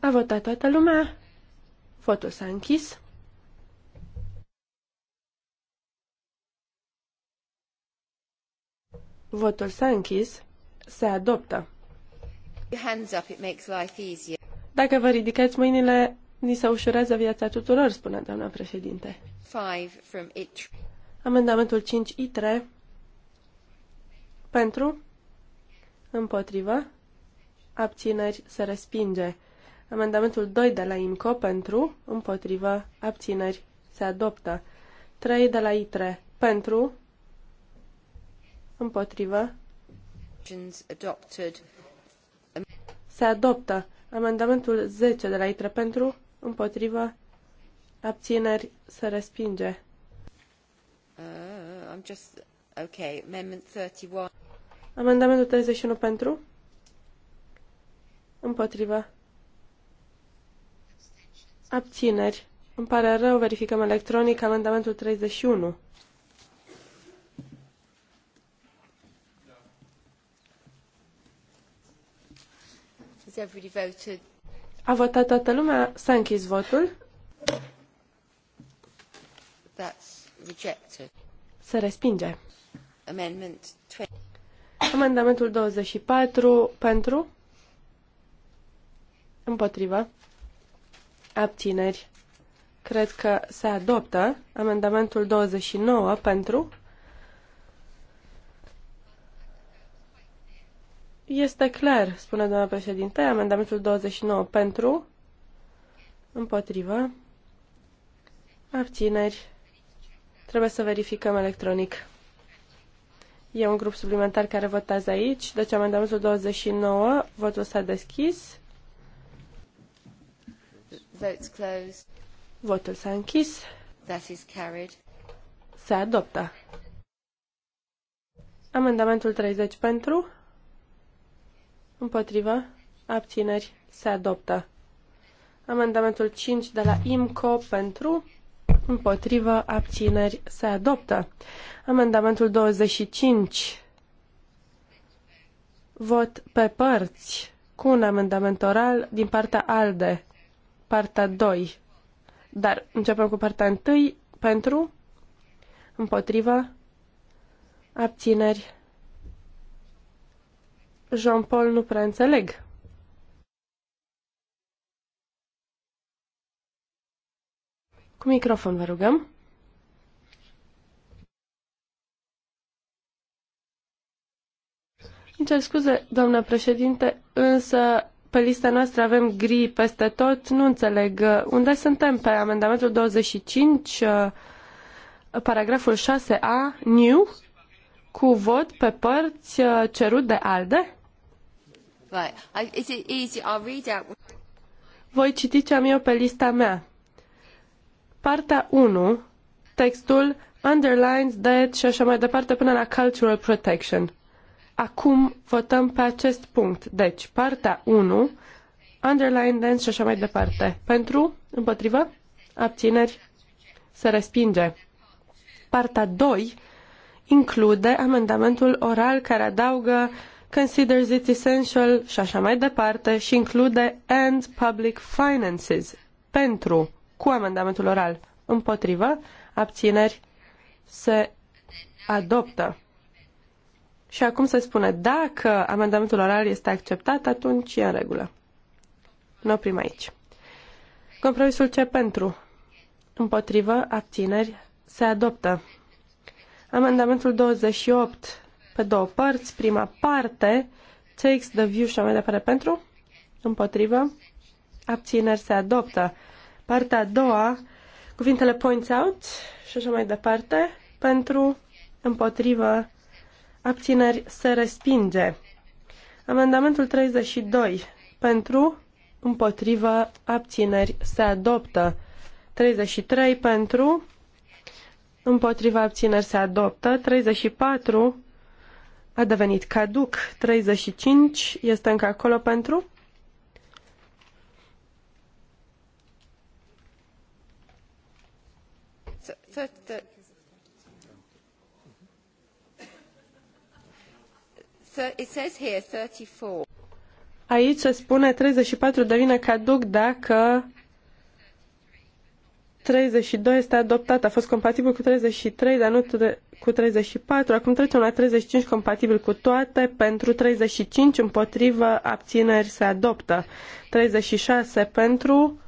Speaker 2: A votat toată lumea. Votul s-a închis. Votul s-a închis. Se adoptă. Dacă vă ridicați mâinile, ni se ușurează viața tuturor, spune doamna președinte. Amendamentul 5 I3 pentru, împotrivă, abțineri se respinge. Amendamentul 2 de la IMCO pentru, împotrivă, abțineri se adoptă. 3 de la I 3 pentru, împotrivă, se adoptă. Amendamentul 10 de la I 3 pentru, împotrivă, abțineri se respinge.
Speaker 1: Uh, I'm just... Okay, amendment
Speaker 2: 31. Amendamentul 31 pentru? Împotrivă. Abțineri. Îmi pare rău, verificăm electronic amendamentul 31. A votat toată lumea, s-a închis votul. That's se respinge. Amendamentul 24 pentru? Împotrivă. Abțineri. Cred că se adoptă. Amendamentul 29 pentru? Este clar, spune doamna președinte, amendamentul 29 pentru, împotrivă, abțineri, Trebuie să verificăm electronic. E un grup suplimentar care votează aici, deci amendamentul 29, votul s-a deschis.
Speaker 1: Votes closed.
Speaker 2: Votul s-a închis.
Speaker 1: That is carried. Se adoptă.
Speaker 2: Amendamentul 30 pentru. Împotrivă. Abțineri. Se adoptă. Amendamentul 5 de la IMCO pentru împotrivă, abțineri, se adoptă. Amendamentul 25, vot pe părți, cu un amendament oral din partea ALDE, partea 2. Dar începem cu partea 1, pentru, împotrivă, abțineri. Jean-Paul nu prea înțeleg. Cu microfon vă rugăm. Îmi cer scuze, doamnă președinte, însă pe lista noastră avem gri peste tot. Nu înțeleg. Uh, unde suntem? Pe amendamentul 25, uh, paragraful 6a, new, cu vot pe părți uh, cerut de ALDE? Voi citi ce am eu pe lista mea. Partea 1, textul underlines that și așa mai departe până la cultural protection. Acum votăm pe acest punct. Deci, partea 1, underline dance și așa mai departe. Pentru, împotrivă, abțineri, se respinge. Partea 2 include amendamentul oral care adaugă considers it essential și așa mai departe și include and public finances pentru cu amendamentul oral. Împotrivă, abțineri, se adoptă. Și acum se spune, dacă amendamentul oral este acceptat, atunci e în regulă. Nu oprim aici. Compromisul ce pentru? Împotrivă, abțineri, se adoptă. Amendamentul 28, pe două părți, prima parte, takes the view și amendă pentru, împotrivă, abțineri se adoptă partea a doua, cuvintele points out și așa mai departe, pentru, împotrivă, abțineri se respinge. Amendamentul 32, pentru, împotrivă, abțineri se adoptă. 33 pentru, împotriva abțineri se adoptă, 34 a devenit caduc, 35 este încă acolo pentru, Aici se spune 34 devine caduc dacă 32 este adoptat. A fost compatibil cu 33, dar nu cu 34. Acum trecem la 35, compatibil cu toate. Pentru 35, împotrivă, abțineri se adoptă. 36 pentru,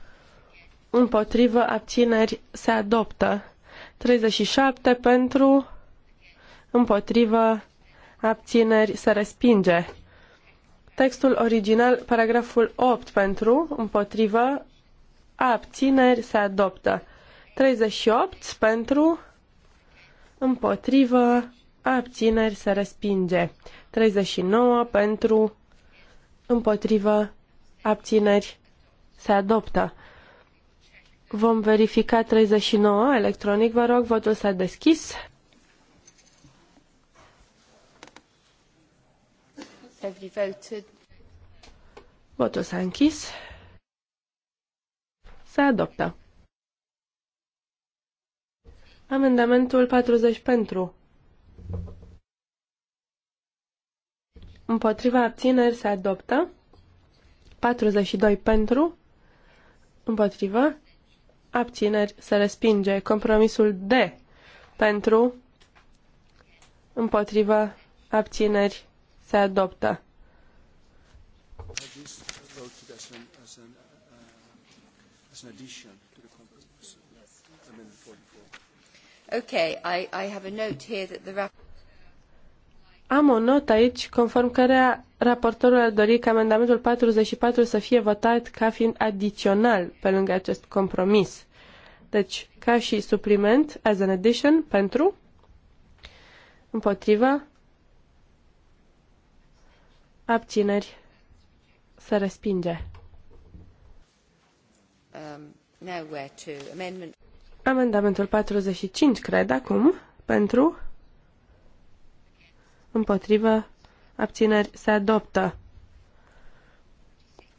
Speaker 2: împotrivă, abțineri se adoptă. 37 pentru, împotrivă, abțineri, se respinge. Textul original, paragraful 8 pentru, împotrivă, abțineri, se adoptă. 38 pentru, împotrivă, abțineri, se respinge. 39 pentru, împotrivă, abțineri, se adoptă. Vom verifica 39 electronic, vă rog, votul s-a deschis. Votul s-a închis. Se adoptă. Amendamentul 40 pentru. Împotriva abțineri se adoptă. 42 pentru. Împotriva abțineri, se respinge. Compromisul D pentru, împotrivă, abțineri, se adoptă.
Speaker 1: Okay, I, I have a note here that the am
Speaker 2: o notă aici conform cărea raportorul ar dori ca amendamentul 44 să fie votat ca fiind adițional pe lângă acest compromis. Deci, ca și supliment, as an addition, pentru, împotriva, abțineri, să respinge.
Speaker 1: Um, now where to? Amendment...
Speaker 2: Amendamentul 45, cred, acum, pentru, împotrivă, abțineri se adoptă.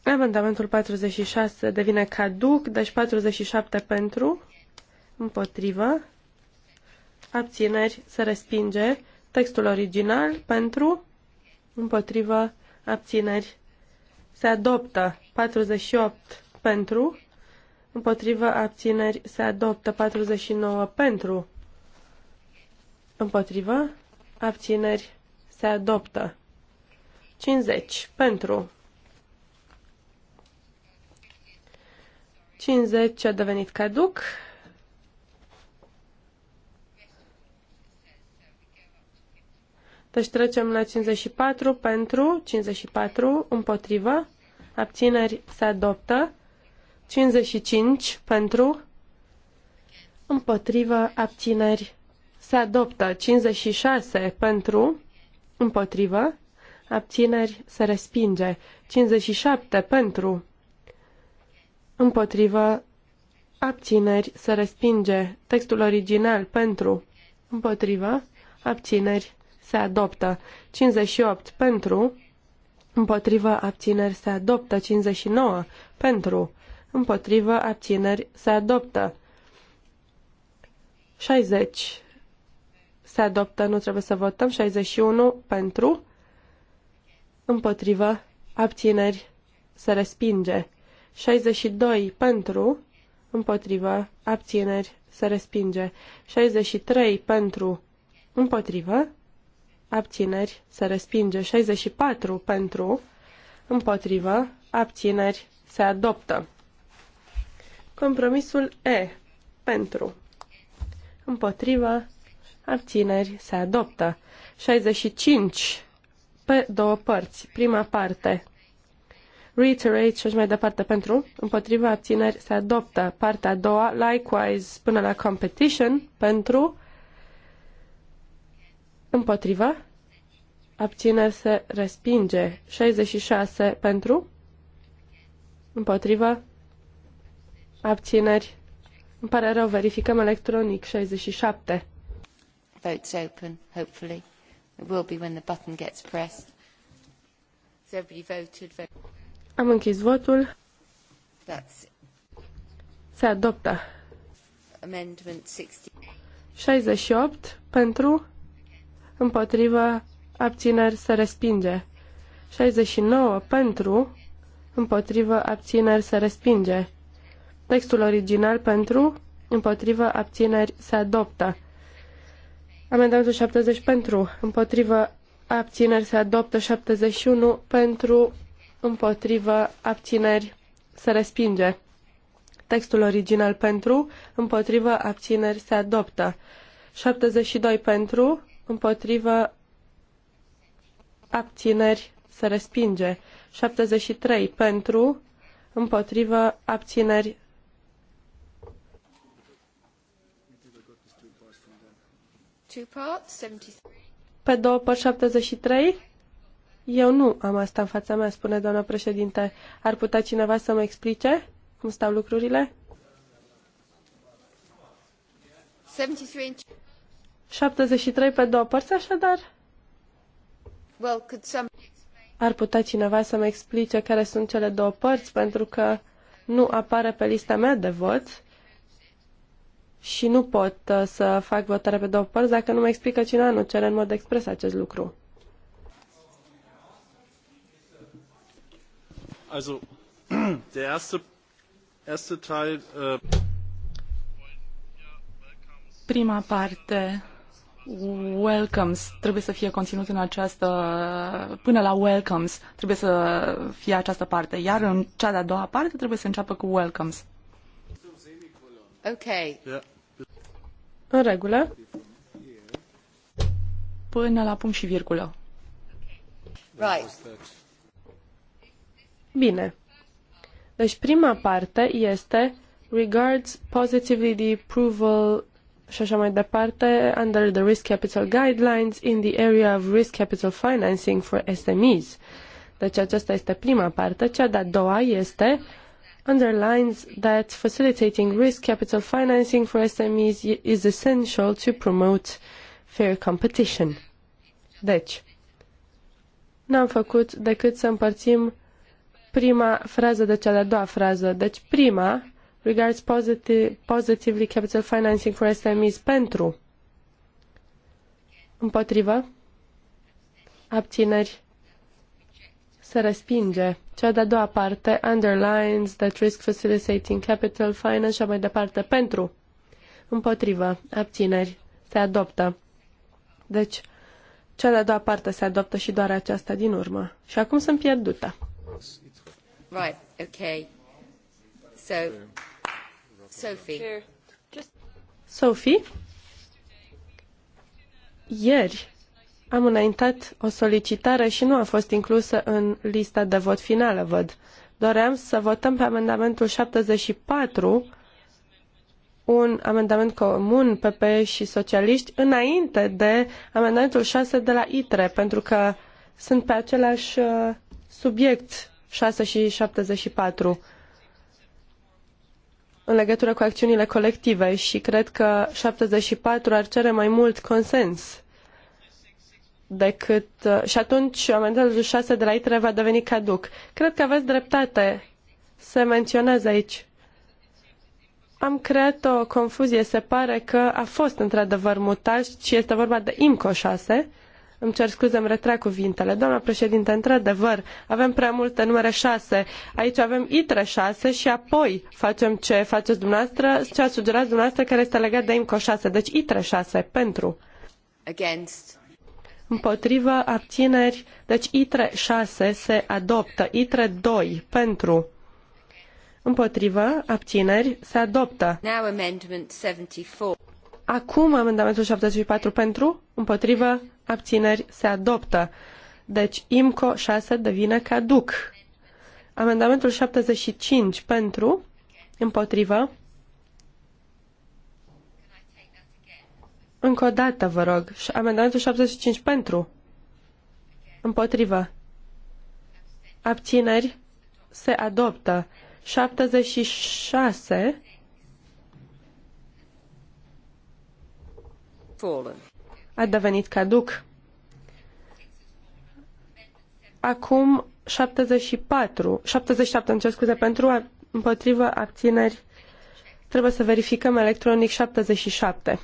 Speaker 2: Amendamentul 46 devine caduc, deci 47 pentru, împotrivă, abțineri se respinge, textul original pentru, împotrivă, abțineri se adoptă, 48 pentru, împotrivă, abțineri se adoptă, 49 pentru, împotrivă, abțineri se adoptă. 50 pentru. 50 a devenit caduc. Deci trecem la 54 pentru, 54 împotrivă, abțineri se adoptă, 55 pentru, împotrivă, abțineri se adoptă, 56 pentru, Împotrivă. Abțineri se respinge. 57 pentru. Împotrivă. Abțineri se respinge. Textul original pentru. Împotrivă. Abțineri se adoptă. 58 pentru. Împotrivă abțineri se adoptă. 59 pentru. Împotrivă abțineri se adoptă. 60 se adoptă, nu trebuie să votăm. 61 pentru, împotrivă, abțineri, se respinge. 62 pentru, împotrivă, abțineri, se respinge. 63 pentru, împotrivă, abțineri, se respinge. 64 pentru, împotrivă, abțineri, se adoptă. Compromisul E, pentru, împotrivă, abțineri, se adoptă. 65 pe două părți. Prima parte, reiterate și așa mai departe pentru, împotriva abțineri se adoptă. Partea a doua, likewise până la competition, pentru, împotriva, abțineri se respinge. 66 pentru, împotriva, abțineri, îmi pare rău, verificăm electronic,
Speaker 1: 67 vote's open, hopefully. It will be when the button gets pressed. Has everybody voted? Vote. Am închis votul. That's
Speaker 2: Se adoptă.
Speaker 1: Amendment 60.
Speaker 2: 68 pentru, împotrivă, abțineri se respinge. 69 pentru, împotrivă, abțineri se respinge. Textul original pentru, împotrivă, abțineri se adoptă. Amendamentul 70 pentru, împotrivă, abțineri se adoptă 71 pentru, împotrivă, abțineri se respinge. Textul original pentru, împotrivă, abțineri se adoptă. 72 pentru, împotrivă, abțineri se respinge. 73 pentru, împotrivă, abțineri Pe două părți 73? Eu nu am asta în fața mea, spune doamna președinte. Ar putea cineva să mă explice cum stau lucrurile? 73 pe două părți, așadar? Ar putea cineva să mă explice care sunt cele două părți, pentru că nu apare pe lista mea de vot și nu pot uh, să fac votare pe două părți dacă nu mă explică cine nu cere în mod expres acest lucru.
Speaker 1: Also, der erste, erste Teil, uh...
Speaker 3: Prima parte, welcomes, trebuie să fie conținut în această, până la welcomes, trebuie să fie această parte, iar în cea de-a doua parte trebuie să înceapă cu welcomes.
Speaker 1: Ok. Yeah.
Speaker 3: În regulă. Până la punct și virgulă.
Speaker 1: Right.
Speaker 2: Bine. Deci prima parte este regards positively the approval și așa mai departe under the risk capital guidelines in the area of risk capital financing for SMEs. Deci aceasta este prima parte. Cea de-a doua este underlines that facilitating risk capital financing for SMEs is essential to promote fair competition. Deci, n-am făcut decât să împărțim prima frază de cea de-a doua frază. Deci, prima regards positive, positively capital financing for SMEs pentru împotrivă abțineri se respinge. Cea de-a doua parte, underlines that risk facilitating capital finance și mai departe, pentru, împotrivă, abțineri, se adoptă. Deci, cea de-a doua parte se adoptă și doar aceasta din urmă. Și acum sunt pierdută.
Speaker 1: Right, okay. So, Sophie.
Speaker 2: Sophie? Ieri am înaintat o solicitare și nu a fost inclusă în lista de vot finală, văd. Doream să votăm pe amendamentul 74, un amendament comun PP și socialiști, înainte de amendamentul 6 de la ITRE, pentru că sunt pe același uh, subiect 6 și 74 în legătură cu acțiunile colective și cred că 74 ar cere mai mult consens decât... Uh, și atunci amendamentul 6 de la ITRE va deveni caduc. Cred că aveți dreptate să menționez aici. Am creat o confuzie. Se pare că a fost într-adevăr mutaj și este vorba de IMCO 6. Îmi cer scuze, îmi retrag cuvintele. Doamna președinte, într-adevăr, avem prea multe numere 6. Aici avem ITRE 6 și apoi facem ce faceți dumneavoastră, ce a sugerat dumneavoastră care este legat de IMCO 6. Deci ITRE 6 pentru.
Speaker 1: Against
Speaker 2: împotrivă, abțineri, deci ITRE 6 se adoptă, ITRE 2 pentru, împotrivă, abțineri, se adoptă.
Speaker 1: Now amendment 74.
Speaker 2: Acum amendamentul 74 pentru, împotrivă, abțineri, se adoptă. Deci IMCO 6 devine caduc. Amendamentul 75 pentru, împotrivă, Încă o dată, vă rog. Amendamentul 75 pentru. Împotrivă. Abțineri. Se adoptă. 76. A devenit caduc. Acum 74, 77, îmi cer scuze, pentru împotrivă abțineri. Trebuie să verificăm electronic 77.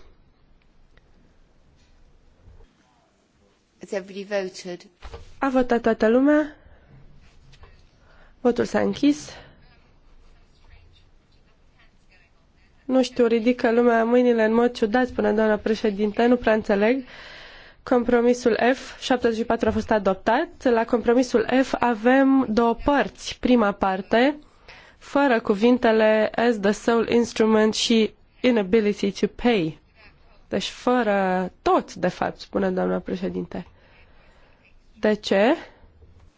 Speaker 1: Has everybody voted? A votat
Speaker 2: toată lumea. Votul s-a închis. Nu știu, ridică lumea mâinile în mod ciudat, spune doamna președinte, nu prea înțeleg. Compromisul F, 74 a fost adoptat. La compromisul F avem două părți. Prima parte, fără cuvintele as the sole instrument și inability to pay. Deci fără toți, de fapt, spune doamna președinte. De ce?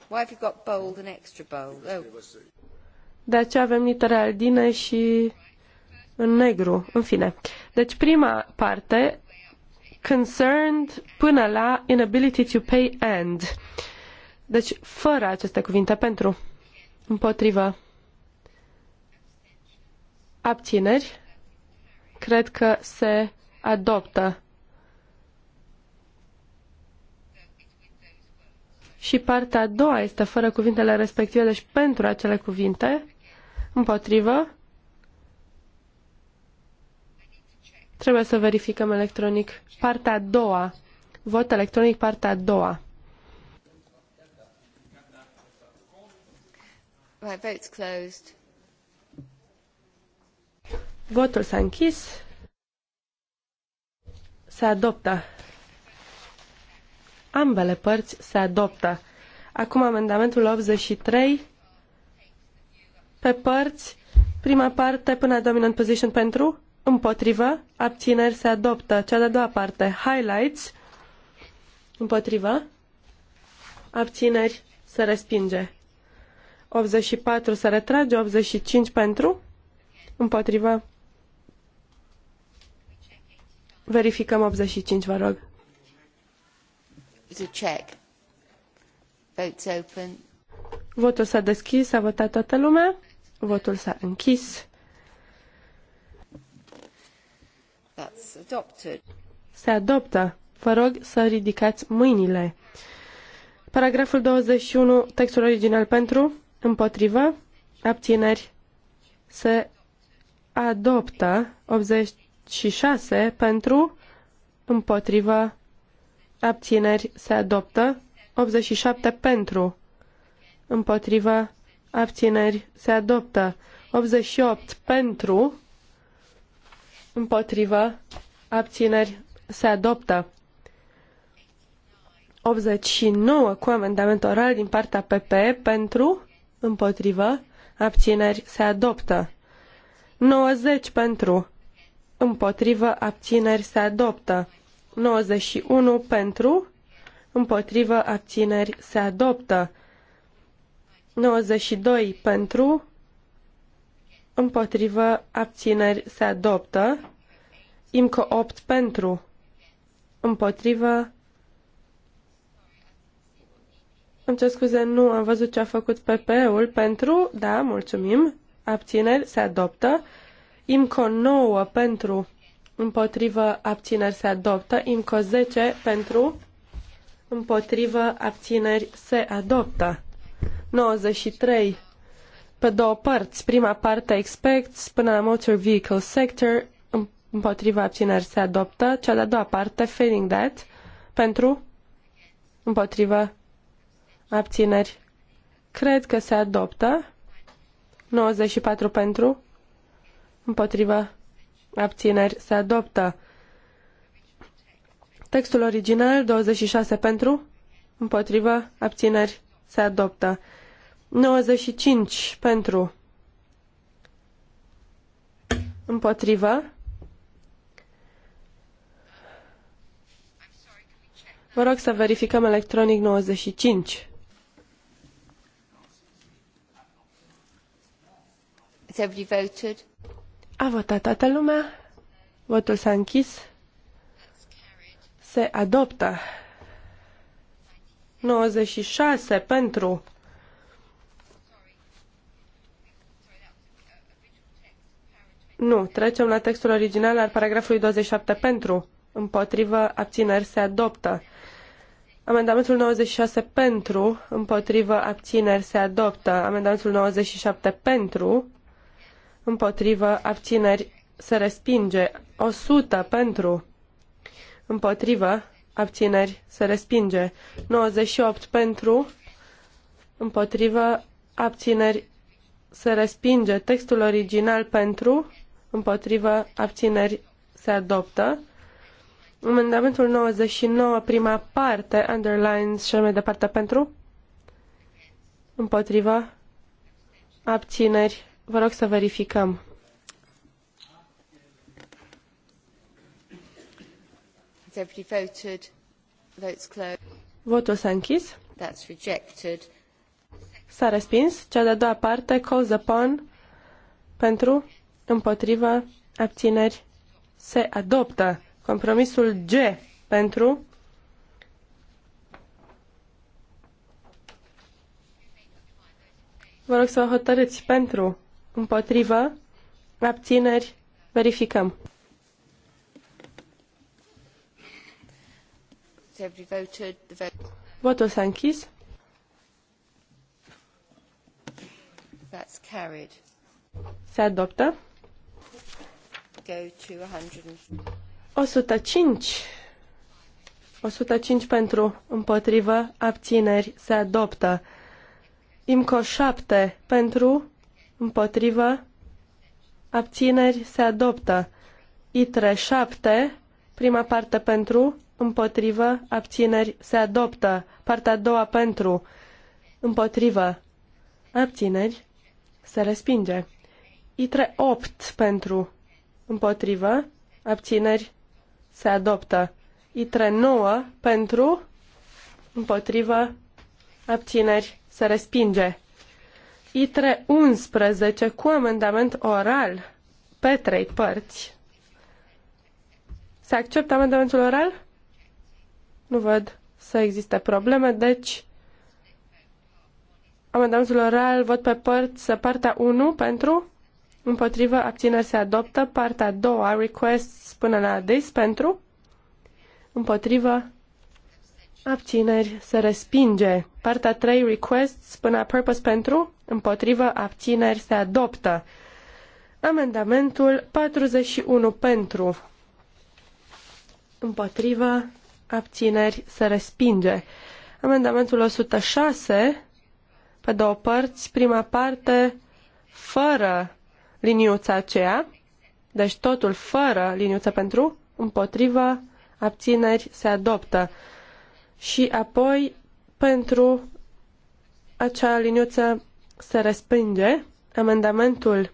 Speaker 1: Why have you got bold and extra bold? Oh.
Speaker 2: De ce avem litere aldine și în negru. În fine. Deci prima parte, concerned până la inability to pay and. Deci fără aceste cuvinte pentru, împotrivă, abțineri, cred că se adoptă. Și partea a doua este fără cuvintele respective, deci pentru acele cuvinte, împotrivă. Trebuie să verificăm electronic partea a doua. Vot electronic partea a doua.
Speaker 1: Right, vote's closed.
Speaker 2: Votul s-a închis. Se adoptă. Ambele părți se adoptă. Acum amendamentul 83 pe părți. Prima parte până dominant position pentru, împotrivă, abțineri se adoptă. Cea de-a doua parte, highlights, împotrivă, abțineri se respinge. 84 se retrage, 85 pentru, împotrivă, Verificăm 85, vă rog.
Speaker 1: check. Votes open.
Speaker 2: Votul s-a deschis, a votat toată lumea. Votul s-a închis.
Speaker 1: That's adopted.
Speaker 2: Se adoptă. Vă rog să ridicați mâinile. Paragraful 21, textul original pentru, împotrivă, abțineri, se adoptă 80, și 6 pentru, împotrivă, abțineri se adoptă, 87 pentru, împotrivă, abțineri se adoptă, 88 pentru, împotrivă, abțineri se adoptă. 89 cu amendament oral din partea PPE pentru, împotrivă, abțineri se adoptă. 90 pentru, împotrivă, abțineri se adoptă. 91 pentru, împotrivă, abțineri se adoptă. 92 pentru, împotrivă, abțineri se adoptă. IMCO 8 pentru, împotrivă. Îmi cer scuze, nu am văzut ce a făcut PP-ul pentru, da, mulțumim, abțineri se adoptă. IMCO 9 pentru, împotrivă, abțineri se adoptă, IMCO 10 pentru, împotrivă, abțineri se adoptă. 93 pe două părți. Prima parte expects până la motor vehicle sector, împotriva abțineri se adoptă. Cea de-a doua parte, failing that, pentru, împotriva abțineri. Cred că se adoptă. 94 pentru, împotriva, abțineri, se adoptă. Textul original, 26 pentru, împotriva, abțineri, se adoptă. 95 pentru, împotriva. Vă rog să verificăm electronic 95.
Speaker 1: It's every voted.
Speaker 2: A votat toată lumea. Votul s-a închis. Se adoptă. 96 pentru. Nu, trecem la textul original al paragrafului 27 pentru. Împotrivă, abțineri, se adoptă. Amendamentul 96 pentru, împotrivă, abțineri, se adoptă. Amendamentul 97 pentru, împotrivă, abțineri, se respinge. 100 pentru, împotrivă, abțineri, se respinge. 98 pentru, împotrivă, abțineri, se respinge. Textul original pentru, împotrivă, abțineri, se adoptă. Amendamentul 99, prima parte, underlines și mai departe pentru, împotrivă, abțineri, Vă rog să verificăm. Votul s-a închis.
Speaker 1: That's rejected.
Speaker 2: S-a respins. Cea de-a doua parte, calls upon, pentru, împotrivă, abțineri, se adoptă. Compromisul G, pentru, Vă rog să hotărâți pentru împotrivă, abțineri, verificăm. Votul s-a închis.
Speaker 1: That's carried.
Speaker 2: Se adoptă.
Speaker 1: Go to
Speaker 2: 105. 105 pentru, împotrivă, abțineri, se adoptă. IMCO 7 pentru, împotrivă, abțineri se adoptă. ITRE 7, prima parte pentru, împotrivă, abțineri se adoptă. Partea a doua pentru, împotrivă, abțineri se respinge. ITRE 8 pentru, împotrivă, abțineri se adoptă. ITRE 9 pentru, împotrivă, abțineri se respinge. ITRE 11 cu amendament oral pe trei părți. Se acceptă amendamentul oral? Nu văd să existe probleme, deci amendamentul oral, vot pe părți, partea 1 pentru, împotrivă, abțineri se adoptă, partea 2, requests până la adis pentru, împotrivă, Abțineri se respinge. Partea 3 requests până purpose pentru, împotrivă, abțineri se adoptă. Amendamentul 41 pentru, împotrivă, abțineri se respinge. Amendamentul 106 pe două părți, prima parte fără liniuța aceea, deci totul fără liniuță pentru, împotrivă, abțineri se adoptă și apoi pentru acea liniuță se respinge amendamentul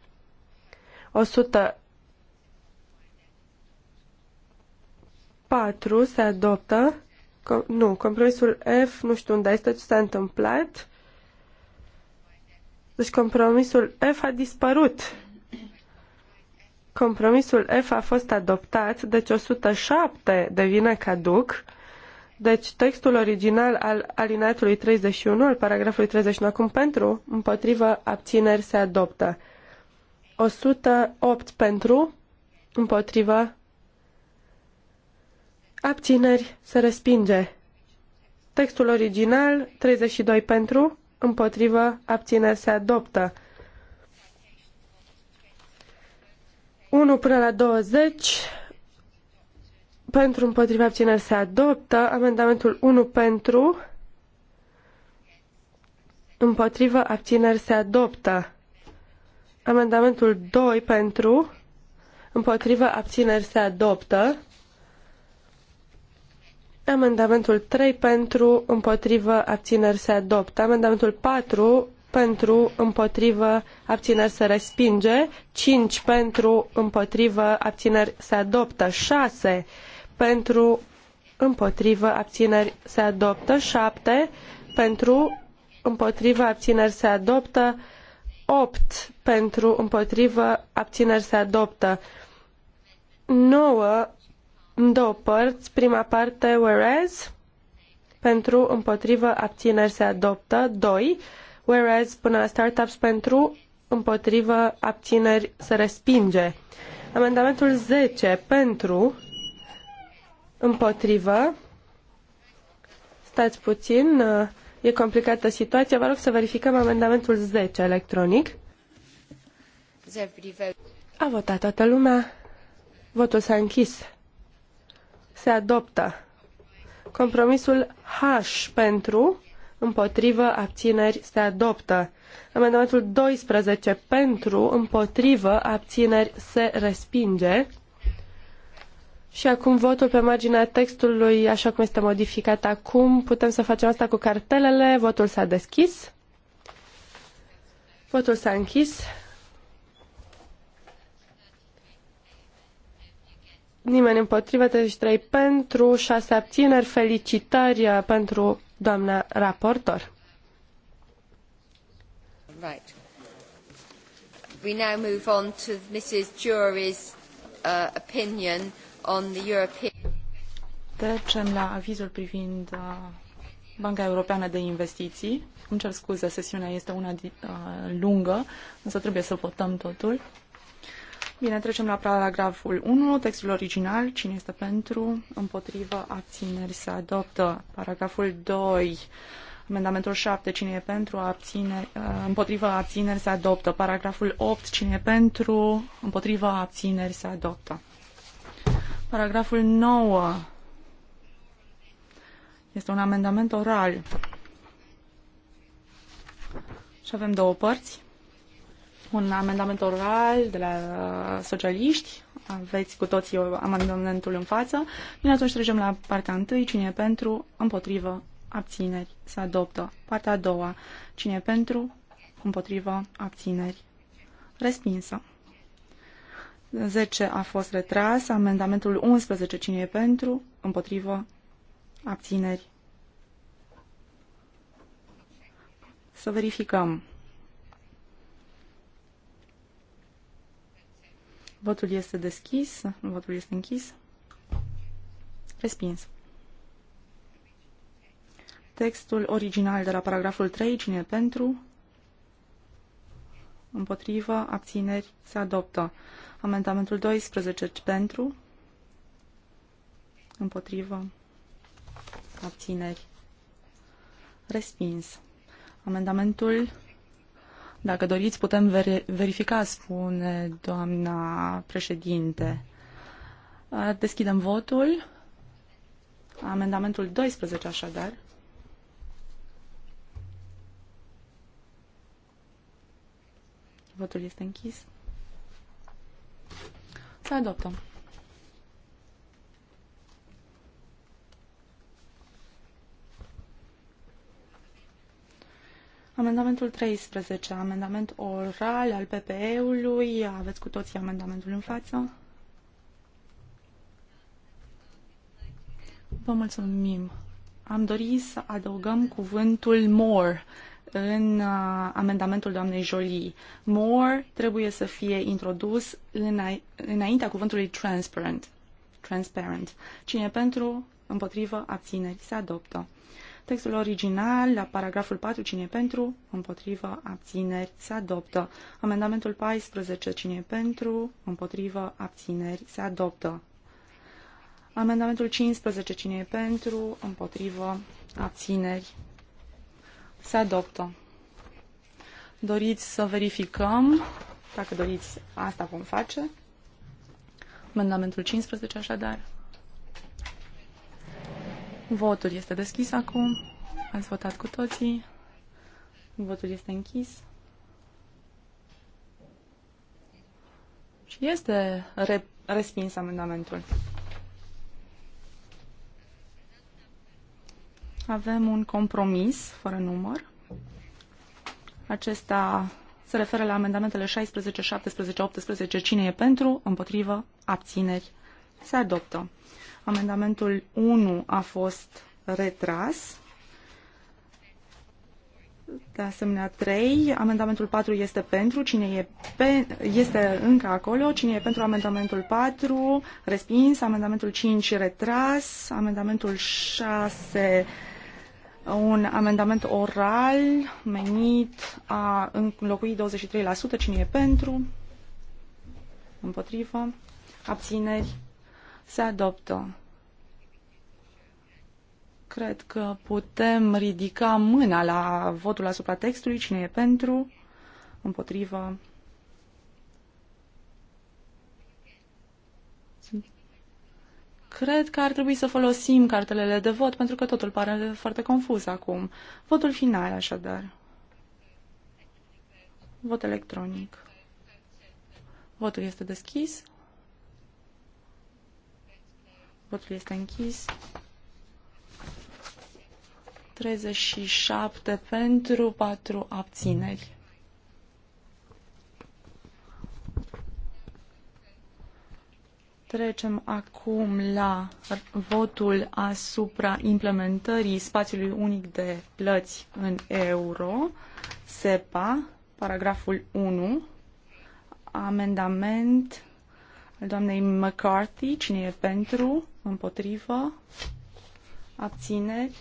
Speaker 2: 104 se adoptă Com nu, compromisul F nu știu unde este ce s-a întâmplat deci compromisul F a dispărut compromisul F a fost adoptat deci 107 devine caduc deci textul original al alineatului 31, al paragrafului 31, acum pentru, împotrivă, abțineri se adoptă. 108 pentru, împotrivă, abțineri se respinge. Textul original 32 pentru, împotrivă, abțineri se adoptă. 1 până la 20 pentru împotriva abțineri se adoptă, amendamentul 1 pentru împotriva abțineri se adoptă, amendamentul 2 pentru împotriva abțineri se adoptă, amendamentul 3 pentru împotriva abțineri se adoptă, amendamentul 4 pentru, împotriva abțineri se respinge, 5 pentru, împotriva abțineri se adoptă, 6 pentru împotrivă abțineri se adoptă, 7 pentru împotrivă abțineri se adoptă, 8 pentru împotrivă abțineri se adoptă, 9 în două părți, prima parte whereas pentru împotrivă abțineri se adoptă, 2 whereas până la startups pentru împotrivă abțineri se respinge. Amendamentul 10 pentru Împotrivă. Stați puțin, uh, e complicată situația. Vă rog să verificăm amendamentul 10 electronic. A votat toată lumea. Votul s-a închis. Se adoptă. Compromisul H pentru, împotrivă, abțineri, se adoptă. Amendamentul 12 pentru, împotrivă, abțineri, se respinge. Și acum votul pe marginea textului, așa cum este modificat acum. Putem să facem asta cu cartelele. Votul s-a deschis. Votul s-a închis. Nimeni împotrivă, 33 pentru, 6 abțineri. Felicitări uh, pentru doamna raportor.
Speaker 1: Right. We now move on to Mrs. Jury's uh, opinion
Speaker 3: Trecem la avizul privind uh, Banca Europeană de Investiții. Îmi cer scuze, sesiunea este una uh, lungă, însă trebuie să votăm totul. Bine, trecem la paragraful 1, textul original, cine este pentru, împotrivă, abțineri, se adoptă. Paragraful 2, amendamentul 7, cine e pentru, abțineri, uh, împotrivă, abțineri, se adoptă. Paragraful 8, cine e pentru, împotrivă, abțineri, se adoptă. Paragraful 9 este un amendament oral. Și avem două părți. Un amendament oral de la uh, socialiști. Aveți cu toții amendamentul în față. Bine, atunci trecem la partea întâi. Cine e pentru? Împotrivă? Abțineri? Se adoptă. Partea a doua. Cine e pentru? Împotrivă? Abțineri? Respinsă. 10 a fost retras, amendamentul 11 cine e pentru, împotrivă, abțineri. Să verificăm. Votul este deschis, votul este închis. Respins. Textul original de la paragraful 3, cine e pentru, Împotrivă. Abțineri. Se adoptă. Amendamentul 12 pentru. Împotrivă. Abțineri. Respins. Amendamentul dacă doriți, putem verifica, spune doamna președinte. Deschidem votul. Amendamentul 12, așadar. Votul este închis. Să adoptăm. Amendamentul 13, amendament oral al PPE-ului. Aveți cu toții amendamentul în față. Vă mulțumim. Am dorit să adăugăm cuvântul more în uh, amendamentul doamnei Jolie. More trebuie să fie introdus în, înaintea cuvântului transparent. Transparent. Cine pentru, împotrivă, abțineri, se adoptă. Textul original, la paragraful 4, cine pentru, împotrivă, abțineri, se adoptă. Amendamentul 14, cine pentru, împotrivă, abțineri, se adoptă. Amendamentul 15, cine e pentru, împotrivă, abțineri, se adoptă. Doriți să verificăm? Dacă doriți, asta vom face. Amendamentul 15, așadar. Votul este deschis acum. Ați votat cu toții. Votul este închis. Și este re respins amendamentul. avem un compromis fără număr. Acesta se referă la amendamentele 16, 17, 18. Cine e pentru? Împotrivă? Abțineri? Se adoptă. Amendamentul 1 a fost retras. De asemenea, 3. Amendamentul 4 este pentru. Cine e pe, este încă acolo? Cine e pentru amendamentul 4? Respins. Amendamentul 5 retras. Amendamentul 6 un amendament oral menit a înlocui 23%. Cine e pentru? Împotrivă? Abțineri? Se adoptă. Cred că putem ridica mâna la votul asupra textului. Cine e pentru? Împotrivă? Cred că ar trebui să folosim cartelele de vot, pentru că totul pare foarte confuz acum. Votul final, așadar. Vot electronic. Votul este deschis. Votul este închis. 37 pentru 4 abțineri. Trecem acum la votul asupra implementării spațiului unic de plăți în euro, SEPA, paragraful 1, amendament al doamnei McCarthy, cine e pentru, împotrivă, abțineri,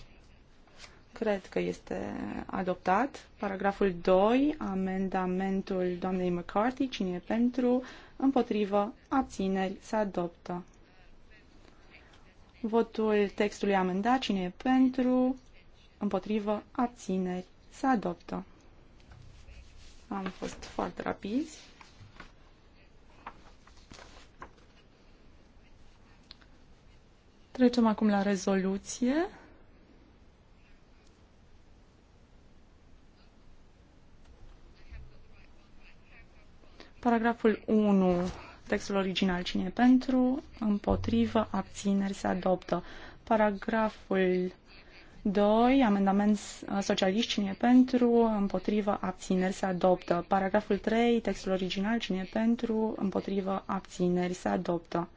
Speaker 3: cred că este adoptat. Paragraful 2, amendamentul doamnei McCarthy, cine e pentru, împotrivă, abțineri, se adoptă. Votul textului amendat, cine e pentru, împotrivă, abțineri, se adoptă. Am fost foarte rapizi. Trecem acum la rezoluție. Paragraful 1, textul original, cine pentru, împotrivă, abțineri, se adoptă. Paragraful 2, amendament uh, socialist, cine pentru, împotrivă, abțineri, se adoptă. Paragraful 3, textul original, cine pentru, împotrivă, abțineri, se adoptă.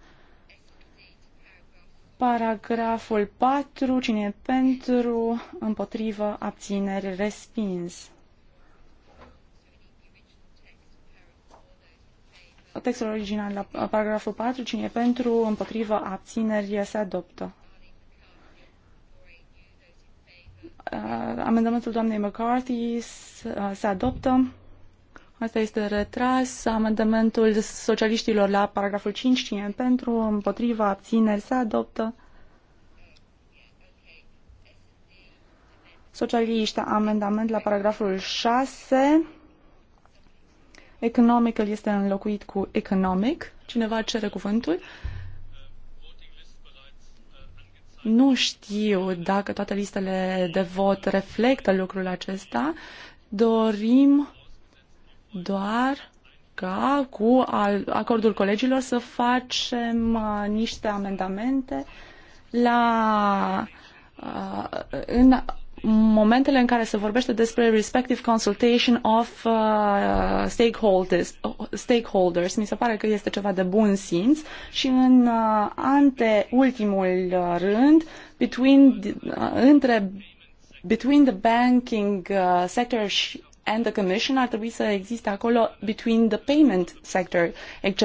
Speaker 3: Paragraful 4, cine pentru, împotrivă, abțineri, respins. textul original la paragraful 4, cine e pentru, împotrivă, abțineri, se adoptă. Uh, amendamentul doamnei McCarthy uh, se adoptă. Asta este retras. Amendamentul socialiștilor la paragraful 5, cine e pentru, împotrivă, abțineri, se adoptă. Socialiști, amendament la paragraful 6 Economical este înlocuit cu economic. Cineva cere cuvântul. Nu știu dacă toate listele de vot reflectă lucrul acesta. Dorim doar ca cu acordul colegilor să facem uh, niște amendamente la uh, în momentele în care se vorbește despre respective consultation of uh, stakeholders, stakeholders, mi se pare că este ceva de bun simț și în uh, ante ultimul uh, rând between uh, între between the banking uh, sector și and the commission ar trebui să existe acolo between the payment sector, etc.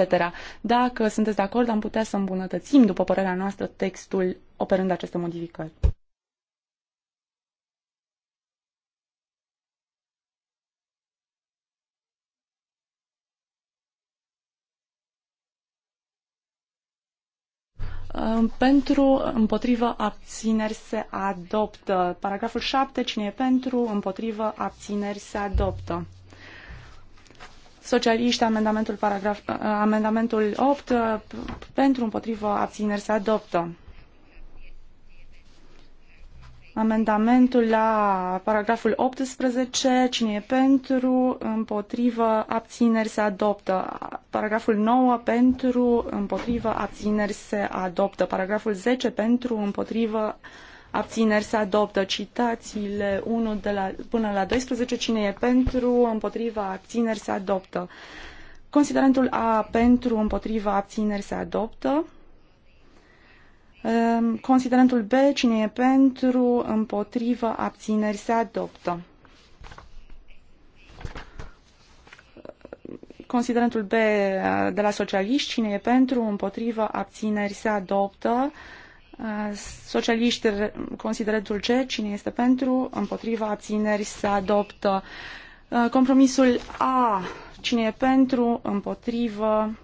Speaker 3: Dacă sunteți de acord, am putea să îmbunătățim, după părerea noastră, textul operând aceste modificări. Pentru, împotrivă, abțineri se adoptă. Paragraful 7, cine e pentru, împotrivă, abțineri se adoptă. Socialiști, amendamentul, paragraf, amendamentul 8, pentru, împotrivă, abțineri se adoptă. Amendamentul la paragraful 18, cine e pentru, împotrivă, abțineri se adoptă. Paragraful 9, pentru, împotrivă, abțineri se adoptă. Paragraful 10, pentru, împotrivă, abțineri se adoptă. Citațiile 1 de la, până la 12, cine e pentru, împotrivă, abțineri se adoptă. Considerentul A, pentru, împotrivă, abțineri se adoptă. Ehm, considerentul B, cine e pentru, împotrivă, abțineri, se adoptă. Considerentul B eh, de la socialiști, cine e pentru, împotrivă, abțineri, se adoptă. Eh, socialiști, considerentul C, cine este pentru, împotrivă, abțineri, se adoptă. Eh, compromisul A, cine e pentru, împotrivă,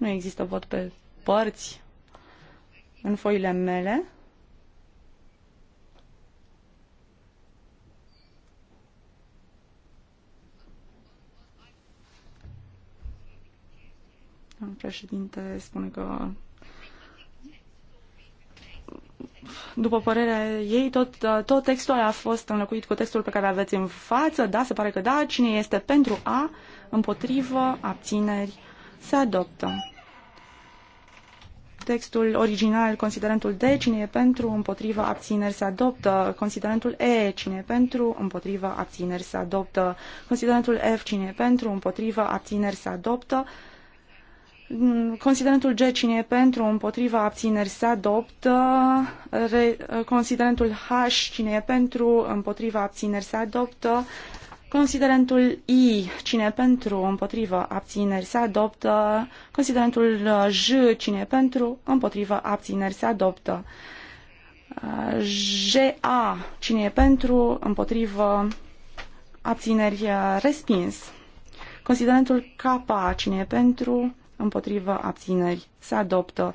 Speaker 3: Nu există vot pe părți în foile mele. Președinte spune că după părerea ei, tot, tot textul a fost înlocuit cu textul pe care aveți în față. Da, se pare că da. Cine este pentru A, împotrivă, abțineri, se adoptă. Textul original, considerentul D, cine e pentru, împotriva, abțineri, se adoptă. Considerentul E, cine e pentru, împotriva, abțineri, se adoptă. Considerentul F, cine e pentru, împotriva, abțineri, se adoptă. Considerentul G, cine e pentru, împotriva, abțineri, se adoptă. Re, considerentul H, cine e pentru, împotriva, abțineri, se adoptă. Considerentul I, cine pentru, împotrivă, abțineri, se adoptă. Considerentul uh, J, cine pentru, împotrivă, abțineri, se adoptă. JA, uh, cine e pentru, împotrivă, abțineri, uh, respins. Considerentul K, cine e pentru, împotrivă, abțineri, se adoptă.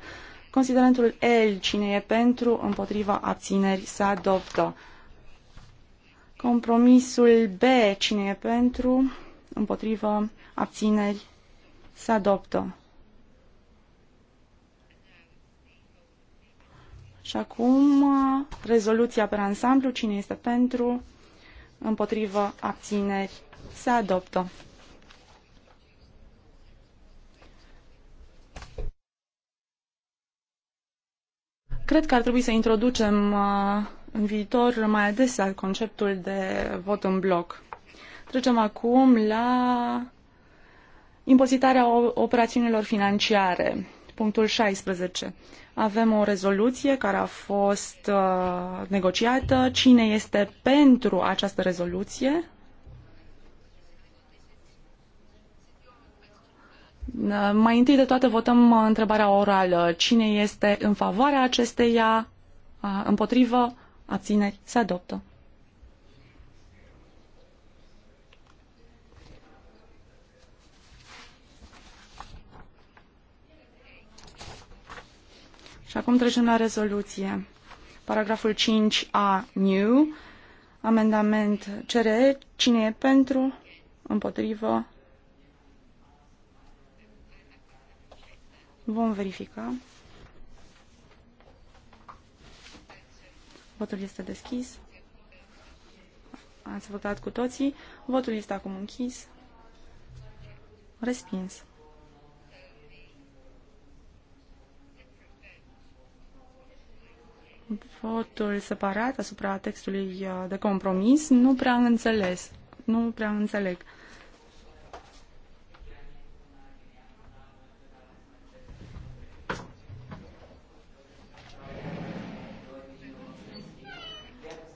Speaker 3: Considerentul L, cine e pentru, împotriva abțineri, se adoptă. Compromisul B, cine e pentru, împotrivă, abțineri, se adoptă. Și acum rezoluția pe ansamblu, cine este pentru, împotrivă, abțineri, se adoptă. Cred că ar trebui să introducem uh, în viitor mai adesea conceptul de vot în bloc. Trecem acum la impozitarea operațiunilor financiare. Punctul 16. Avem o rezoluție care a fost uh, negociată. Cine este pentru această rezoluție? Uh, mai întâi de toate votăm uh, întrebarea orală. Cine este în favoarea acesteia? Uh, împotrivă? abțineri, se adoptă. Și acum trecem la rezoluție. Paragraful 5a, new, amendament CRE, cine e pentru, împotrivă, vom verifica. Votul este deschis. Ați votat cu toții. Votul este acum închis. Respins. Votul separat asupra textului uh, de compromis nu prea înțeles. Nu prea înțeleg.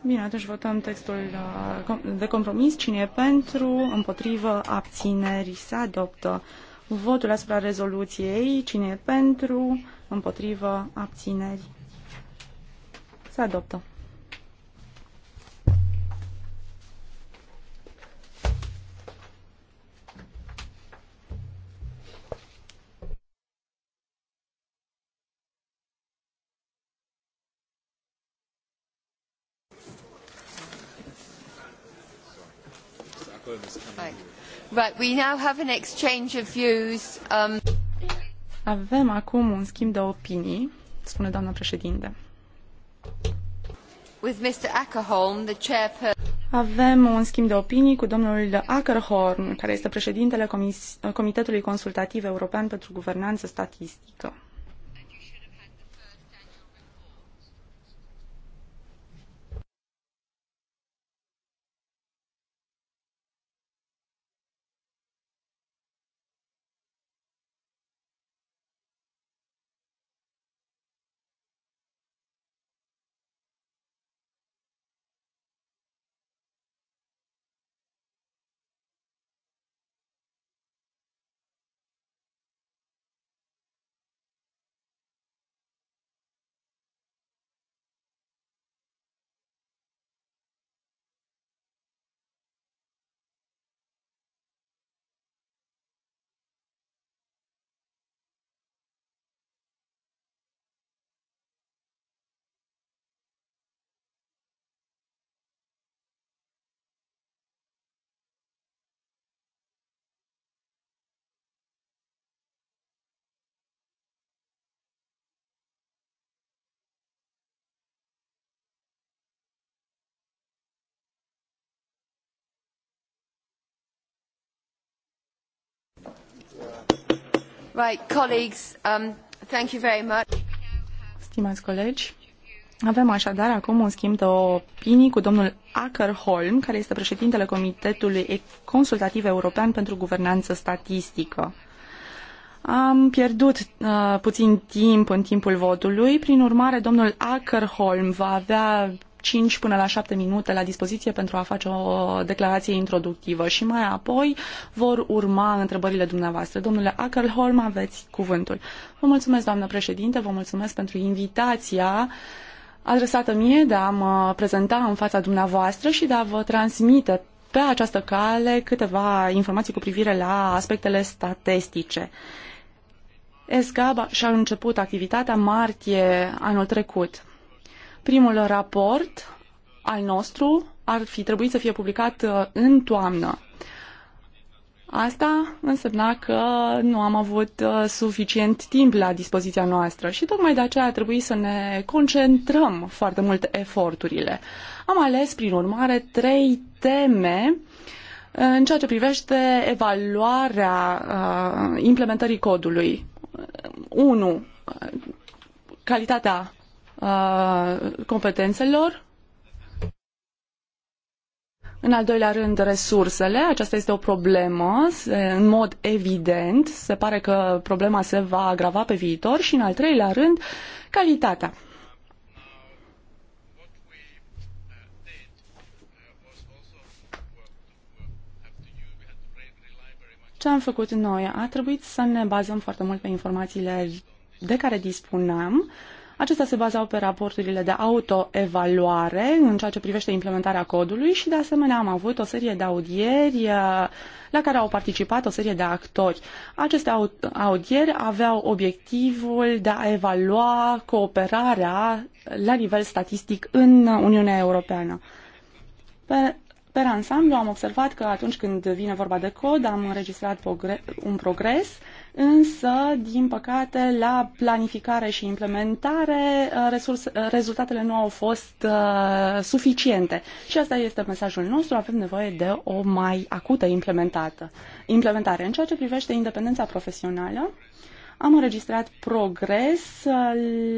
Speaker 3: Bine, atunci votăm textul uh, de compromis. Cine e pentru, împotrivă, abțineri, se adoptă. Votul asupra rezoluției. Cine e pentru, împotrivă, abțineri, se adoptă.
Speaker 1: Right, we now have an exchange of views. Um... Avem acum un schimb de opinii,
Speaker 3: spune doamna președinte.
Speaker 1: With Mr. Ackerholm, the chairperson.
Speaker 3: Avem un schimb de opinii cu domnul Ackerhorn, care este președintele Comis Comitetului Consultativ European pentru Guvernanță
Speaker 2: Statistică.
Speaker 1: Um,
Speaker 3: Stimați colegi, avem așadar acum un schimb de opinii cu domnul Ackerholm, care este președintele Comitetului Consultativ European pentru Guvernanță Statistică. Am pierdut uh, puțin timp în timpul votului, prin urmare domnul Ackerholm va avea 5 până la 7 minute la dispoziție pentru a face o declarație introductivă și mai apoi vor urma întrebările dumneavoastră. Domnule Ackerholm, aveți cuvântul. Vă mulțumesc, doamnă președinte, vă mulțumesc pentru invitația adresată mie de a mă prezenta în fața dumneavoastră și de a vă transmite pe această cale câteva informații cu privire la aspectele statistice. ESGAB și-a început activitatea martie anul trecut. Primul raport al nostru ar fi trebuit să fie publicat uh, în toamnă. Asta însemna că nu am avut uh, suficient timp la dispoziția noastră și tocmai de aceea a trebuit să ne concentrăm foarte mult eforturile. Am ales, prin urmare, trei teme uh, în ceea ce privește evaluarea implementării codului. 1. Calitatea competențelor. În al doilea rând, resursele. Aceasta este o problemă, în mod evident. Se pare că problema se va agrava pe viitor. Și în al treilea rând, calitatea. Ce am făcut noi? A trebuit să ne bazăm foarte mult pe informațiile de care dispuneam Acestea se bazau pe raporturile de autoevaluare în ceea ce privește implementarea codului și de asemenea am avut o serie de audieri uh, la care au participat o serie de actori. Aceste audieri aveau obiectivul de a evalua cooperarea la nivel statistic în Uniunea Europeană. Pe Per ansamblu am observat că atunci când vine vorba de cod am înregistrat un progres însă, din păcate, la planificare și implementare uh, uh, rezultatele nu au fost uh, suficiente. Și asta este mesajul nostru, avem nevoie de o mai acută implementată. implementare. În ceea ce privește independența profesională, am înregistrat progres uh,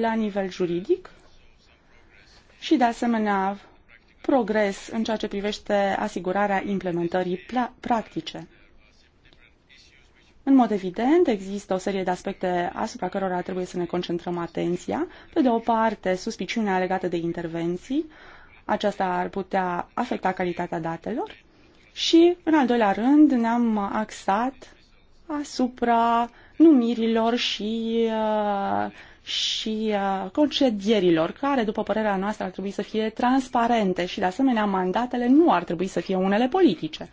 Speaker 3: la nivel juridic și, de asemenea, progres în ceea ce privește asigurarea implementării practice. În mod evident, există o serie de aspecte asupra cărora trebuie să ne concentrăm atenția. Pe de o parte, suspiciunea legată de intervenții, aceasta ar putea afecta calitatea datelor. Și, în al doilea rând, ne-am axat asupra numirilor și, uh, și uh, concedierilor, care, după părerea noastră, ar trebui să fie transparente și, de asemenea, mandatele nu ar trebui să fie unele politice.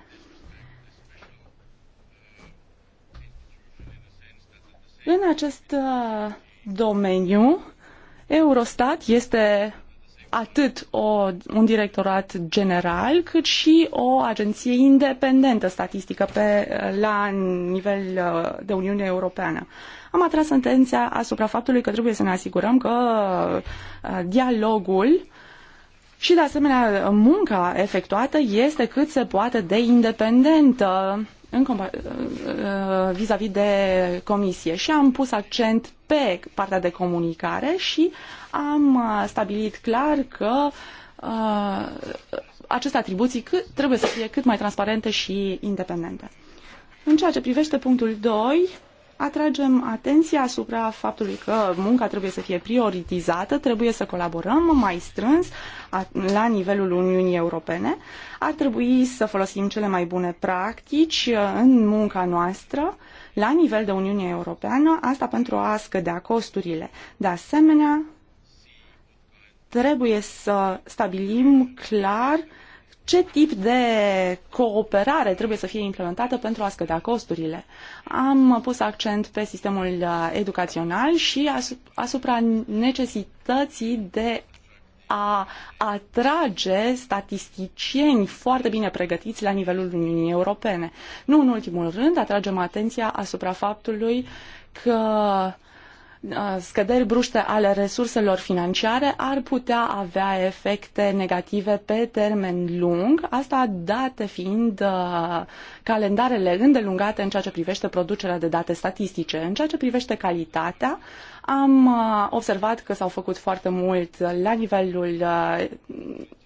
Speaker 3: În acest uh, domeniu, Eurostat este atât o, un directorat general, cât și o agenție independentă statistică pe, uh, la nivel uh, de Uniune Europeană. Am atras atenția asupra faptului că trebuie să ne asigurăm că dialogul și, de asemenea, munca efectuată este cât se poate de independentă Uh, uh, vis-a-vis -vis de comisie și am pus accent pe partea de comunicare și am uh, stabilit clar că uh, aceste atribuții trebuie să fie cât mai transparente și independente. În ceea ce privește punctul 2, atragem atenția asupra faptului că munca trebuie să fie prioritizată, trebuie să colaborăm mai strâns la nivelul Uniunii Europene. Ar trebui să folosim cele mai bune practici uh, în munca noastră la nivel de Uniunea Europeană, asta pentru a scădea costurile. De asemenea, trebuie să stabilim clar uh, ce tip de cooperare trebuie să fie implementată pentru a scădea costurile. Am pus accent pe sistemul uh, educațional și asupra necesității de a atrage statisticieni foarte bine pregătiți la nivelul Uniunii Europene. Nu în ultimul rând, atragem atenția asupra faptului că uh, Uh, scăderi bruște ale resurselor financiare ar putea avea efecte negative pe termen lung, asta date fiind uh, calendarele îndelungate în ceea ce privește producerea de date statistice. În ceea ce privește calitatea, am uh, observat că s-au făcut foarte mult la nivelul uh,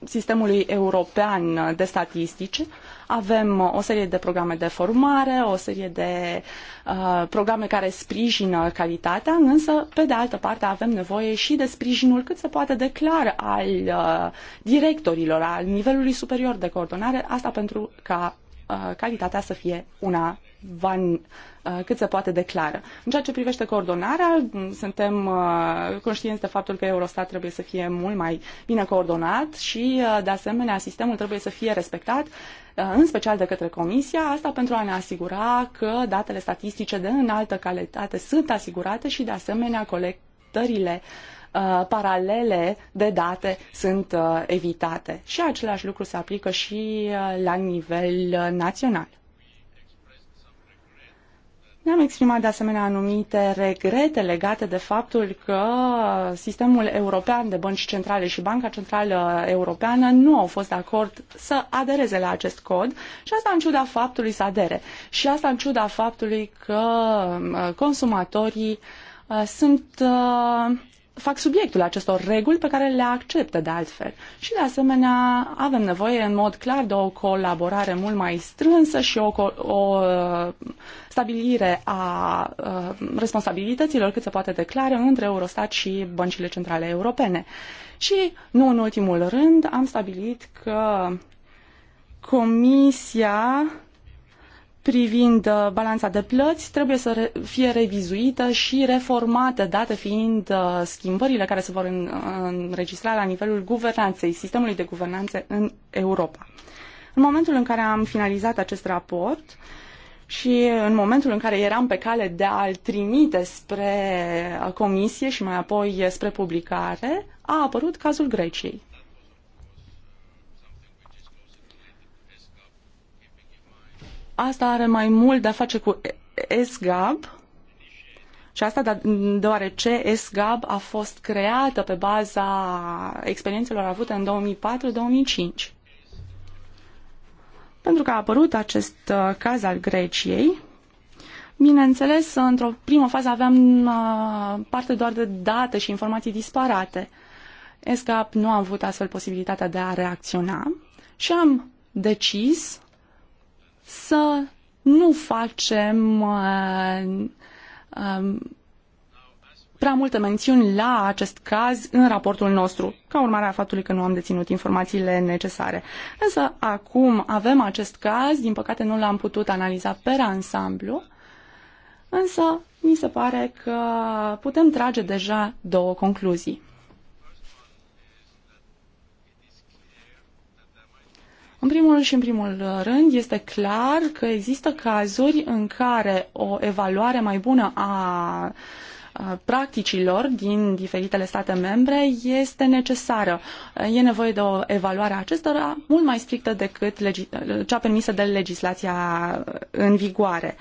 Speaker 3: sistemului european de statistici. Avem uh, o serie de programe de formare, o serie de programe care sprijină calitatea, însă, pe de altă parte, avem nevoie și de sprijinul cât se poate de clar al directorilor, al nivelului superior de coordonare, asta pentru ca Uh, calitatea să fie una van, uh, cât se poate declară. În ceea ce privește coordonarea, suntem uh, conștienți de faptul că Eurostat trebuie să fie mult mai bine coordonat și, de asemenea, sistemul trebuie să fie respectat, în special de către Comisia, asta pentru a ne asigura că datele statistice de înaltă calitate sunt asigurate și, de asemenea, colectările uh, Uh, paralele de date sunt uh, evitate. Și același lucru se aplică și uh, la nivel uh, național. Ne-am exprimat de asemenea anumite regrete legate de faptul că sistemul european de bănci centrale și Banca Centrală Europeană nu au fost de acord să adereze la acest cod și asta în ciuda faptului să adere. Și asta în ciuda faptului că uh, consumatorii sunt fac subiectul acestor reguli pe care le acceptă de altfel. Și de asemenea avem nevoie în mod clar de o colaborare mult mai strânsă și o, o uh, stabilire a uh, responsabilităților cât se poate declară între Eurostat și băncile centrale europene. Și nu în ultimul rând am stabilit că Comisia privind uh, balanța de plăți trebuie să fie revizuită și reformată, dată fiind uh, schimbările care se vor înregistra la nivelul guvernanței, sistemului de guvernanțe în Europa. În momentul în care am finalizat acest raport și în momentul în care eram pe cale de a-l trimite spre uh, comisie și mai apoi spre publicare, a apărut cazul Greciei. Asta are mai mult de a face cu SGAB și asta da, deoarece SGAB a fost creată pe baza experiențelor avute în 2004-2005. Pentru că a apărut acest uh, caz al Greciei, bineînțeles, într-o primă fază aveam uh, parte doar de date și informații disparate. SGAP nu a avut astfel posibilitatea de a reacționa și am decis să nu facem uh, uh, prea multe mențiuni la acest caz în raportul nostru, ca urmare a faptului că nu am deținut informațiile necesare. Însă acum avem acest caz, din păcate nu l-am putut analiza pe ansamblu, însă mi se pare că putem trage deja două concluzii. În primul și în primul rând, este clar că există cazuri în care o evaluare mai bună a practicilor din diferitele state membre este necesară. E nevoie de o evaluare a acestora mult mai strictă decât cea permisă de legislația în vigoare.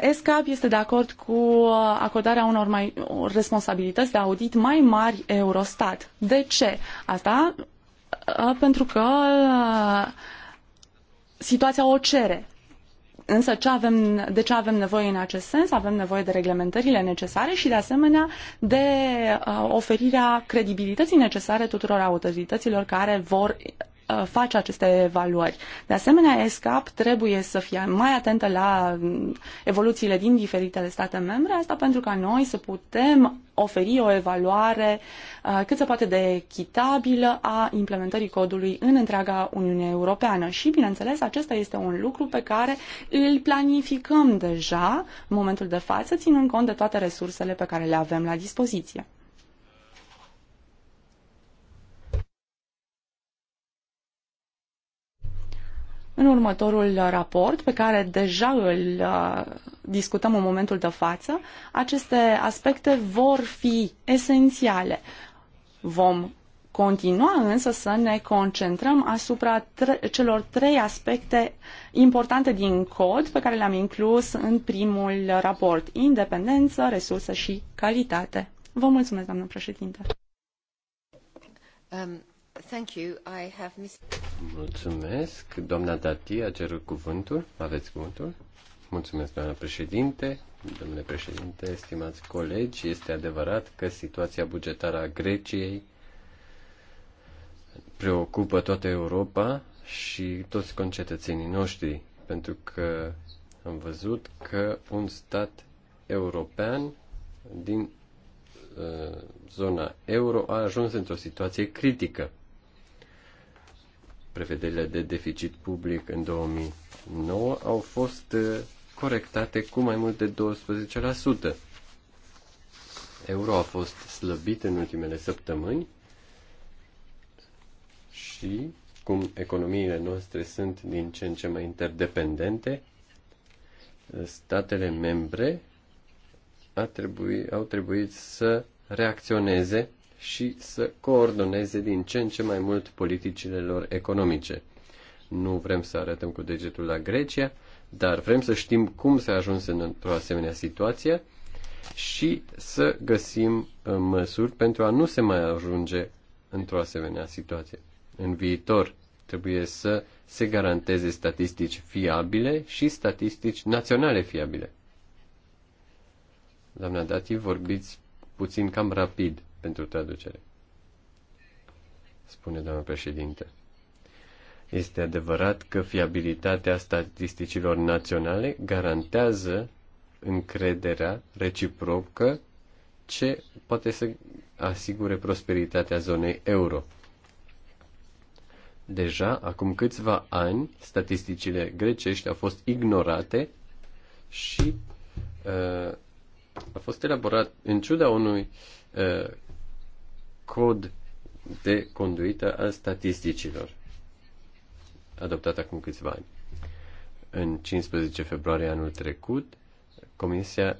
Speaker 3: ESCAP este de acord cu acordarea unor mai, responsabilități de audit mai mari Eurostat. De ce? Asta pentru că situația o cere. Însă ce avem, de ce avem nevoie în acest sens? Avem nevoie de reglementările necesare și de asemenea de oferirea credibilității necesare tuturor autorităților care vor Uh, face aceste evaluări. De asemenea, ESCAP trebuie să fie mai atentă la mm, evoluțiile din diferitele state membre, asta pentru ca noi să putem oferi o evaluare uh, cât se poate de echitabilă a implementării codului în întreaga Uniune Europeană. Și, bineînțeles, acesta este un lucru pe care îl planificăm deja în momentul de față, ținând cont de toate resursele pe care le avem la dispoziție. În următorul uh, raport, pe care deja îl uh, discutăm în momentul de față, aceste aspecte vor fi esențiale. Vom continua însă să ne concentrăm asupra tre- celor trei aspecte importante din cod pe care le-am inclus în primul raport. Independență, resurse și calitate. Vă mulțumesc, doamnă președinte.
Speaker 1: Um, thank you. I have mis-
Speaker 4: Mulțumesc. Doamna Dati a cerut cuvântul. Aveți cuvântul? Mulțumesc, doamna președinte. Domnule președinte, estimați colegi, este adevărat că situația bugetară a Greciei preocupă toată Europa și toți concetățenii noștri, pentru că am văzut că un stat european din uh, zona euro a ajuns într-o situație critică prevederile de deficit public în 2009 au fost uh, corectate cu mai mult de 12%. Euro a fost slăbit în ultimele săptămâni și cum economiile noastre sunt din ce în ce mai interdependente, statele membre a trebui, au trebuit să reacționeze și să coordoneze din ce în ce mai mult politicile lor economice. Nu vrem să arătăm cu degetul la Grecia, dar vrem să știm cum s-a ajuns într-o asemenea situație și să găsim uh, măsuri pentru a nu se mai ajunge într-o asemenea situație. În viitor trebuie să se garanteze statistici fiabile și statistici naționale fiabile. Doamna Dati, vorbiți puțin cam rapid pentru traducere. Spune doamna președinte. Este adevărat că fiabilitatea statisticilor naționale garantează încrederea reciprocă ce poate să asigure prosperitatea zonei euro. Deja, acum câțiva ani, statisticile grecești au fost ignorate și uh, a fost elaborat, în ciuda unui uh, cod de conduită al statisticilor, adoptat acum câțiva ani. În 15 februarie anul trecut, Comisia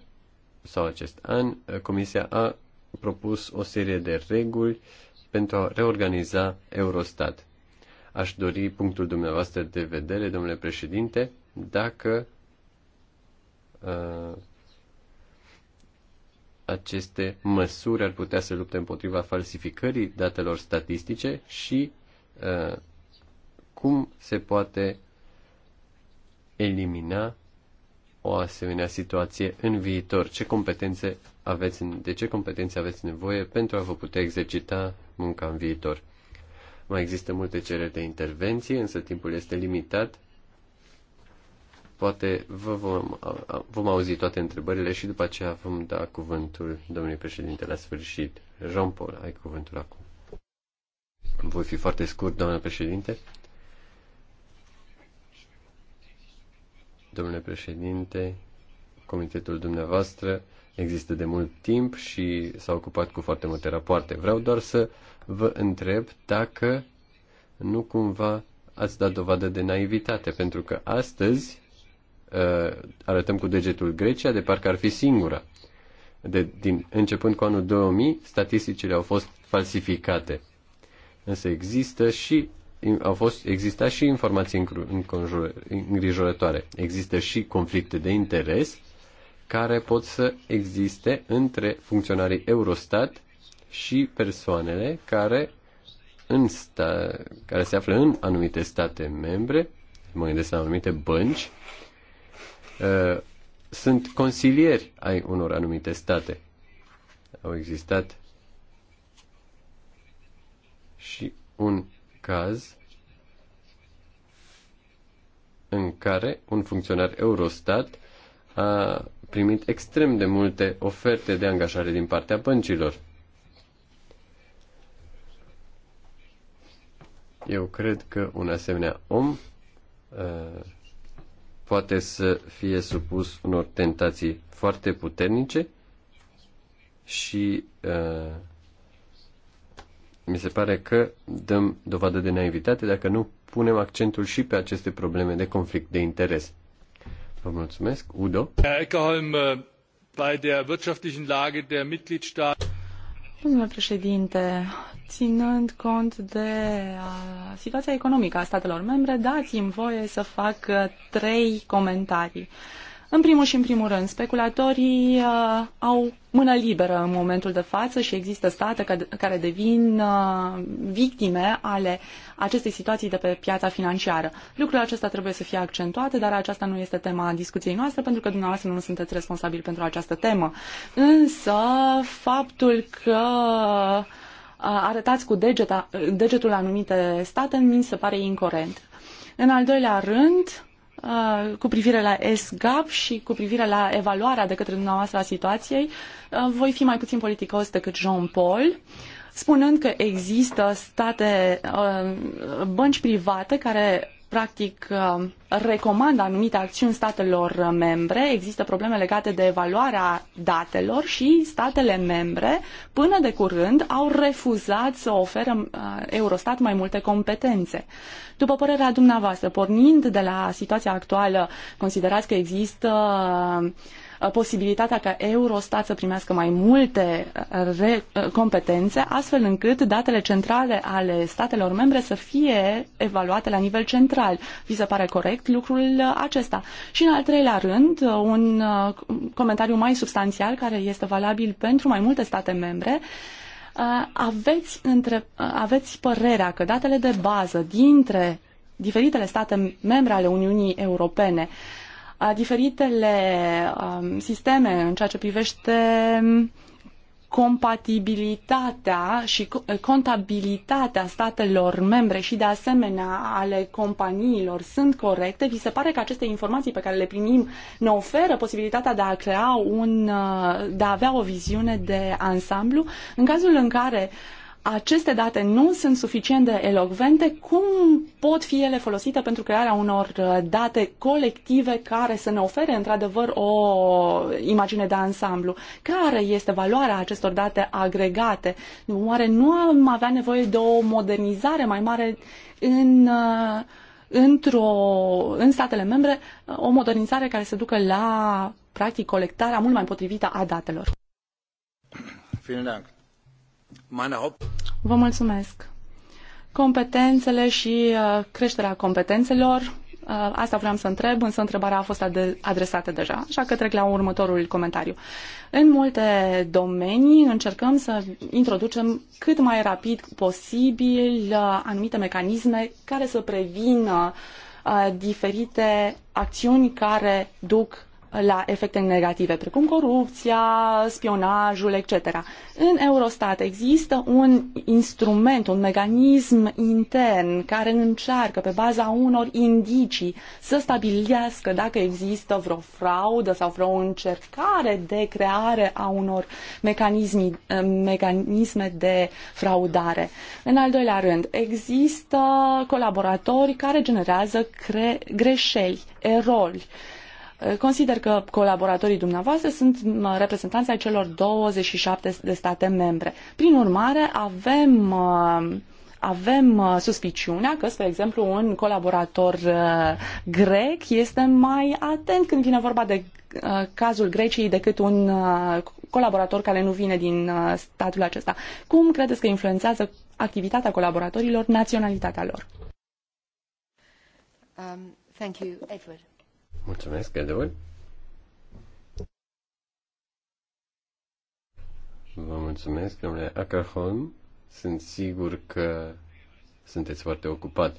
Speaker 4: sau acest an, Comisia a propus o serie de reguli pentru a reorganiza Eurostat. Aș dori punctul dumneavoastră de vedere, domnule președinte, dacă uh, aceste măsuri ar putea să lupte împotriva falsificării datelor statistice și uh, cum se poate elimina o asemenea situație în viitor? Ce competențe aveți, de ce competențe aveți nevoie pentru a vă putea exercita munca în viitor? Mai există multe cereri de intervenție, însă timpul este limitat Poate vă vom, vom auzi toate întrebările și după aceea vom da cuvântul domnului președinte la sfârșit. Jean-Paul, ai cuvântul acum. Voi fi foarte scurt, doamnă președinte. Domnule președinte, comitetul dumneavoastră există de mult timp și s-a ocupat cu foarte multe rapoarte. Vreau doar să vă întreb dacă nu cumva ați dat dovadă de naivitate, pentru că astăzi Uh, arătăm cu degetul Grecia de parcă ar fi singura. De, din, începând cu anul 2000, statisticile au fost falsificate. Însă există și au fost, exista și informații îngrijorătoare. Există și conflicte de interes care pot să existe între funcționarii Eurostat și persoanele care, în sta, care se află în anumite state membre, mă gândesc la anumite bănci, uh, Uh, sunt consilieri ai unor anumite state. Au existat și un caz în care un funcționar Eurostat a primit extrem de multe oferte de angajare din partea băncilor. Eu cred că un asemenea om uh, poate să fie supus unor tentații foarte puternice și uh, mi se pare că dăm dovadă de naivitate dacă nu punem accentul și pe aceste probleme de conflict de interes. Vă mulțumesc, Udo.
Speaker 1: Herr Eckerholm, äh, bei der wirtschaftlichen Lage der Mitgliedstaaten
Speaker 3: Domnule președinte, ținând cont de a, situația economică a statelor membre, dați-mi voie să fac uh, trei comentarii. Uh, în primul și în primul rând, speculatorii uh, au mână liberă în momentul de față și există state care devin uh, victime ale acestei situații de pe piața financiară. Lucrul acesta trebuie să fie accentuat, dar aceasta nu este tema discuției noastre, pentru că dumneavoastră nu sunteți responsabili pentru această temă. Însă, faptul că uh, arătați cu degeta, degetul anumite state mi se pare incorrent. În al doilea rând, Uh, cu privire la SGAP și cu privire la evaluarea de către dumneavoastră a situației, uh, voi fi mai puțin politicos decât Jean-Paul, spunând că există state, uh, bănci private care practic uh, recomandă anumite acțiuni statelor membre, există probleme legate de evaluarea datelor și statele membre până de curând au refuzat să oferă uh, Eurostat mai multe competențe. După părerea dumneavoastră, pornind de la situația actuală, considerați că există uh, Uh, posibilitatea ca Eurostat să primească mai multe uh, uh, competențe, astfel încât datele centrale ale statelor membre să fie evaluate la nivel central. Vi se pare corect lucrul acesta? Și în al treilea rând, un comentariu mai substanțial care este valabil pentru mai multe state membre, aveți, între, aveți părerea că datele de bază dintre diferitele state membre ale Uniunii Europene uh, diferitele sisteme în ceea ce privește compatibilitatea și contabilitatea statelor membre și de asemenea ale companiilor sunt corecte? Vi se pare că aceste informații pe care le primim ne oferă posibilitatea de a crea un, de a avea o viziune de ansamblu? În cazul în care uh, aceste date nu sunt suficient de elocvente, cum pot fi ele folosite pentru crearea unor uh, date colective care să ne ofere într-adevăr o imagine de ansamblu? Care este valoarea acestor date agregate? Oare nu am avea nevoie de o modernizare mai mare în uh, într-o, în statele membre uh, o modernizare care se ducă la, practic, colectarea mult mai potrivită a datelor. Vielen Dank. Vă mulțumesc. Competențele și uh, creșterea competențelor, uh, asta vreau să întreb, însă întrebarea a fost adresată deja, așa că trec la următorul comentariu. În multe domenii încercăm să introducem cât mai rapid posibil uh, anumite mecanisme care să prevină diferite acțiuni care duc la efecte negative, precum corupția, spionajul, etc. În Eurostat există un instrument, un mecanism intern care încearcă, pe baza unor indicii, să stabilească dacă există vreo fraudă sau vreo încercare de creare a unor eh, mecanisme de fraudare. În al doilea rând, există colaboratori care generează greșeli, erori Consider că colaboratorii dumneavoastră sunt reprezentanții ai celor 27 de state membre. Prin urmare, avem uh, avem uh, suspiciunea că, spre exemplu, un colaborator uh, grec este mai atent când vine vorba de cazul Greciei decât un colaborator care nu vine din statul acesta. Cum credeți că influențează activitatea colaboratorilor
Speaker 1: naționalitatea lor? Um, thank you, Edward.
Speaker 4: Mulțumesc, Edward. Vă mulțumesc, domnule Ackerholm. Sunt sigur că sunteți foarte ocupat.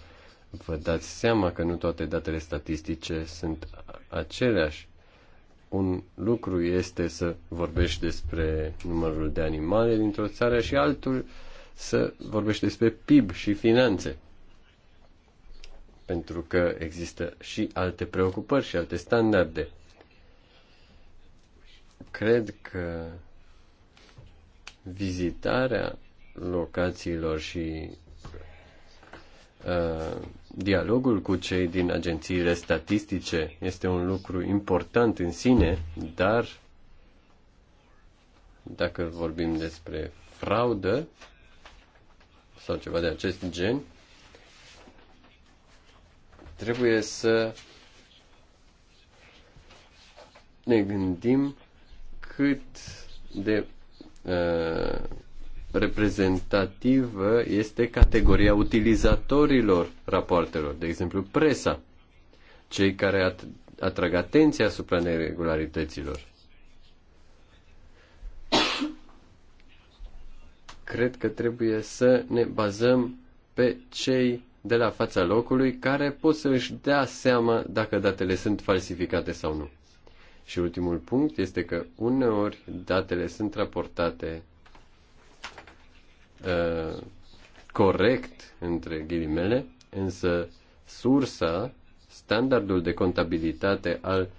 Speaker 4: Vă dați seama că nu toate datele statistice sunt aceleași. Un lucru este să vorbești despre numărul de animale dintr-o țară și altul să vorbești despre PIB și finanțe pentru că există și alte preocupări și alte standarde. Cred că vizitarea locațiilor și uh, dialogul cu cei din agențiile statistice este un lucru important în sine, dar dacă vorbim despre fraudă sau ceva de acest gen, Trebuie să ne gândim cât de uh, reprezentativă este categoria utilizatorilor rapoartelor, de exemplu presa, cei care at- atrag atenția asupra neregularităților. Cred că trebuie să ne bazăm pe cei de la fața locului care pot să își dea seama dacă datele sunt falsificate sau nu. Și ultimul punct este că uneori datele sunt raportate uh, corect, între ghilimele, însă sursa, standardul de contabilitate al,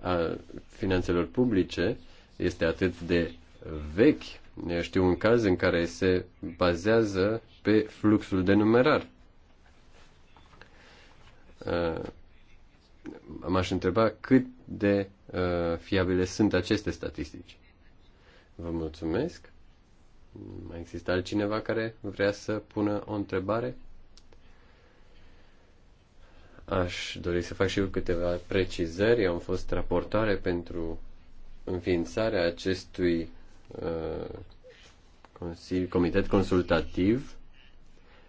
Speaker 4: al finanțelor publice este atât de vechi. Eu știu un caz în care se bazează pe fluxul de numerar Uh, m-aș întreba cât de uh, fiabile sunt aceste statistici. Vă mulțumesc. Mai există altcineva care vrea să pună o întrebare? Aș dori să fac și eu câteva precizări. Eu am fost raportoare pentru înființarea acestui uh, Consiliu, comitet consultativ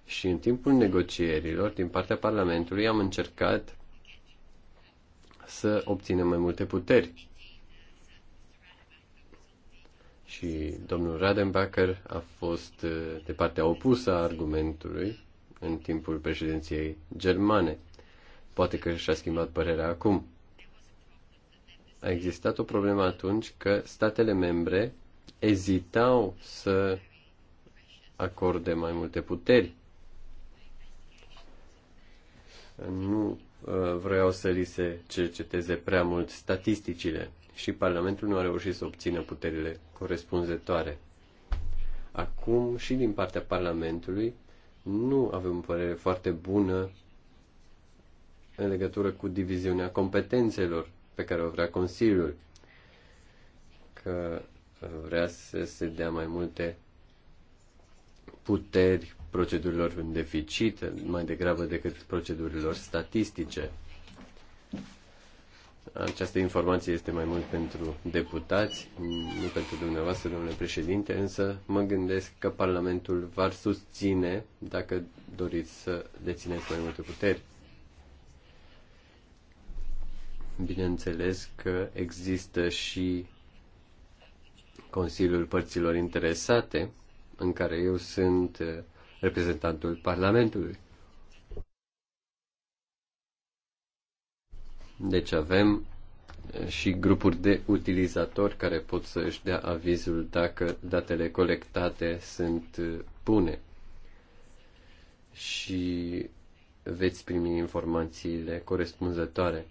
Speaker 4: și în timpul negocierilor din partea Parlamentului am încercat să obținem mai multe puteri. Și domnul Radenbacher a fost uh, de partea opusă a argumentului în timpul președinției germane. Poate că și-a schimbat părerea acum. A existat o problemă atunci că statele membre ezitau să acorde mai multe puteri nu uh, vreau să li se cerceteze prea mult statisticile și Parlamentul nu a reușit să obțină puterile corespunzătoare. Acum și din partea Parlamentului nu avem o părere foarte bună în legătură cu diviziunea competențelor pe care o vrea Consiliul, că uh, vrea să se dea mai multe puteri procedurilor în deficit, mai degrabă decât procedurilor statistice. Această informație este mai mult pentru deputați, nu pentru dumneavoastră, domnule președinte, însă mă gândesc că Parlamentul v-ar susține dacă doriți să dețineți mai multe puteri. Bineînțeles că există și Consiliul Părților Interesate, în care eu sunt reprezentantul Parlamentului. Deci avem eh, și grupuri de utilizatori care pot să își dea avizul dacă datele colectate sunt eh, bune. Și veți primi informațiile corespunzătoare.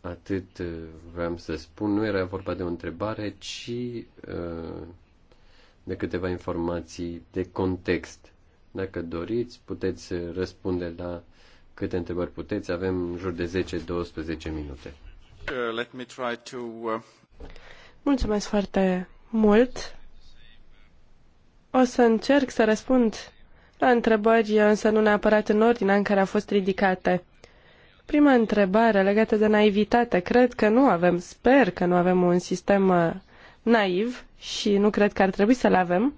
Speaker 4: Atât eh, vreau să spun, nu era vorba de o întrebare, ci uh, de câteva informații de context. Dacă doriți, puteți răspunde la câte întrebări puteți. Avem în jur de 10-12 minute.
Speaker 1: Uh, let me try to... Uh,
Speaker 2: Mulțumesc foarte mult. O să încerc să răspund la întrebări, însă nu neapărat în ordinea în care a fost ridicate. Prima întrebare legată de naivitate. Cred că nu avem, sper că nu avem un sistem uh, naiv și nu cred că ar trebui să-l avem,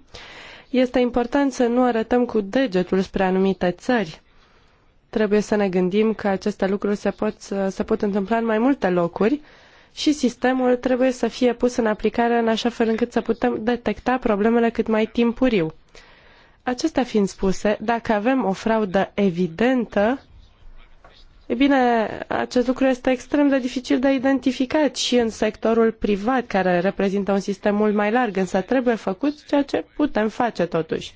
Speaker 2: este important să nu arătăm cu degetul spre anumite țări. Trebuie să ne gândim că aceste lucruri se pot, se pot întâmpla în mai multe locuri și sistemul trebuie să fie pus în aplicare în așa fel încât să putem detecta problemele cât mai timpuriu. Acestea fiind spuse, dacă avem o fraudă evidentă, E bine, acest lucru este extrem de dificil de identificat și în sectorul privat, care reprezintă un sistem mult mai larg, însă trebuie făcut ceea ce putem face totuși.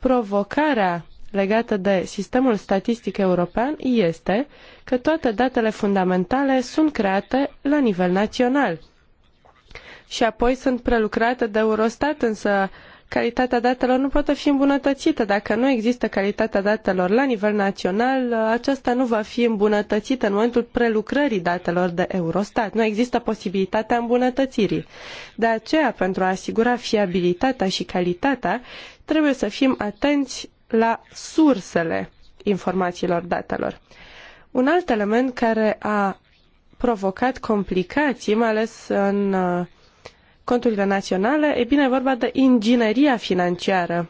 Speaker 2: Provocarea legată de sistemul statistic european este că toate datele fundamentale sunt create la nivel național și apoi sunt prelucrate de Eurostat, însă uh, calitatea datelor nu poate fi îmbunătățită. Dacă nu există calitatea datelor la nivel național, aceasta nu va fi îmbunătățită în momentul prelucrării datelor de Eurostat. Nu există posibilitatea îmbunătățirii. De aceea, pentru a asigura fiabilitatea și calitatea, trebuie să fim atenți la sursele informațiilor datelor. Un alt element care a provocat complicații, mai ales în uh, conturile naționale, e bine, vorba de ingineria financiară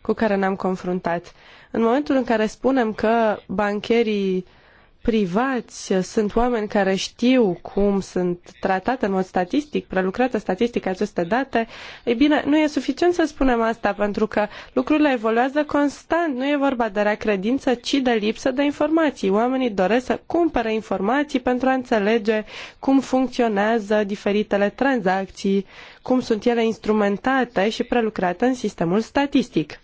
Speaker 2: cu care ne-am confruntat. În momentul în care spunem că bancherii privați, sunt oameni care știu cum sunt tratate în mod statistic, prelucrată statistic aceste date, ei bine, nu e suficient să spunem asta, pentru că lucrurile evoluează constant. Nu e vorba de rea credință, ci de lipsă de informații. Oamenii doresc să cumpere informații pentru a înțelege cum funcționează diferitele tranzacții, cum sunt ele instrumentate și prelucrate în sistemul statistic.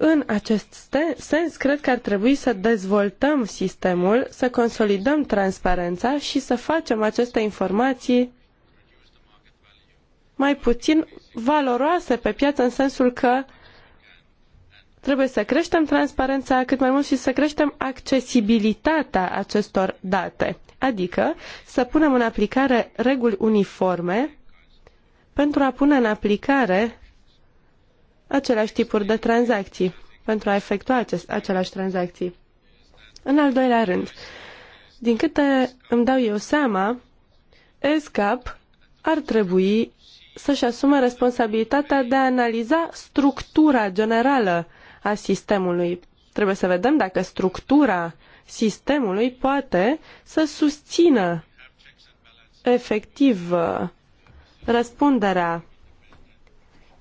Speaker 2: În acest sens, cred că ar trebui să dezvoltăm sistemul, să consolidăm transparența și să facem aceste informații mai puțin valoroase pe piață, în sensul că trebuie să creștem transparența cât mai mult și să creștem accesibilitatea acestor date, adică să punem în aplicare reguli uniforme pentru a pune în aplicare aceleași tipuri de tranzacții, pentru a efectua acest, aceleași tranzacții. În al doilea rând, din câte îmi dau eu seama, ESCAP ar trebui să-și asume responsabilitatea de a analiza structura generală a sistemului. Trebuie să vedem dacă structura sistemului poate să susțină efectiv uh, răspunderea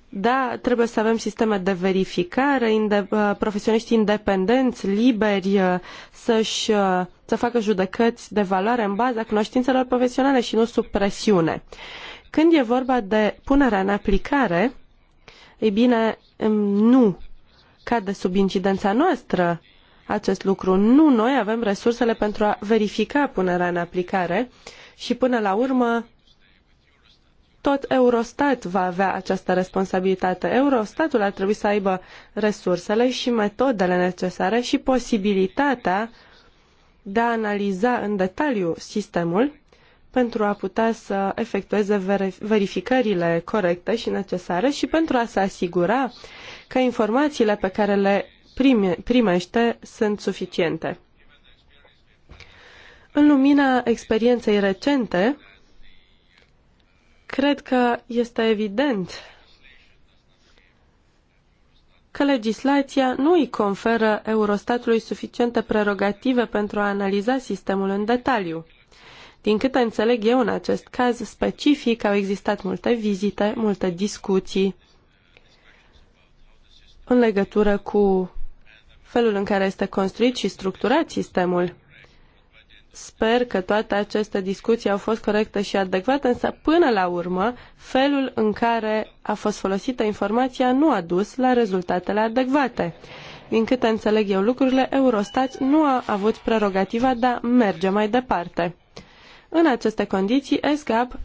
Speaker 2: da, trebuie să avem sisteme de verificare, inde- uh, profesioniști independenți, liberi, uh, să-și, uh, să facă judecăți de valoare în baza cunoștințelor profesionale și nu sub presiune. Când e vorba de punerea în aplicare, ei bine, um, nu cade sub incidența noastră acest lucru. Nu noi avem resursele pentru a verifica punerea în aplicare și până la urmă tot Eurostat va avea această responsabilitate. Eurostatul ar trebui să aibă resursele și metodele necesare și posibilitatea de a analiza în detaliu sistemul pentru a putea să efectueze verificările corecte și necesare și pentru a se asigura că informațiile pe care le prime, primește sunt suficiente. În lumina experienței recente, Cred că este evident că legislația nu îi conferă Eurostatului suficiente prerogative pentru a analiza sistemul în detaliu. Din câte înțeleg eu în acest caz specific, au existat multe vizite, multe discuții în legătură cu felul în care este construit și structurat sistemul. Sper că toate aceste discuții au fost corecte și adecvate, însă până la urmă, felul în care a fost folosită informația nu a dus la rezultatele adecvate. Din câte înțeleg eu lucrurile, Eurostat nu a avut prerogativa de a merge mai departe. În aceste condiții, escap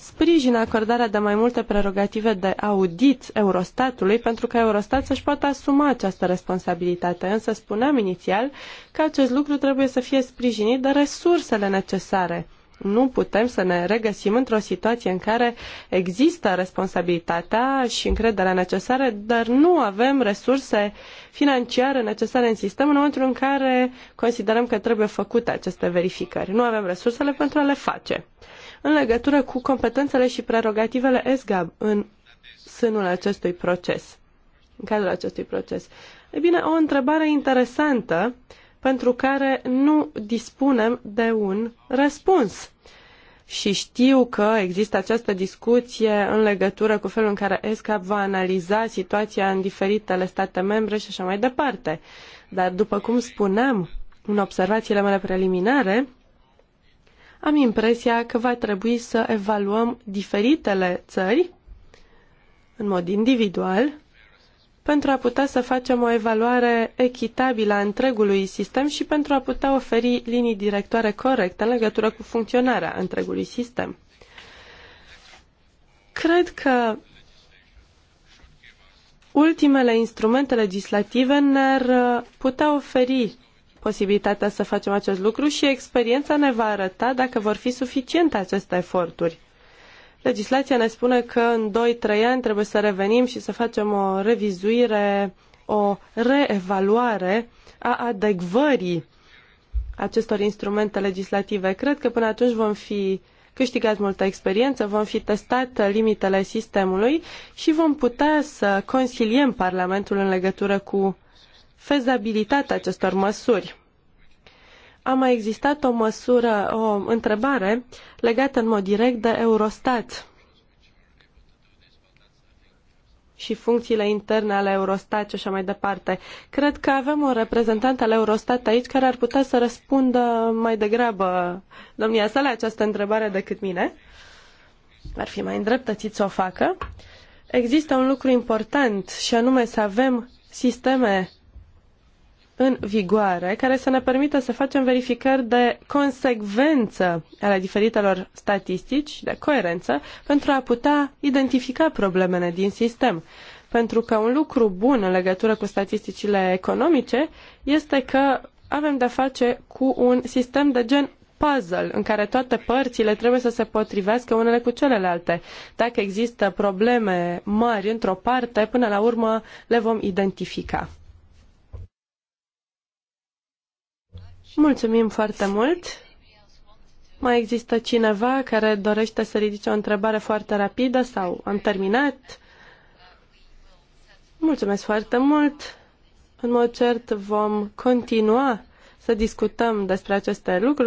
Speaker 2: sprijină acordarea de mai multe prerogative de audit Eurostatului pentru că Eurostat să-și poată asuma această responsabilitate, însă spuneam inițial că acest lucru trebuie să fie sprijinit de resursele necesare. Nu putem să ne regăsim într-o situație în care există responsabilitatea și încrederea necesare, dar nu avem resurse financiare necesare în sistem în momentul în care considerăm că trebuie făcute aceste verificări. Nu avem resursele pentru a le face în legătură cu competențele și prerogativele ESGAB în sânul acestui proces, în cadrul acestui proces. E bine, o întrebare interesantă pentru care nu dispunem de un răspuns. Și știu că există această discuție în legătură cu felul în care ESCAP va analiza situația în diferitele state membre și așa mai departe. Dar, după cum spuneam în observațiile mele preliminare, am impresia că va trebui să evaluăm diferitele țări în mod individual pentru a putea să facem o evaluare echitabilă a întregului sistem și pentru a putea oferi linii directoare corecte în legătură cu funcționarea întregului sistem. Cred că ultimele instrumente legislative ne-ar putea oferi posibilitatea să facem acest lucru și experiența ne va arăta dacă vor fi suficiente aceste eforturi. Legislația ne spune că în 2-3 ani trebuie să revenim și să facem o revizuire, o reevaluare a adecvării acestor instrumente legislative. Cred că până atunci vom fi câștigat multă experiență, vom fi testat limitele sistemului și vom putea să consiliem Parlamentul în legătură cu fezabilitatea acestor măsuri. A mai existat o măsură, o întrebare legată în mod direct de Eurostat și funcțiile interne ale Eurostat și așa mai departe. Cred că avem un reprezentant al Eurostat aici care ar putea să răspundă mai degrabă domnia sa la această întrebare decât mine. Ar fi mai îndreptățit să o facă. Există un lucru important și anume să avem sisteme în vigoare care să ne permită să facem verificări de consecvență ale diferitelor statistici, de coerență, pentru a putea identifica problemele din sistem. Pentru că un lucru bun în legătură cu statisticile economice este că avem de-a face cu un sistem de gen puzzle în care toate părțile trebuie să se potrivească unele cu celelalte. Dacă există probleme mari într-o parte, până la urmă le vom identifica. Mulțumim foarte mult. Mai există cineva care dorește să ridice o întrebare foarte rapidă sau am terminat? Mulțumesc foarte mult. În mod cert vom continua să discutăm despre aceste lucruri.